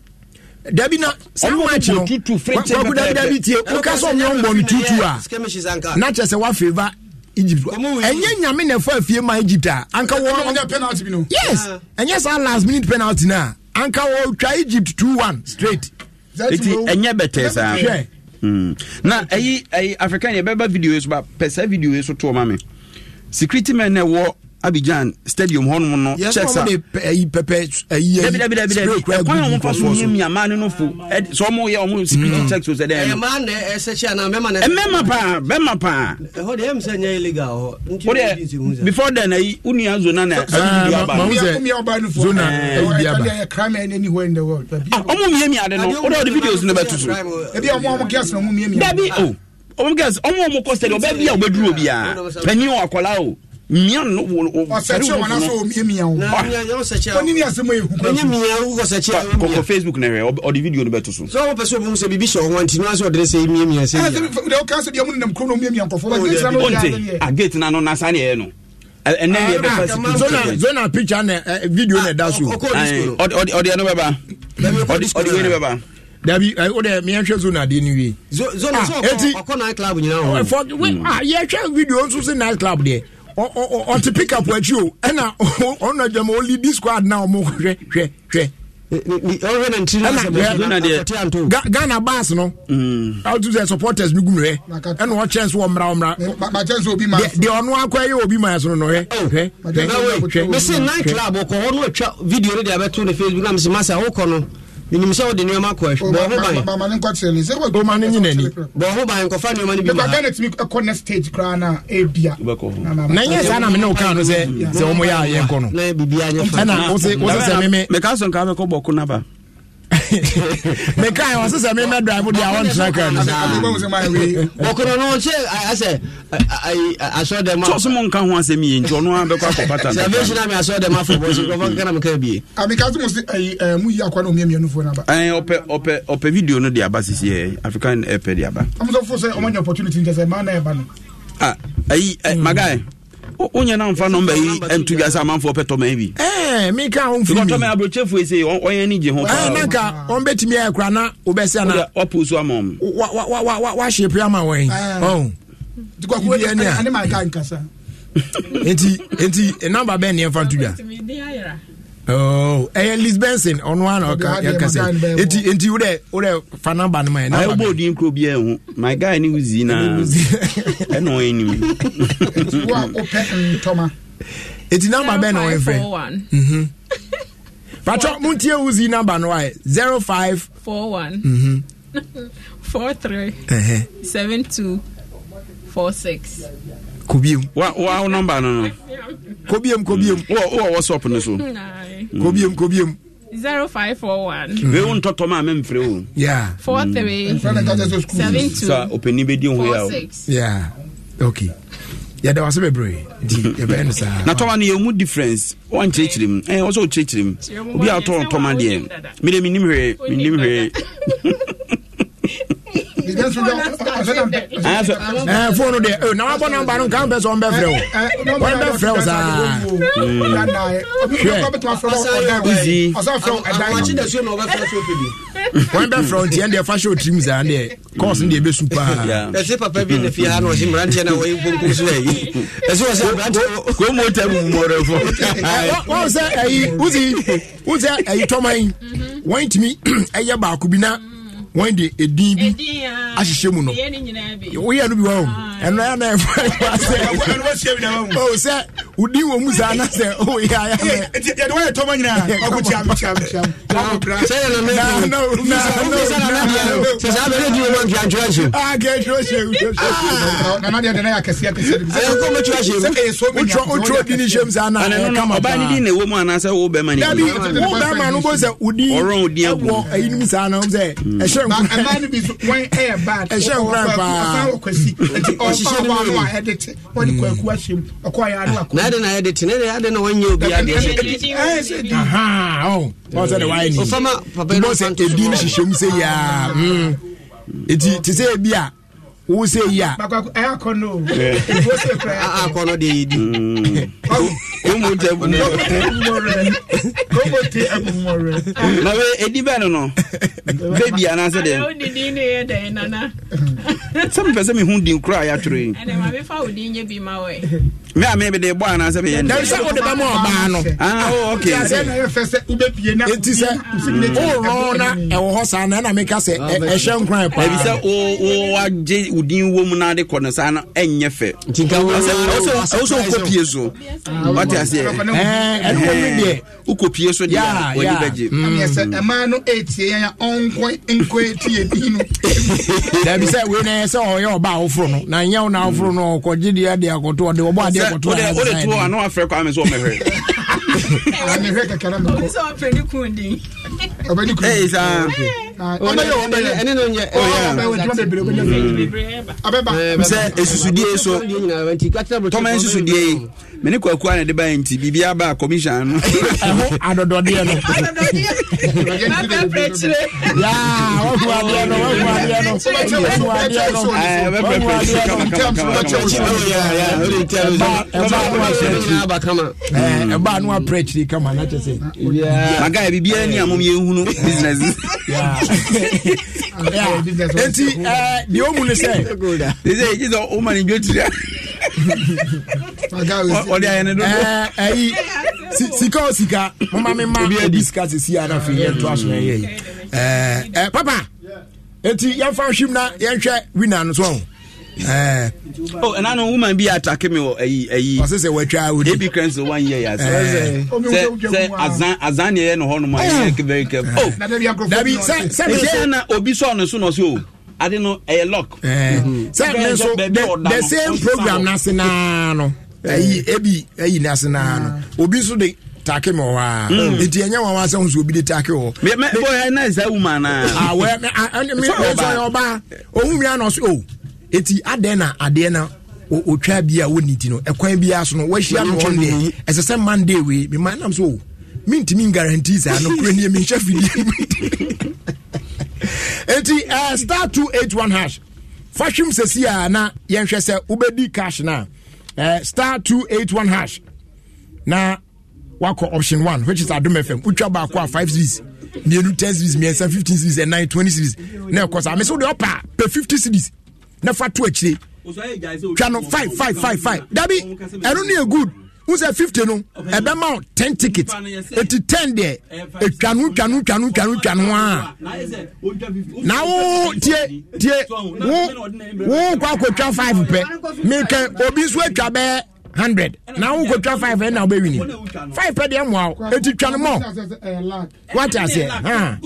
dabi na saa match no kwaku dabi tie woka sɛ ɔmo yɛ ɔmo tutu a na kyerɛ sɛ wa favour egypt ɛnyɛ nyame na ɛfa fie ma egypt a anka wɔ yes ɛnyɛ ah. saa last minute penalty no a anka wɔtwa egypt two-one straight ɛti ɛnyɛ bɛtɛ saa na ɛyi ɛyi african yɛbɛba video yi so ba pɛ saa video yi so toɔ ma me security men na ɛwɔ abidjan stadium hɔnom no mm. checksmɛma paa bɛma paa before then ayi wonua zona ɔmo miamiade no wode wode videos no bɛto so dabi oh, ɔmo gas ɔmo ɔmo kɔ stadium ɔbɛbi a wobɛduro biaa pani o akwala o oh mian no wo wo ɔsɛkyɛ wɔn aso wɔ mie mia wo wɔn ni asɛm yɛ hu kɔsɛkyɛ mia wo kɔsɛkyɛ kɔkɔ facebook na yɛ ɔde video no bɛto so. sɛ wɔn pɛ sɛ sɛ bibi sɛ wɔn nti n'asɛ ɔde ne sɛ mie mia sɛ ah, mia. ɛɛ ɔka sɛ deɛ ɔmo nenam kurom na ɔmo mie mia nkɔfɔ wɔn sɛ ɔmo yɛ a gate na no na sa ne yɛ no ɛnɛ yɛ bɛ fɛ sikiri. zona picture na video na ɛda so. ɔde ɛno bɛba ɔde wei ne bɛba dabi o de mi yɛhwɛ zone adi ni wie. zone sɛ ɔkɔ ɔkɔ night club nyinaa hɔ. yɛhwɛ video nso si night club deɛ ɔte pick up akyi o ɛna (laughs) ɔno adwama ɔli di squad na ɔmo hwɛ hwɛ hwɛ ghana bas no mm. wotu sɛ supporters be what chance will no gum hwɛ ɛna ɔkyɛn so wɔmmra wɔmmradeɛ ɔno akɔ ɛyɛ obi ma so no nohwɛ mese nan club ɔkɔ hɔ no atwa video no de abɛto ne facebook na mese masa wokɔ no menim sɛ wode nneɔma kɔ bɔho bannyinani bɔho ban nkɔfa nneɔma no binanyɛ saa na mene wo kaa no sɛ sɛ wɔmɔyɛ a yɛnkɔ no na biribiaa nyɛfa ɛna wose sɛ meme meka so nkaa mɛkɔ bɔko no ba meka ɛ wɔ sesɛ memɛ drive deɛ wɔntra ka nokɔno no kyɛ asɛ asɔ dɛm sɛ so mo nka ho asɛm yɛ nti ɔno a bɛkɔ akɔpata salvation ame asɔ dɛm afɔbɔ so kɔfa kana meka bie ameka so mo sɛ muyi akwa na ɔmiamia no fuo no aba ɔpɛ ɔpɛ ɔpɛ video no de aba sisiɛ african airpɛ de aba amsɔfo sɛ ɔmanya opportunity nkyɛ sɛ ma na ɛba no ayi magae wonyɛ na mfa nɔmba yi nto dwa sɛ amanfoɔ pɛ tɔma bi meka womfitɔma abrɔkyɛfoɔ ɛsɛ ɔyɛ ani gye ho nanka ɔmbɛtumi ayɛ kora na wobɛsɛ na wapo so ama m wahyɛ pɛ ama wɔi nti nti namba bɛ nneɛmfa nto dwa oh ɛyɛ eh, liz benson ɔno ana ɔka yɛka sɛ enti enti wodɛ wodɛ fa namba no ma ɛ ayɛ bɔ odin kuro biara ho my guy ne wuzi na ɛna ɔyɛ nim wo a wopɛ ntɔma enti namba bɛn na ɔyɛ fɛ patro montie wuzi namba no ayɛ 0541 mm -hmm. 43 uh-huh. 72 46 kobiem wa wo number no no kobiem kobiem mm. wowɔ whatsapp no so mm. mm. kobiem kobiem 0541 wei wo ntɔtɔ ma a memfrɛ o sa ɔpani bɛdi ho yɛ ok yɛda wase bebree nti yɛbɛyɛ no saa na tɔma no yɛmu difference wɔnkyerɛkyerɛ mu eh, ɛ wɔ sɛ wɔkyerɛkyerɛ mu obi a wɔtɔ tɔma deɛ mede mennim hwee mennim hwee (laughs) fone deɛ na wabɔ namba no nka mpɛ sɛ ɔmbɛ frɛ wo ɔmbɛ frɛ wo saawɔmbɛ frɛ wo ntiɛ deɛ fa hyɛ ɔtirim saa deɛ cos no deɛ bɛsu paaɛsɛ papa bi ne fie ha na ɔhye mmeranteɛ na wɔyɛ bonko so ayi ɛsɛ wɔ sɛ kɔmmɔta mumɔrɛfɔ wɔ sɛ ayi wosi wo sɛ ayi tɔma yi wɔntumi ɛyɛ baako bi na wɔn de edin bi ahyehyɛ mu no woyɛ no bi wɔ o ɛno ɛna ɛfɔ ɛfɔ asɛ o sɛ wodi wɔ mu saa na sɛ oyɛyɛde woyɛ tɔma nyinaa wotwerɛ (laughs) (laughs) din ah, ah. hyɛm saa nowobɛma no bo sɛ wodiwɔ ayinom saa no sɛ ɛhyɛ nkran paa ade na yɛde te ne de ade na wanyɛ obi adeɛ ofama eh, papa ɛdi no hyehyɛ mu sɛ yia ɛti mm. te sɛ bi a wo se yi a. ẹ akɔnɔ o wo se fɛ. a akɔnɔ de ye di. umu tɛ bunu rɛ. komo tɛ ɛbumu rɛ. na bɛ edi bɛ nɔnɔ bɛ bi anase de. ayi o di di ne ye dɛ nana. sɛbi pɛ sɛbi hun di kura ya turu ye. ɛnɛ maa bɛ fa o di n ye bi ma wɛ. Ah, oh, mi a mi bi de bɔ anase bi yɛ. dɛsɛ o de bɛ mɔ ɔbaa nɔ. aa o ok. yasɛ na yɛ fɛ u bɛ pie na. eti sɛ o rɔn na ɛwɔ hɔ san na ɛna mi ka sɛ ɛhyɛ nkran pa. ɛbi sɛ o o wa wo din wɔ mu na de kɔ no saa no ɛnyɛ fɛ wosɛ wokɔ pie so wate aseɛ wokɔ pie so deɛ wani bɛgye ɛma mm. no ɛtie yɛn ɔnkɔ nkɔ ɛtie din no (laughs) dabi sɛ wei nɛ sɛ ɔyɛ ɔba awoforo no na ɛnyɛ wo no ɔkɔgye deɛ de akɔto ɔde wɔbɔ adeɛ kɔto wode to ana wafrɛ kɔ ame sɛ ɔmɛhwɛ amehwɛ (laughs) kakra mekɔ ọbẹ ni kuro ɛne no nyɛsɛ ɛsusudie so tɔma nsusudie yi mene kwakua ne de baɛ nti biribia baa commission no adɔdɔdeɛ no ɛbaa no aprɛkyire kama na kyɛ sɛ magaa biribiaa ni a mo mom yɛhunu businesses nti deɛ ɔmu no sɛ ɛsɛ gye sɛ woma ne dwotiri ɔde ayɛ ne dodo sika o sika moma me ma obi sika sesi ara afei yɛntoa so ɛyɛ eh, eh, papa enti yɛmfa hwim na yɛnhwɛ wina no so Eh. Oh, i no woman bi atake me wɔ eyi ayi ɔsɛ sɛ ebi kran one year yɛ yɛ eh. eh, sɛ sɛ azan azan ne no hɔ no ma very careful oh dabi sɛ sɛ sɛ na obi sɔ na o oh, no lock mhm. the same program na ebi na ah. obi so de take me mm. wa wa obi take me boy na is that na ah. ah well me me so ba ohun mi eti adeɛ na adeɛ na otwa bi a wɔn ti no ɛkwan bi aso no wɔahyia no wɔn deɛ ɛsɛ sɛ monday wei mi ma nam so mi ntumi guarantee saa no kura nie mi nhyɛ fidie (laughs) eti ɛɛ eh, star two eight one hash fashion sasi a na yɛnhwɛ sɛ wobɛdi cash na ɛɛ eh, star two eight one hash na wakɔ option one which is adum fm wotwa baako a five series mmienu ten cds mmiɛnsa fifteen series ɛnan twenty cds na ɛkɔ saa mɛ sɛ wode ɔpa pɛ fifty cds na fa to akyire twa no five five five five dabi ɛno ne yɛ good n sɛ fifty no ɛbɛ ma o ten ticket eti ten deɛ etwa no twa no twa no twa no twa no aa na wo tie tie wo wo kɔ akɔtwa five pɛ mekɛ obi nso atwa bɛɛ hundred na wọn kò twa five ẹna ọbẹ wini five pẹ di ẹmu awo eti twa ni mọ wati ase na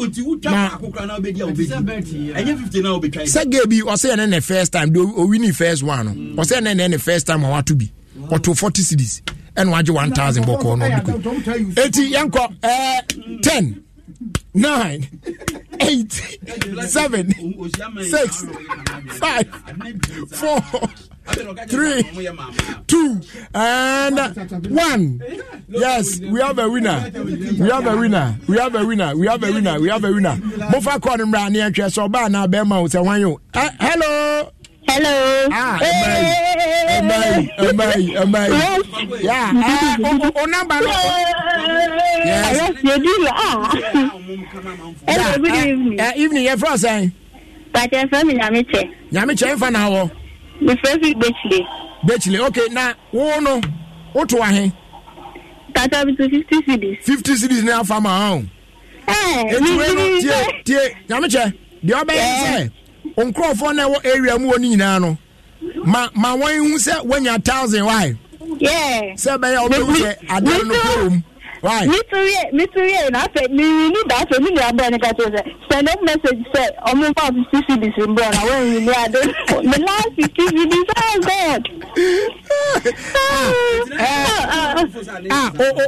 sẹgẹ bi ọsẹ yẹn nẹ first time do owi ni first one no ọsẹ yẹn nẹ nẹ first time ọwa to bi ọtọ forty cities ẹna wàá gye one thousand bọ kọ ọ n'ọdún eti yẹn kọ ẹ ten nine eight seven six five four three, two, and one. Yes, we have a winner. We have a winner. We have a winner. We have a winner. We have a winner. Mofa Corner Brani and Cheso Bana Bema with a one you. Hello. Hello. Ah, am I? Am I? Am I? Am I? Yeah. Ah, uh, oh, number. Yes. Yes, you do. Ah. Hello, good eh, evening. Uh, evening, you're from saying. But you're from Yamiche. Yamiche, you're from now. mefrɛfi bɛkyire bɛkyire ok na wo no woto ahe tata bi 50 series. 50 series ne afa ma wo eh, tie nyamekyɛ deɛ ɔbɛyɛ sɛ eh. nkurɔfoɔ no ɛwɔ area mu wɔ no nyinaa no ma ma wɔn hu sɛ woanya thousand why sɛ ɛbɛyɛ wobɛhu sɛ adeɛ no kɔwɔ mu nítorí ẹ nítorí ẹ n'afẹ mi ní ìdáfẹ mi ní abọ ẹnìkan tó sẹ send up message sẹ ọmọ bá fi ccd sí n bọ ọ̀nà wẹ́n yìí ní adé mi láti ccd thank god.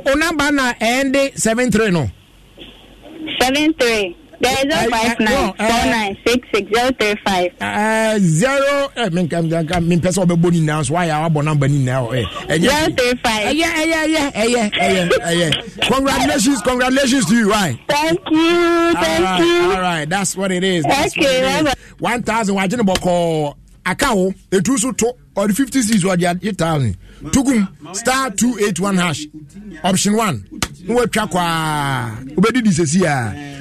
o nọ́mbà na ẹ ń dé seven three nù. seven three zero five nine four nine six six zero three five. zero ẹ eh, mi nka mi nka mi pẹ sẹ ọbẹ bọ ni nina so ayé awabọ namba ni nina ẹ. Eh, eh, zero three five. ẹyẹ ẹyẹ ẹyẹ ẹyẹ ẹyẹ ẹyẹ congratulations congratulations to you right? thank you thank all right, you. all right that's what it is. That's okay what it is. one thousand wa jẹnibọ kọ akawo etu so to ọdi fifty six ọdi eight thousand tukum star two eight one hash option one n wa twa kọ a obedi di sesi a.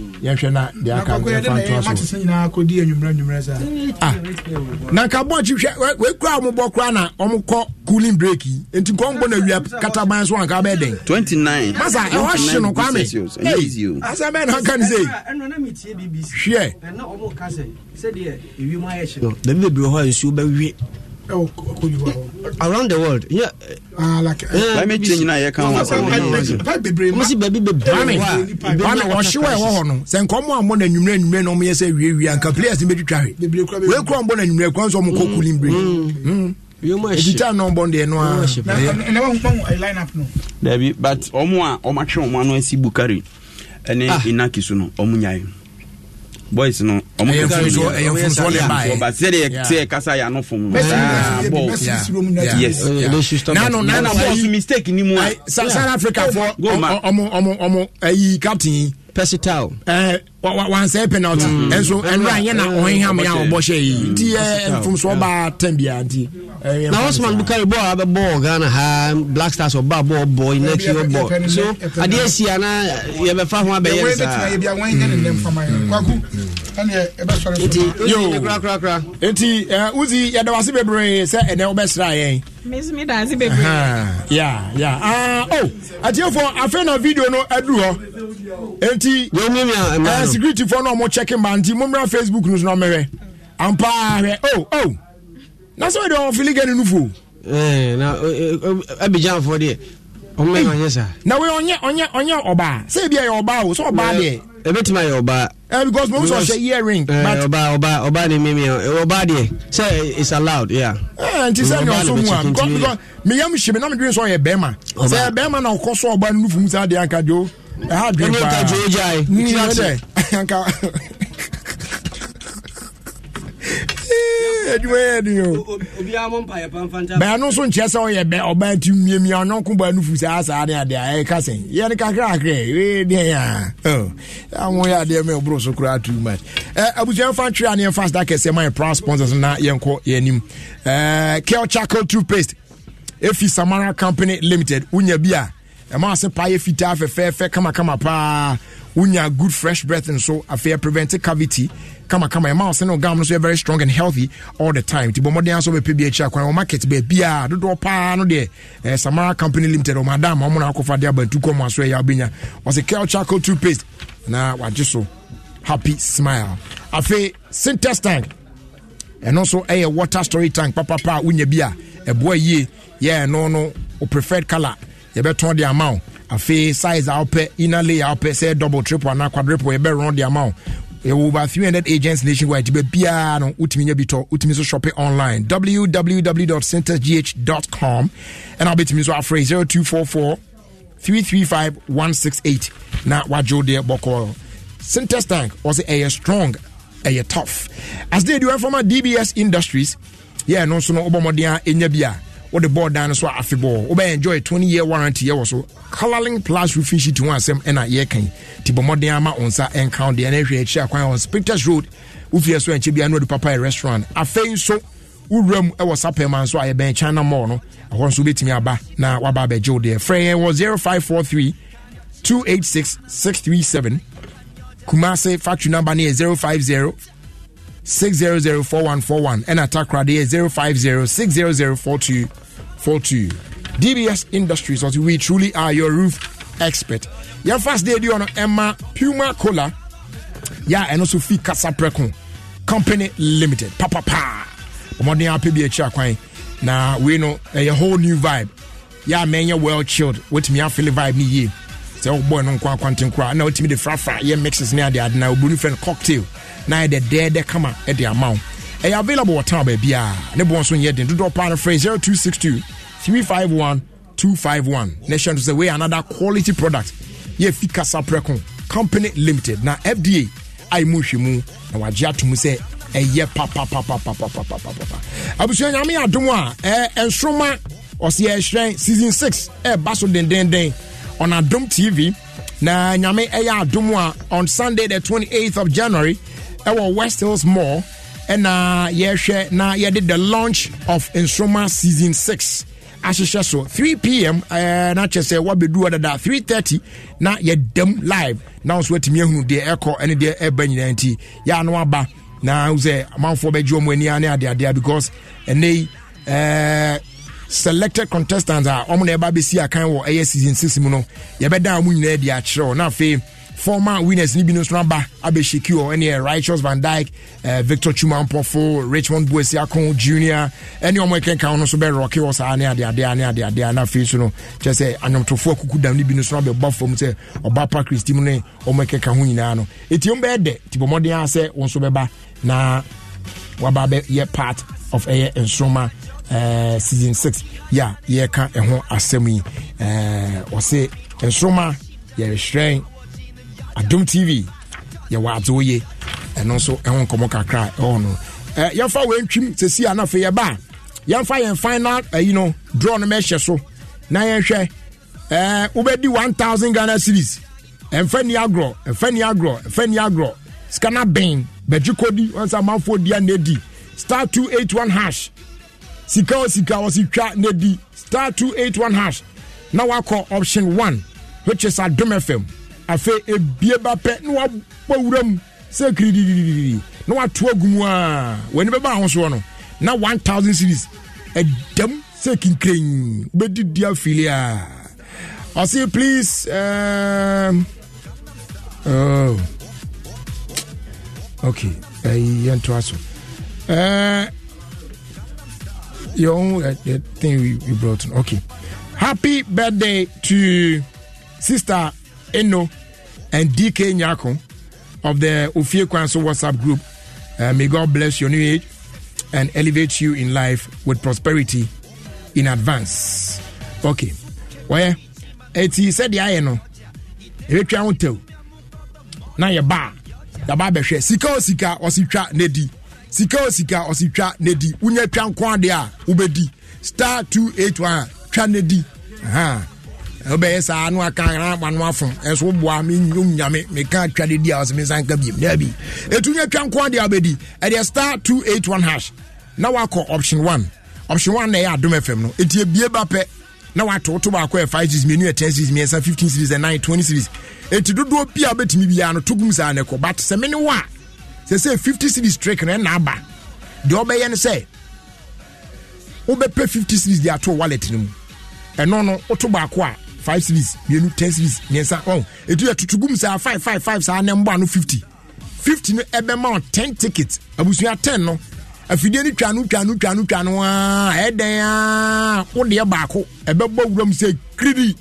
yɛhwɛ na deɛ aka ɛfa ah. na nka bɔnkye hwɛ wɔkura a wɔbɔ kora na wɔkɔ cooling break yi enti nkɔn bɔ na wia kataban so anka bɛɛ dɛn 29 masa ɛhɔ hye no kwame asɛ bɛɛ na aka ne sɛ hwɛ dɛne bɛbi wɔ hɔ a nsuo bɛwe Eh, oh, around the world yeah. uh, like, uh, eh, climate change na yɛ kan wa musi baabi bebree wa wani ɔhyewa ɛwɔ hɔ no sɛ nkɔmɔ amɔ na nwumire nwumire na ɔmo yɛ sɛ wie wie anka players bɛ twitwa re wei kura mbɔ na nwumire kwan so ɔmo kɔ kulin bere èti tá a nọ bọ ndeyẹ nua. ẹ lẹ́wọ̀n kpọ́n ẹ line up nù. dẹbi but ọmọ a ọmọ atwi ọmọ anu esi bukari ẹni ah. inaki so no ọmọ nyaa yi boys no ɔmo kasa ɛyɛ nfunso ne ba yɛ ba sɛ sɛ kasa yɛ fun saa bɔl yes nanu nanu bɔl mistake ni mu a south africa fɔ ɔmo ɔmo ɔmo ɛyi captain. persitao. Eh, wansɛ penalty ɛnso ɛnura yɛ na ɔhenham yɛ a ɔbɔ hyɛ yi nti yɛ mfomso ɔba tɛm bia nti na osman bukari bɔɔl abɛbɔ ghana ha black stars ɔba bɔɔl bɔ inaki ɔbɔ so adeɛ si ana yɛbɛfa ho abɛyɛ saanti nti wosi yɛda wase bebree sɛ ɛnɛ wobɛsra yɛn yaya o atiefoɔ afei na video no aduru hɔ enti security fo eh, oh, oh. eh, na ɔmo checking ba nti mo mra facebook no so na ampaa hwɛ o o na sɛ wɔde ɔmo fili gɛni nufu. na abijan fɔ deɛ ɔmo yɛ ɔnyɛ sa. na wɔyɛ ɔnyɛ ɔnyɛ ɔnyɛ ɔbaa sɛ ebi yɛ ɔbaa o sɛ ɔbaa deɛ. ebetumi ayɛ ɔbaa. ɛɛ because mo n sɔ ɔhyɛ ear ɛɛ ɔbaa ɔbaa ɔbaa ni mímí ɔbaa deɛ sɛ it's allowed yeah. ɛɛ nti sɛ ni ɔso mu a because because mi si mi na mi sɔ yɛ bɛrima sɛ bɛrima na ɔkɔ sɔ ɔbaa nufu mu sa de akadjo ɛha dwe paa adwuma yɛ ni o bɛn no nso nkyɛn sɛ ɔyɛ bɛ ɔbaa ti miamia ɔno nko baa nufu saa saa ne adeɛ ɛka sɛn yɛne kakra akrɛ ee deɛ yɛ a awo yɛ adeɛ mɛ ɔboro so koraa too much ɛ abusua fa ntwere a ne yɛn fa star kɛseɛ ma yɛ proud sponsors na yɛn kɔ yɛn anim ɛɛ kale charcoal toothpaste efi samara company limited wunya bi a ɛma ase paa yɛ fitaa fɛfɛɛfɛ kamakama paa wonya good fresh breath nso afei prevent cavity kamakama ɛma ase no gam no so yɛ very strong and healthy all the time nti bɔmmɔden aso bɛpɛ bi akyi akwan wɔ market baabia dodoɔ paa no deɛ eh, samara company limited ɔmadam ɔmo na akɔfa de abantu kɔ mu aso ɛyɛ wobɛnya ɔse cal charcoal toothpaste na wagye so happy smile afei syntex tank ɛno nso ɛyɛ water storage tank papapa a wonya bi a ɛboa yie yɛ ɛno no preferred color yɛbɛtɔn de ama wo afei size a wopɛ inner layer a wopɛ sɛ double triple anaa quadruple yɛbɛrɔn de ama wo yɛwɔ over three hundred agents nationwide ti bɛ biara no wotumi nya bi tɔ wotumi nso shɔpe online www.centergh.com ɛna wobɛtumi nso afrɛ one six eight. na wadwo deɛ bɔkɔɔ Syntest tank ɔsɛ ɛyɛ strong ɛyɛ tough as they do former DBS Industries yɛ yeah, no nso no wobɔ mmɔden a ɛnya bi wode bɔɔ dan no so a afe bɔɔ wobɛyɛ enjoy 20 year warranty yɛwɔ so colourling plus roofing sheet ho asɛm ɛna yɛka nti bɔmmɔden ama wo nsa ɛnka deɛ na ɛhwɛ akyi akwan wɔ spictus road wofie so ankyɛ bia no adu papa ɛ restaurant afei nso wowura mu wɔ sapɛma nso a yɛbɛn china mall no ɛhɔ nso wobɛtumi aba na waba abɛgye wo deɛ frɛ yɛn wɔ 0543 286 637 kumase factory number no yɛ 050 six zero zero four one four one ɛna takra deɛ zero five zero six zero zero four two four two DBS Industries ɔsi we truly are your roof expert yɛn fast day di ɔno ɛma Puma Cola yɛ a ɛno so fi kasa prɛko company limited papapa ɔmɔden apɛ bi akyi akwan na wei no ɛyɛ eh, whole new vibe yɛ a mɛnyɛ well chilled wetumi afili vibe ni yie sɛ wobɔɛ no nko akwante koraa na wotumi de frafra yɛ mixes ne ade ade na woburu frɛ no cocktail na yɛde dɛɛdɛ kama de ama wo ɛyɛ available wɔ town baabiaa ne boɔ nso nyɛ den dodoɔ paa no frɛ 0262 351 251 na hyɛ nto sɛ wei another quality product yɛfi kasa prɛko company limited na fda ayɛ mu hwɛ mu na wagye ato mu sɛ ɛyɛ papapapapapapapapa abusua nyame adom a ɛnsoroma ɔsɛ yɛhyerɛn season 6 ɛɛba so dendenden on Adom TV. Na nyame ɛyɛ adom a on Sunday the 28th of January ɛwɔ West Hills Mall na yɛhwɛ na yɛde the launch of Nsoroma season 6 ahyehyɛ so 3 pm ɛɛ eh, na kyerɛ sɛ wabɛduru dada 3:30 na yɛdam live na nso atumi ahunu deɛ ɛkɔ ɛne deɛ ɛba nyinaa nti yɛ ano aba na sɛ amanfoɔ bɛgye wɔn ani ne adeadeɛ because ɛnɛ yi ɛɛ. Eh, selected contestants a ɔmo na ɛba abɛsi akan wɔ ɛyɛ season six mu no yɛbɛda ɔmo nyinaa de akyerɛ na afei former winners ni bi no nso aba abɛhyeki hɔ ɛne yɛ righteous van dyke uh, victor chuma mpɔfo richmond boesi akon junior ɛne ɔmo ɛkenkan no nso bɛrɔke hɔ saa ne adeadeɛ ne adeadeɛ na afei so no kyerɛ sɛ anwomtofoɔ akuku dam no bi no nso abɛba fam sɛ ɔbapa kristi mu ne ɔmo ɛkenkan ho nyinaa no etiom bɛyɛ dɛ tibɔmɔden a sɛ wɔn nso bɛba na waba bɛyɛ part of ɛyɛ nsoroma Eh, season six yɛ a yɛreka ɛho asɛm yi ɔse eh, nsoroma yɛrehwɛn adom tv yɛwɔ adze ye ɛno nso ɛho nkɔmmɔ kakra ɛwɔ no eh, yɛmfa wɔantwim sɛsi a na afei yɛba a yɛmfa yɛn final ayi no draw no mɛhyɛ so na yɛnhwɛ wobɛdi 1000 ghana series ɛmfa ni agorɔ ɛmfa ni agorɔ ɛmfa ni agorɔ sika na bɛn bɛgye kɔdi ɔnsa amanfoɔ di a na edi star 281 hash sika o sika o si twa na di star two eight one hash na wakɔ option one which is adum fm afei ebie ba pɛ na wabɔ wura mu sɛ di na wato agu mu aa w'ani bɛba ahosuo no na one thousand series ɛdɛm sɛ kinkiren wobɛdi di afili a ɔsi please um, oh. okay ɛyi yɛntoa so ɛɛ. Ehm, uh, your own uh, the uh, thing we, we brought. In. Okay. Happy birthday to Sister Eno and DK Nyako of the Ofie Kwanso WhatsApp group. Uh, may God bless your new age and elevate you in life with prosperity in advance. Okay. Well, it is said the iron. No. If you want to, ya ba? bar, the bar, sika or sika or sika, di. sika o sika ɔsi twa ne di wunyɛ twa nko ade a wobɛdi star two eight one twa ne di wobɛyɛ saa no aka ano afo ɛso woboa menyame meka twa ne di a ɔsɛ me nsa nka biam daabi ɛtu nyɛ twa nko ade a wobɛdi ɛdeɛ star two eight one hash na wakɔ option one option one na ɛyɛ adom fm no ɛti ebie ba pɛ na wato woto baako yɛ five series mmienu yɛ ten series mmiɛnsa fifteen series ɛnan twenty series ɛti dodoɔ bi a wobɛtumi biara no togum saa ne kɔ but sɛ mene sɛ sɛ 50 series trick no ɛna aba deɛ ɔbɛyɛ no sɛ wobɛpɛ 50 series de ato wallet no mu ɛno no woto baako a 5 series mmienu 10 series mmiɛnsa ɔn etu yɛ tutu gum saa 5 5 5 saa ne mbɔ ano 50 50 no ɛbɛma ɔ 10 ticket abusua 10 no afidie no twa no twa no twa no twa no aa ɛdɛn aa wodeɛ baako ɛbɛbɔ wuram sɛ kiridi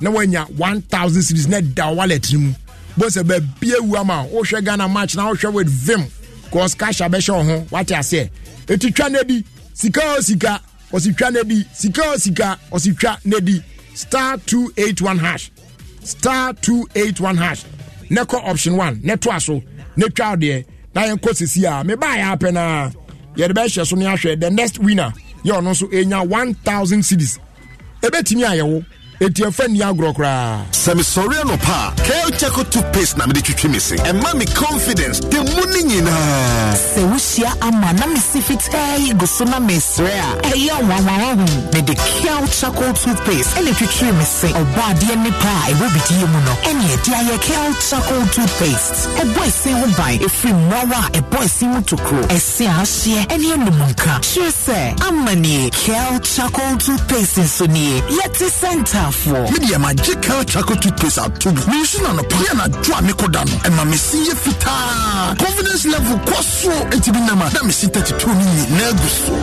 na wanya 1000 series na ɛda wallet no mu bó sɛ baabi ewu ama wohwɛ ghana match na wohwɛ with vim cause cash abɛhyɛ wɔn ho wate aseɛ twa ne di sika o sika ɔsi twa ne di sika o sika ɔsi twa ne di star two eight one hash star two eight one hash ne option one ne aso ne twa deɛ na yɛn kɔ sisi a mɛ ba yɛ apɛ naa yɛde bɛ so ne ahwɛ the next winner yɛ ɔno nso enya one thousand cedis ebetumi ayɛwo. eti ɛfɛ ni agorɔ koraa. sɛmi sɔre no pa toothpaste na mi de twitwi mi si ɛma mi confidence te mu ni nyinaa. sɛ ama na mi eh, eh, si fitaa yi gu so na mi srɛ a ɛyɛ nwanwanwahu mi de kale chaco toothpaste ɛna twitwi mi si ɔbɔ adeɛ nipa a ɛwɔ bidie mu no ɛna ɛde ayɛ kale chaco toothpaste ɛbɔ ɛsɛn ho ban efiri mmawa a ɛbɔ ɛsɛn ho tokuro ɛsɛn ahyeɛ ɛne ɛnum nka kyerɛ sɛ ama nie kale chaco toothpaste nso nie yɛte center. ghanafoɔ medeɛ magye cal chaco toothpaste ato mu menso na nɔpa yɛ nadwo a mekoda no ɛma mesi yɛ fitaa confidence level kɔ soro enti bi nam a na mesi 32 no nyinaa gu so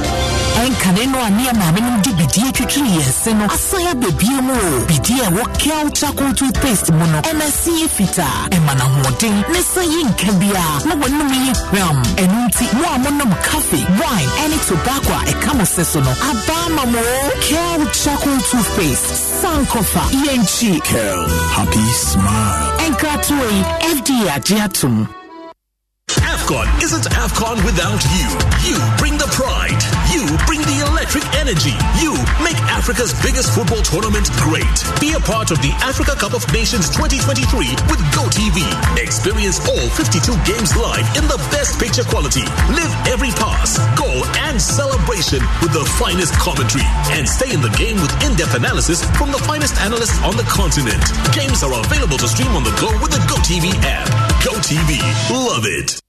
ɛnkane no a ne yɛ maamenom de bidie twitwiri yɛn se no asan ababie mu o bidie a ɛwɔ cal chaco toothpaste mu no ɛna si yɛ fitaa ɛma no ahoɔden ne sa yi nka biaa na wɔnom yɛ hwam ɛno nti mo a monom cafe wine ɛne tobacco a ɛka mo se so no abaa ma mo cal chaco toothpaste Ankofa, Yenchi. Kel, happy smile. Enkratui, FDA Agiatum. AFCON isn't AFCON without you. You bring the pride. You bring the electric energy. You make Africa's biggest football tournament great. Be a part of the Africa Cup of Nations 2023 with GoTV. Experience all 52 games live in the best picture quality. Live every pass, goal, and celebration with the finest commentary. And stay in the game with in depth analysis from the finest analysts on the continent. Games are available to stream on the go with the GoTV app. GoTV. Love it.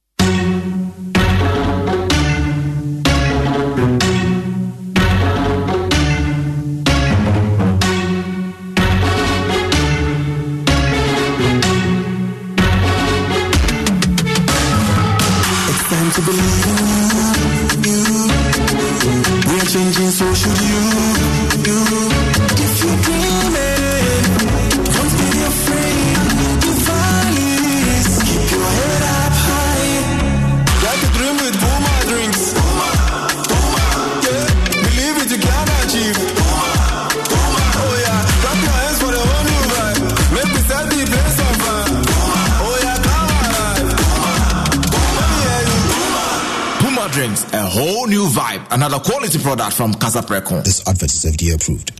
another quality product from Casapreco. This advert is FDA approved.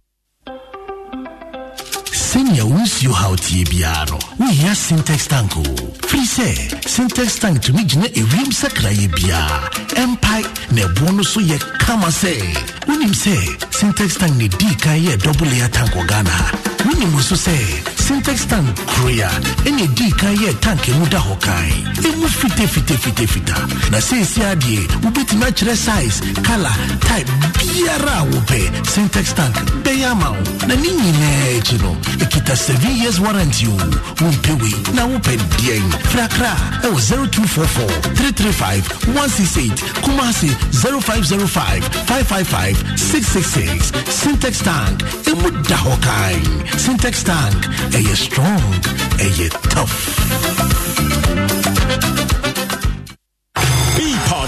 sɛnea wonsuo haw tie biara no wohia sintex tank o firi sɛ sintex tank tumi gyina ewiem sakrayɛ biara ɛmpae na ɛboɔ no so yɛ kama sɛ wonim sɛ sintex tank ne dii kan yɛ dɔbleya tank wɔ ghana wonim nso sɛ syntax tank korea ɛna ɛdii kan yɛ tank mu da hɔ kan ɛmu fitafitafitafita na seesi adeɛ wobɛtumi akyerɛ size kala type biara a wopɛ syntax tank bɛyɛ ama wo na ne nyinaa akyi no ɛkita 7 years warranty o wompɛ wei na wopɛ deɛn frakra ɛwɔ 0244 335 168 kumase 0505 555 666 syntax tank ɛmu da hɔ kan syntax tank and you're strong and you're tough.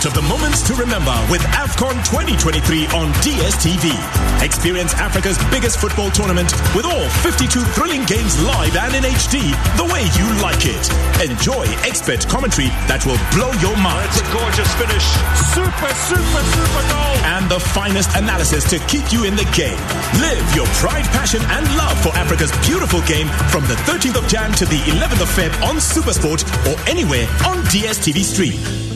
of the moments to remember with AFCON 2023 on DSTV. Experience Africa's biggest football tournament with all 52 thrilling games live and in HD the way you like it. Enjoy expert commentary that will blow your mind. It's a gorgeous finish. Super, super, super goal. And the finest analysis to keep you in the game. Live your pride, passion, and love for Africa's beautiful game from the 13th of Jan to the 11th of Feb on Supersport or anywhere on DSTV Stream.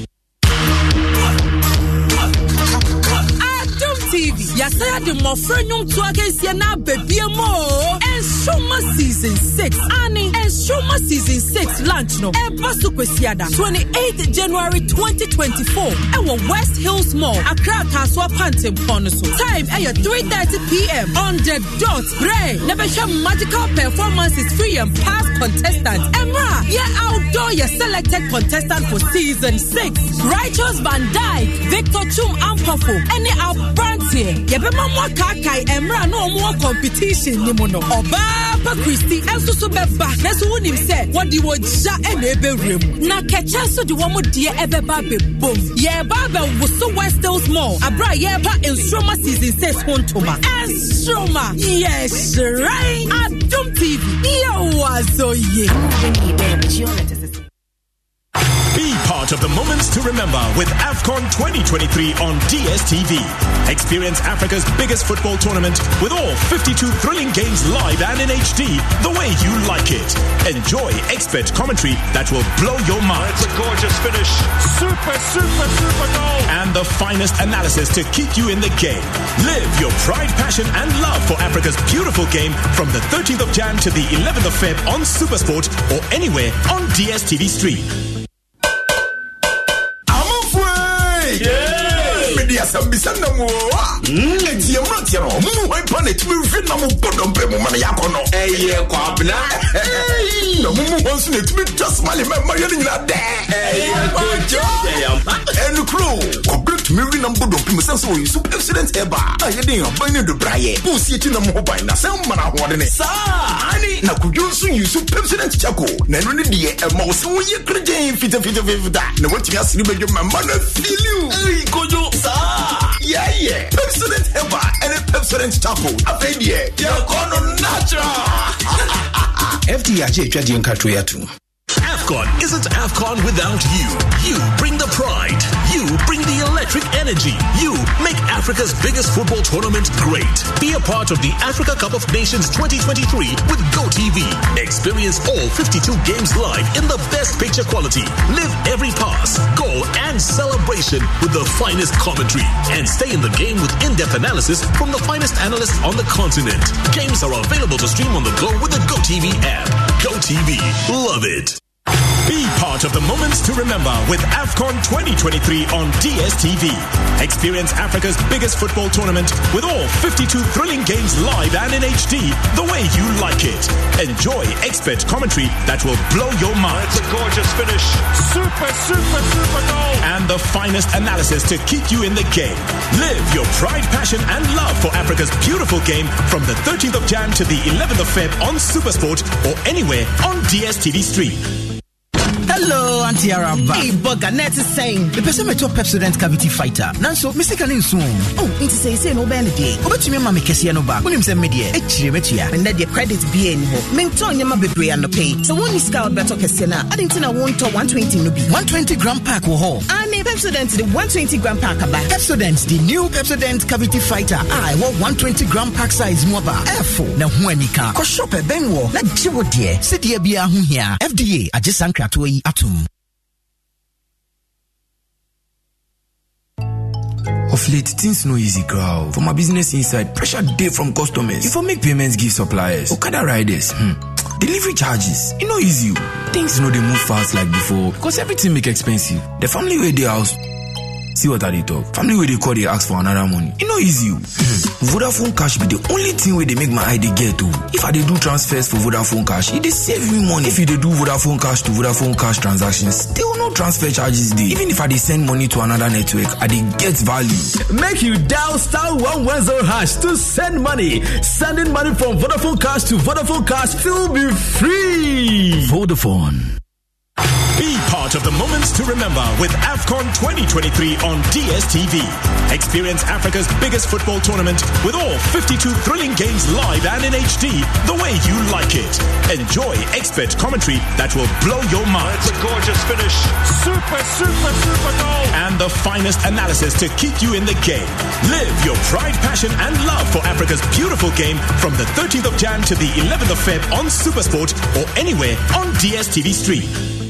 yɛsɛ yɛde mmɔfra nnwomtoa kɛseɛ no ababia mu o Eshoma Season 6 ani Eshoma Season 6 lunch no ɛba so kwasiada 28 January 2024 ɛwɔ West Hills Mall, Accra Tasoa Pantempɔn no so. Time ɛyɛ 3:30pm on the dot brɛ na bɛhwɛ magical performances free and past contestants. Emra yɛ outdoor yɛ selected contestant for Season six. Righteous Van Dyke, Victor Chum Ampafo ɛne Abranteɛ. Yɛbɛma mo akaakae Emra na wɔn wɔ competition ne mu no. baapa kristi nso so him say what the wɔde wɔgya and every mu na kɛkyɛ nso de wɔn deɛ yeah Baba yɛreba so westels mall abere a yɛreba nsoroma season says to six ho ntoma nsoroma yɛhyerɛn adom tv what so yie. Be part of the moments to remember with AFCON 2023 on DSTV. Experience Africa's biggest football tournament with all 52 thrilling games live and in HD the way you like it. Enjoy expert commentary that will blow your mind. It's a gorgeous finish. Super, super, super goal. And the finest analysis to keep you in the game. Live your pride, passion, and love for Africa's beautiful game from the 13th of Jan to the 11th of Feb on Supersport or anywhere on DSTV Stream. asɛm bisa nam hmm. wɔa ɛti yɛmmra teɛ no ɔmo hwan pa na ɛtumi mfe nam bɔdɔ mpɛ mu ma no yɛakɔ no ɛyɛ kwabena na momu hɔ nso na ɛtumi twa somale ma ma yɛ no nyina dɛ ɛyɛ kɔgyo ɛnukuro kɔbrɛ atumi wi nam bodɔ pim sɛ sɛ oyi so pepsodent ɛba a yɛde aban ne dobraeɛ boosi akyi nam ho ban na sɛ mmara ahoɔde ne saa ane na kodwo nso yi so pepsodent kyako na ɛno ne deɛ ɛma wo sɛ woyɛ korogyen fitafitafita na woatumi asere bɛdwo ma ma no afiliw ei kodwo saa yɛyɛ pepsodent ɛba ɛne pepsodent kyako afei deɛ yɛkɔ no natural fda agye atwadeɛ nkatoe ato AFCON isn't AFCON without you. You bring the pride. You bring electric energy. You make Africa's biggest football tournament great. Be a part of the Africa Cup of Nations 2023 with GoTV. Experience all 52 games live in the best picture quality. Live every pass, goal, and celebration with the finest commentary. And stay in the game with in depth analysis from the finest analysts on the continent. Games are available to stream on the go with the GoTV app. GoTV. Love it. Be part of the moments to remember with AFCON 2023 on DSTV. Experience Africa's biggest football tournament with all 52 thrilling games live and in HD the way you like it. Enjoy expert commentary that will blow your mind. It's a gorgeous finish. Super, super, super goal. And the finest analysis to keep you in the game. Live your pride, passion, and love for Africa's beautiful game from the 13th of Jan to the 11th of Feb on Supersport or anywhere on DSTV Stream. Hello, Auntie Araba. Hey, Bugger, net is saying. The person may talk Pepsodent cavity fighter. Nanso, Mr. Canin soon. Oh, it's say, say, no banner day. Obet me, Mammy Cassiano Bar. William said, Media, It's Echiretia, and that your credit be any more. Mentor Yama Bebre and the pay. So, one is Scout Beto Cassena. I didn't know I to 120 nubi. 120 gram pack or whole. And ah, a Pepsodent, the 120 gram pack about. Pepsodent, the new Pepsodent cavity fighter. I ah, want 120 gram pack size mobile. F4. Now, when you can, shop a Benwo, let Jiwo dear, Sidia Bia Hunia, FDA, I just anchored to of late, things no easy girl. For my business inside, pressure day from customers. If I make payments, give suppliers. Okada riders, hmm. Delivery charges, It no easy. Things no dey move fast like before, cause everything make expensive. The family way dey house See what I did talk. Family where they call they ask for another money. You know easy. Hmm. Vodafone Cash be the only thing where they make my ID get to. If I they do transfers for Vodafone Cash, it they save me money. If you they do Vodafone Cash to Vodafone Cash transactions, still no transfer charges Even if I send money to another network, I they get value. Make you dial star one one zero hash to send money. Sending money from Vodafone Cash to Vodafone Cash still be free. Vodafone. Be part of the moments to remember with AFCON 2023 on DSTV. Experience Africa's biggest football tournament with all 52 thrilling games live and in HD the way you like it. Enjoy expert commentary that will blow your mind. It's a gorgeous finish. Super, super, super goal. And the finest analysis to keep you in the game. Live your pride, passion, and love for Africa's beautiful game from the 13th of Jan to the 11th of Feb on Supersport or anywhere on DSTV Stream.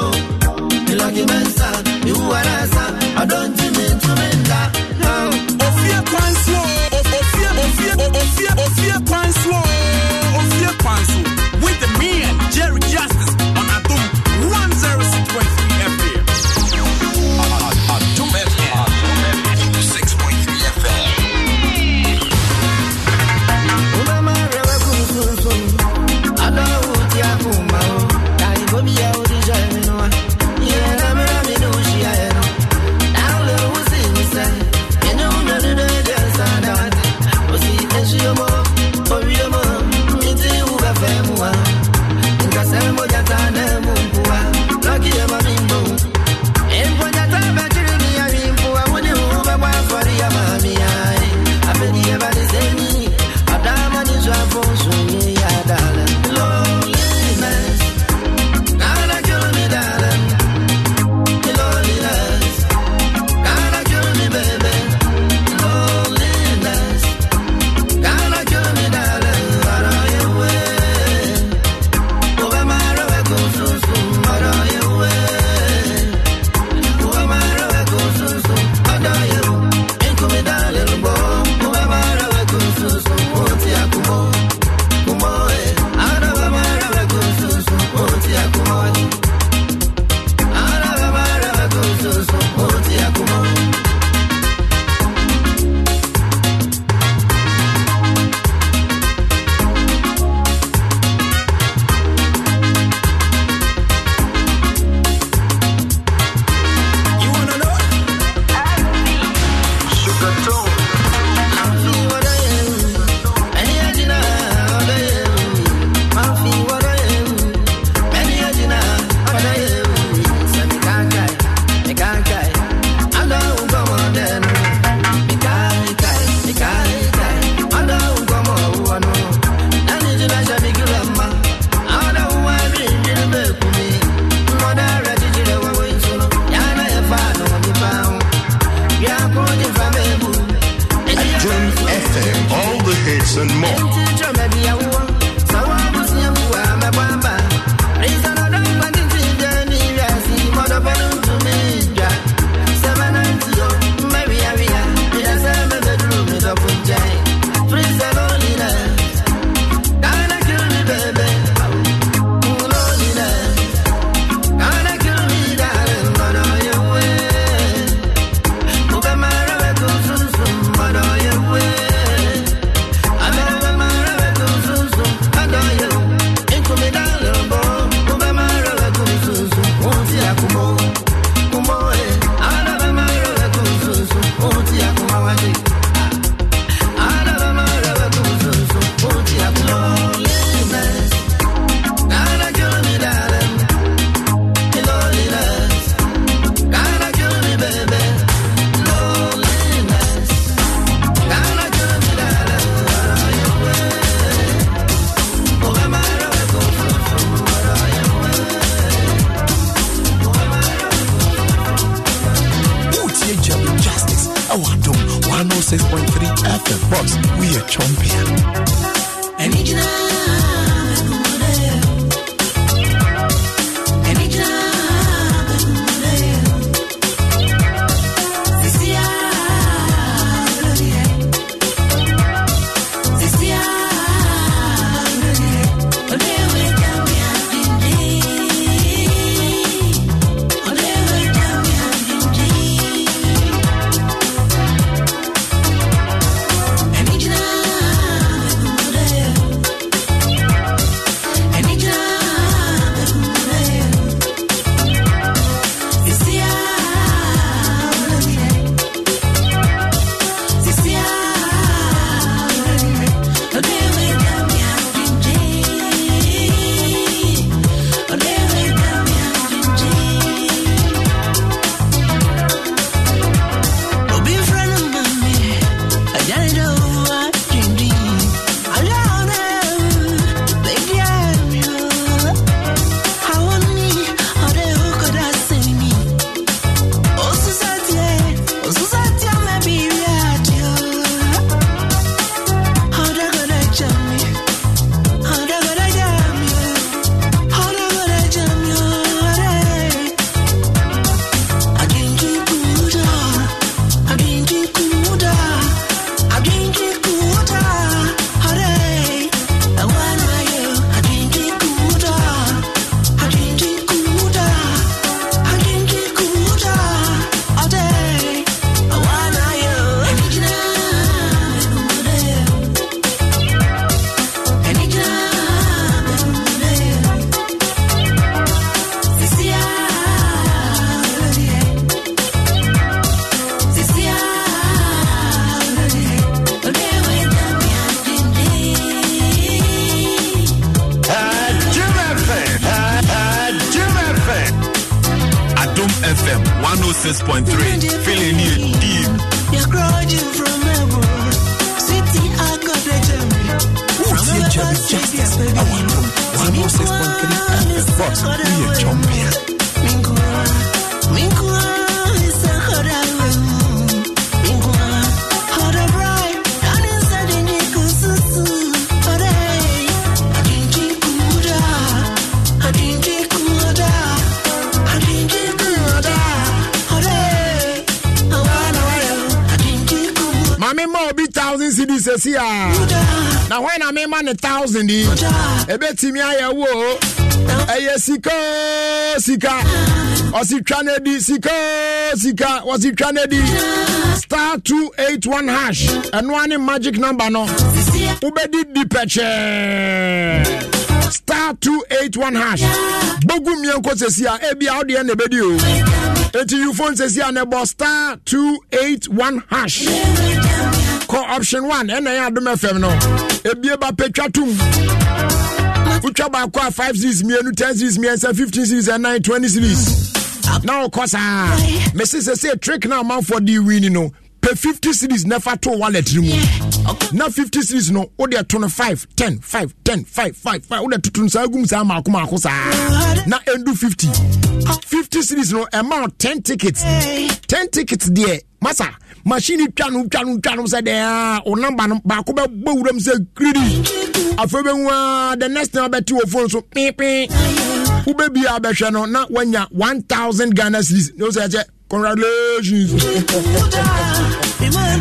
arguments are sika sika ɔsi twa ne sika sika ɔsi twa ne star two eight one hash ɛnoa ne magic number no wobɛdi di pɛkyɛɛ star two eight one hash bogu mmiɛnko sesi a ebia ɔdeɛ na ebɛdi o eti ufone sesi a na ɛbɔ star two eight one hash kɔ option one ɛna ɛyɛ adum fm no ebie ba pɛtwa tum wotwa baako a 5 series mmienu 10 series mmiɛnsa 15 series ɛnan 20 series na wokɔ saa mese sɛ sɛ trick na amanfoɔ de wini no pɛ 50 series na fa to wallet no mu na 50 series no wode to no 5 10 5 10 5 5 5 wode toto no saa gum saa maako maako saa na endu 50 50 series no ɛma 10 tickets 10 tickets deɛ masa machine twa no twa no twa no sɛ deɛ a wo namba no baako bɛbɔ wuram sɛ kiridi afei bɛhu a the next time wobɛte wɔ phone so pepe wobɛbia bɛhwɛ no na woanya 1000 ghana series ne wo sɛ ɛkyɛ congratulations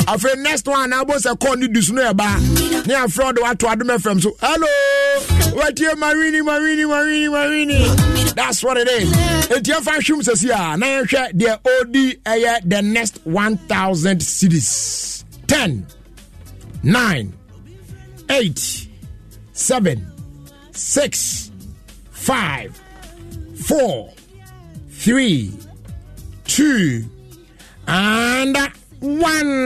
afei next one na wobɔ sɛ call ne dusu no yɛ ne afrɛ de wato adom fm so hello What watie marini marini marini marini that's what it is enti ɛmfa nhwem sɛsi a na yɛhwɛ the OD ɛyɛ the next 1000 cities 10 9 8 7 6 5 4 3 2 and uh, one.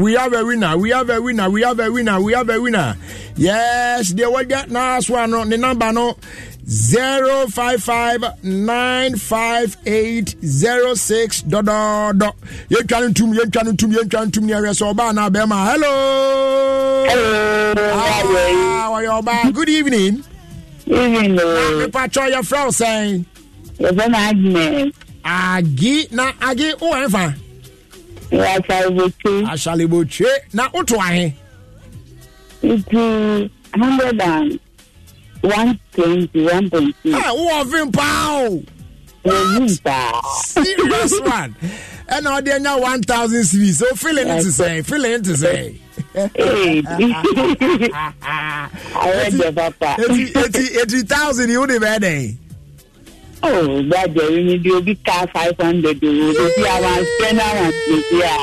We have a winner. We have a winner. We have a winner. We have a winner. Yes, they will get nice one. The number no. 05595806 dot dot You're no ntum yɛtwa no ntum yɛtwa no ntum neɛhwɛ sɛ ɔbaa na bɛma hello Hello. How are you? good evening evening mepatwɔ yɛfrɛ wo sɛn yɛfrɛ no agnes agi na agi wowɔ ɛmfa asalibotwe na woto ahe nti hundred and one twenty one point two. ẹ ah, wọ́n fi paa o. èyí paa. serious one ẹna ọdí ẹnya one thousand series o fílẹ̀ ní ti sẹ́yìn fílẹ̀ ní ti sẹ́yìn. (laughs) Eighty. Eighty thousand yi o de bẹ dẹ. oh gbàdé yín bí obi ta five hundred owó obi àwọn àṣẹ́nà àti obi à.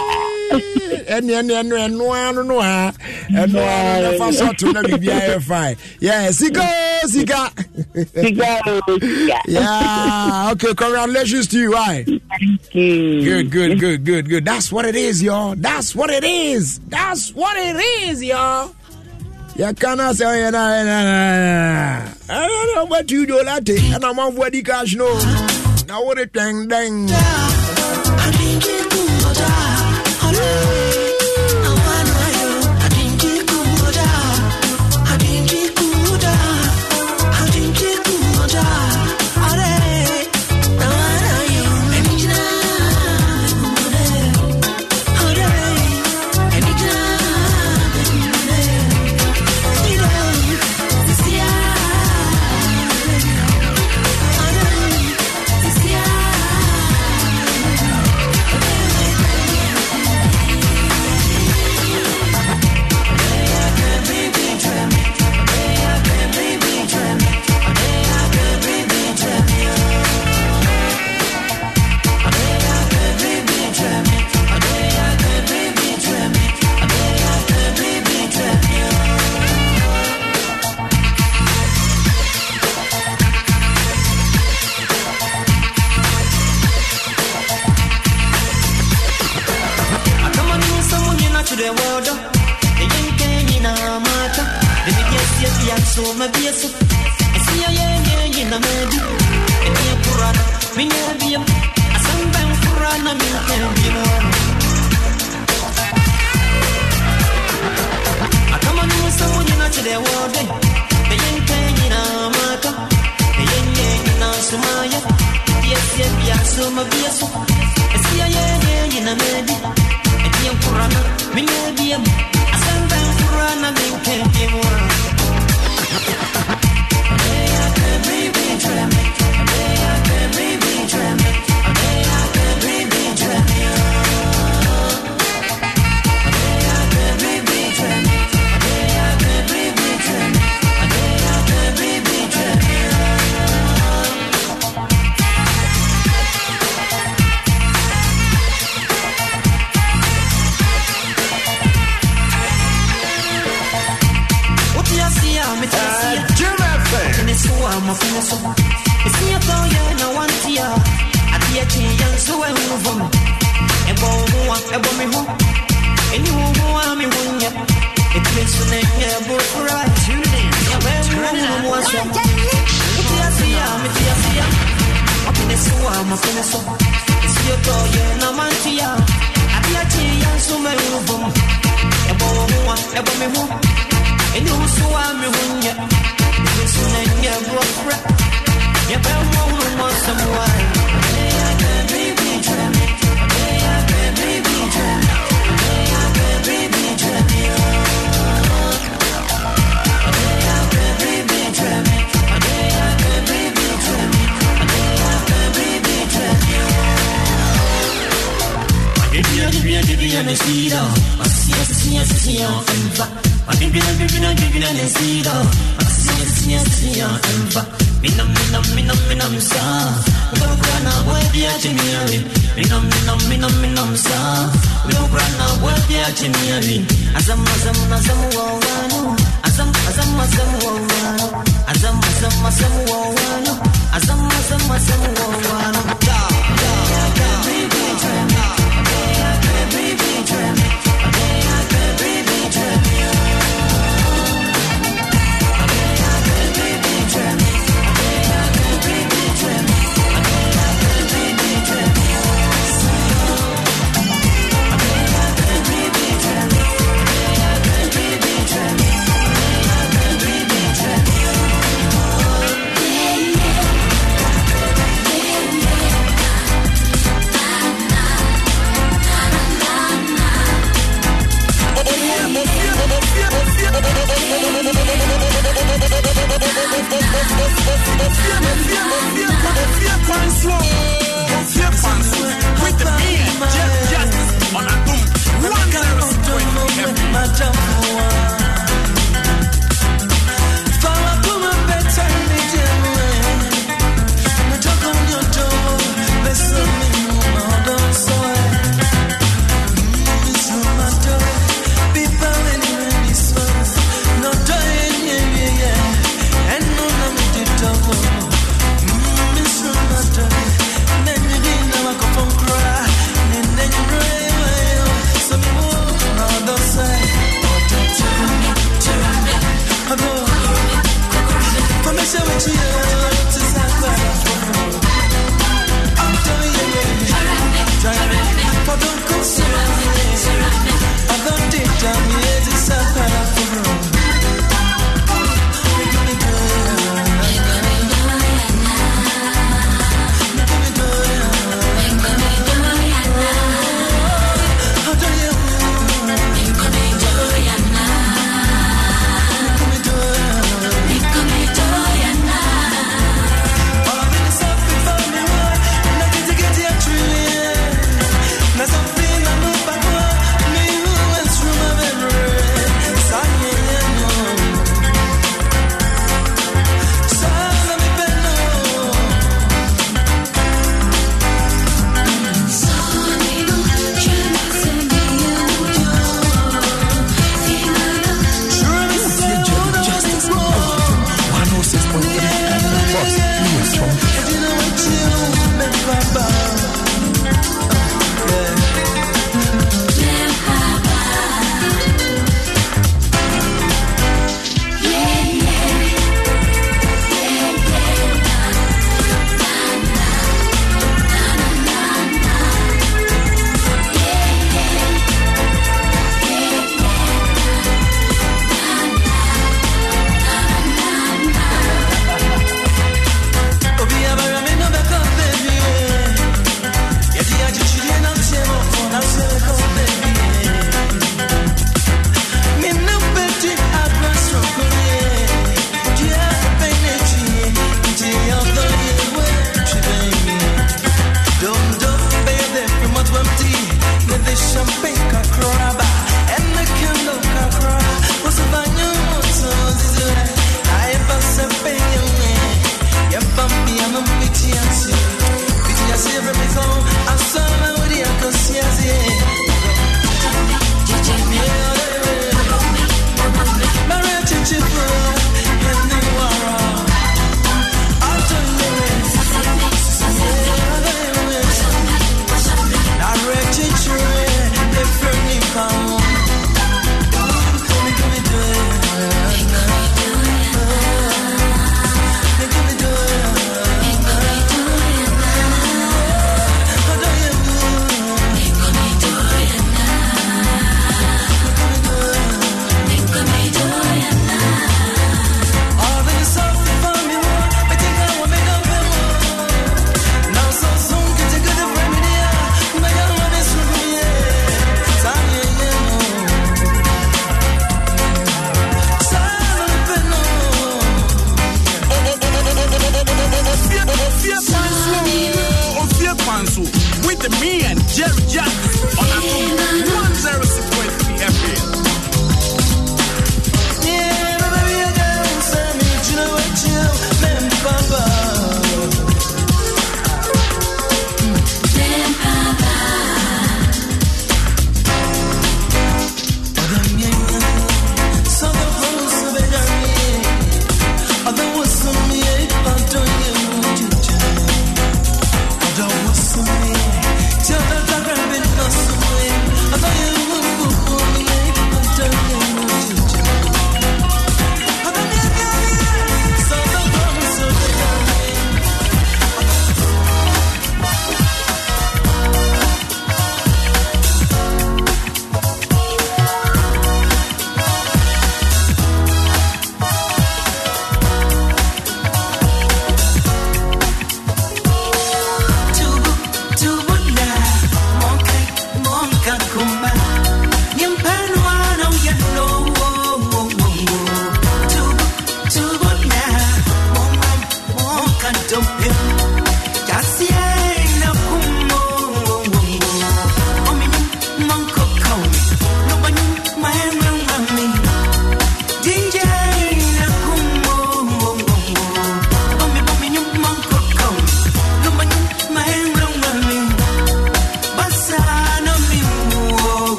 ẹni ẹni ẹnu ẹnu ẹnu ha no, no, ẹfa sọtún náà bíbí ayé fine yẹ sika o sika. sika o sika. yeah okay congratulations to you why. thank you. good good good good good that's what it is y'all that's what it is that's what it is y'all yɛka eh, no sɛ ɔyɛ no ɛnɛ wobatu do late ɛna mamfoɔ adi cash no na wore twɛn dɛn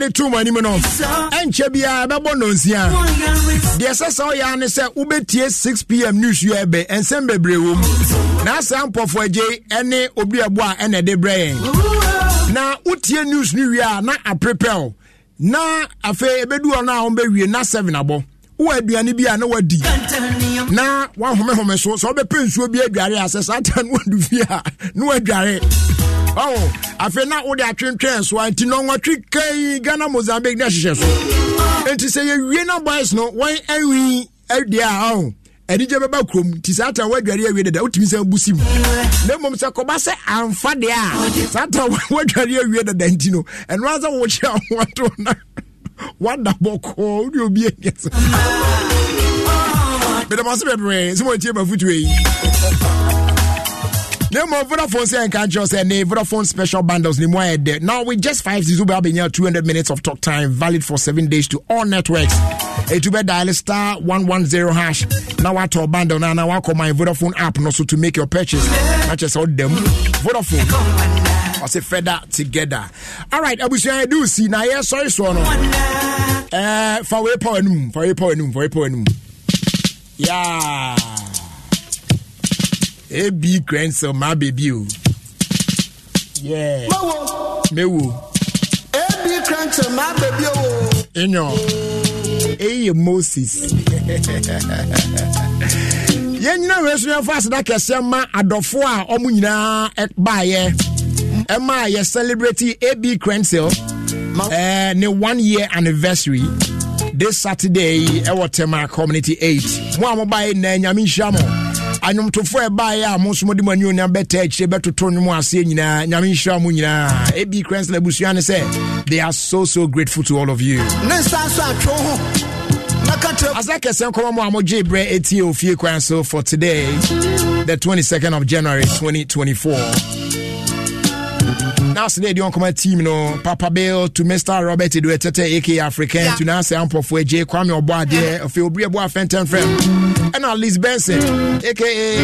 de to mu anim no ɛnkyɛ biara ɛbɛbɔ nnɔnsia deɛ ɛsɛ sɛ ɔyɛ ne sɛ wobɛtie 6pm news yɛ ɛbɛ ɛnsɛm bebree wɔ na asaa mpɔfo agye ɛne obi ɛbɔ a ɛna ɛde brɛ na wotie news no wie a na aprepɛw na afei ɛbɛdu ɔ no a wɔmbɛwie na 7 abɔ wowɔ aduane bi a na wadi na woahomehome so sɛ wobɛpɛ nsuo bi adware a sɛ saa (laughs) ta no wadu fie a na wadware ɔwɔ afei na wode atwentwɛn so a nti nɔnwɔtwe kai ghana mozambique ne ahyehyɛ so enti sɛ yɛwie na boys no wɔn awi adeɛ a ɔwɔ anigye bɛba kurom nti saa ta woadware awie dada wotumi sɛ bu si mu na mmom sɛ kɔba sɛ amfa deɛ a saa ta woadware awie dada nti no ɛno a sɛ wokyerɛ ahoato na wada bɔkɔɔ wode obi aniɛ sɛ medamase bebree sɛ mɔntie mafotuo yi na mmom vodafone sɛ nka nkyerɛ sɛ ne vodafone special bundles ne mu now with just 5 zizu bɛ abɛnya 200 minutes of talk time valid for 7 days to all networks ɛtu bɛ dial star 110 hash na to bundle now, now, woakɔ my vodafone app no so to make your purchase not just all them Vodafone. I say feather together alright abusua yɛde osi na yɛ sɔre soɔ no ɛɛ fa wei pa w'anum fa wei pa w'anum fa wei pa Yeah. AB krensel my bebi o. mewo mewo. ebi krensel maa bebi o. enyo eye moses. (laughs) yɛn nyinaa wei so yɛmfa aseda kɛseɛ ma adɔfoɔ a ɔmo nyinaa e baeɛ ɛma e yɛ celebrate ab crensel eh, ne one year anniversary this saturday ɛwɔ e tema community eight. mo a mobaeɛ nnaa nyame nhyia mo anwomtofoɔ ɛbaeɛ a mo nso mode mo ani bɛta akyire bɛtoto no aseɛ nyinaa nyame nhyira mo nyinaa ɛbi abusua ne sɛ they are so so grateful to all of you ne nsa nkɔmɔ mu a mogye berɛ ofie kwan so for today the 22nd of January 2024 now today the onkoma team no Papa Bill to Mr. Robert Eduetete aka African to now say ampofo J Kwame Obade of Obri Abo Fenton Frem. And Alice Benson aka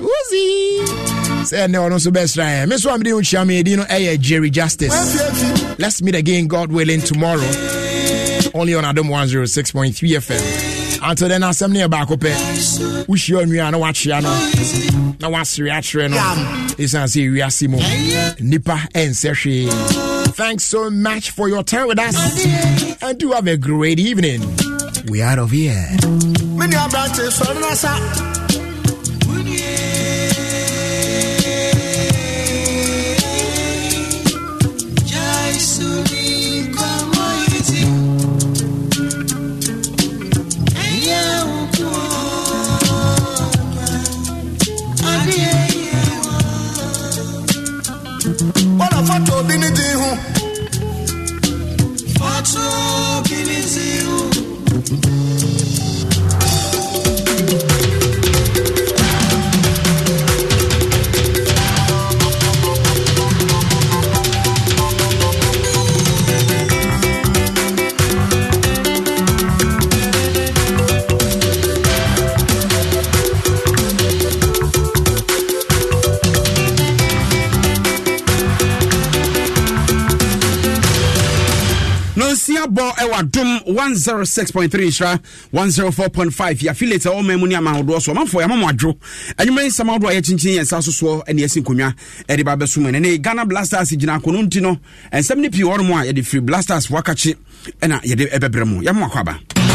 Uzi. Say no no so best right. Miss Wamdi Unchami Dino Aye Jerry Justice. Let's meet again God willing tomorrow. Only on Adam 106.3 FM anto dɛn asɛm no yɛ baako pɛ wohyia nnua na woakyea no na woasere akyerɛ no ɛsiane sɛ ɛwiase mu nnipa ɛnsɛ hwee thanks so much for your time with us and do have a great evening we out of here fata obi ne din ho fata obi ne din ho abusua bɔ ɛwɔ adum one zero six point three nsira one zero four point five yafilete a wɔn mɛmu ni ama ahodoɔ so ɔmanfo yamma mo adwo enyima yi nsɛm ahodoɔ a yɛkyinkyin yɛn nsa sosoɔ ɛna yɛsi nkonnwa ɛde ba abɛso mu ɛnene ghana blasters gyina akɔnɔ nti no nsɛm ne pii wɔn mu a yɛde firi blasters wakakye ɛna yɛde ɛbɛbrɛ mu yamma wakɔ aba.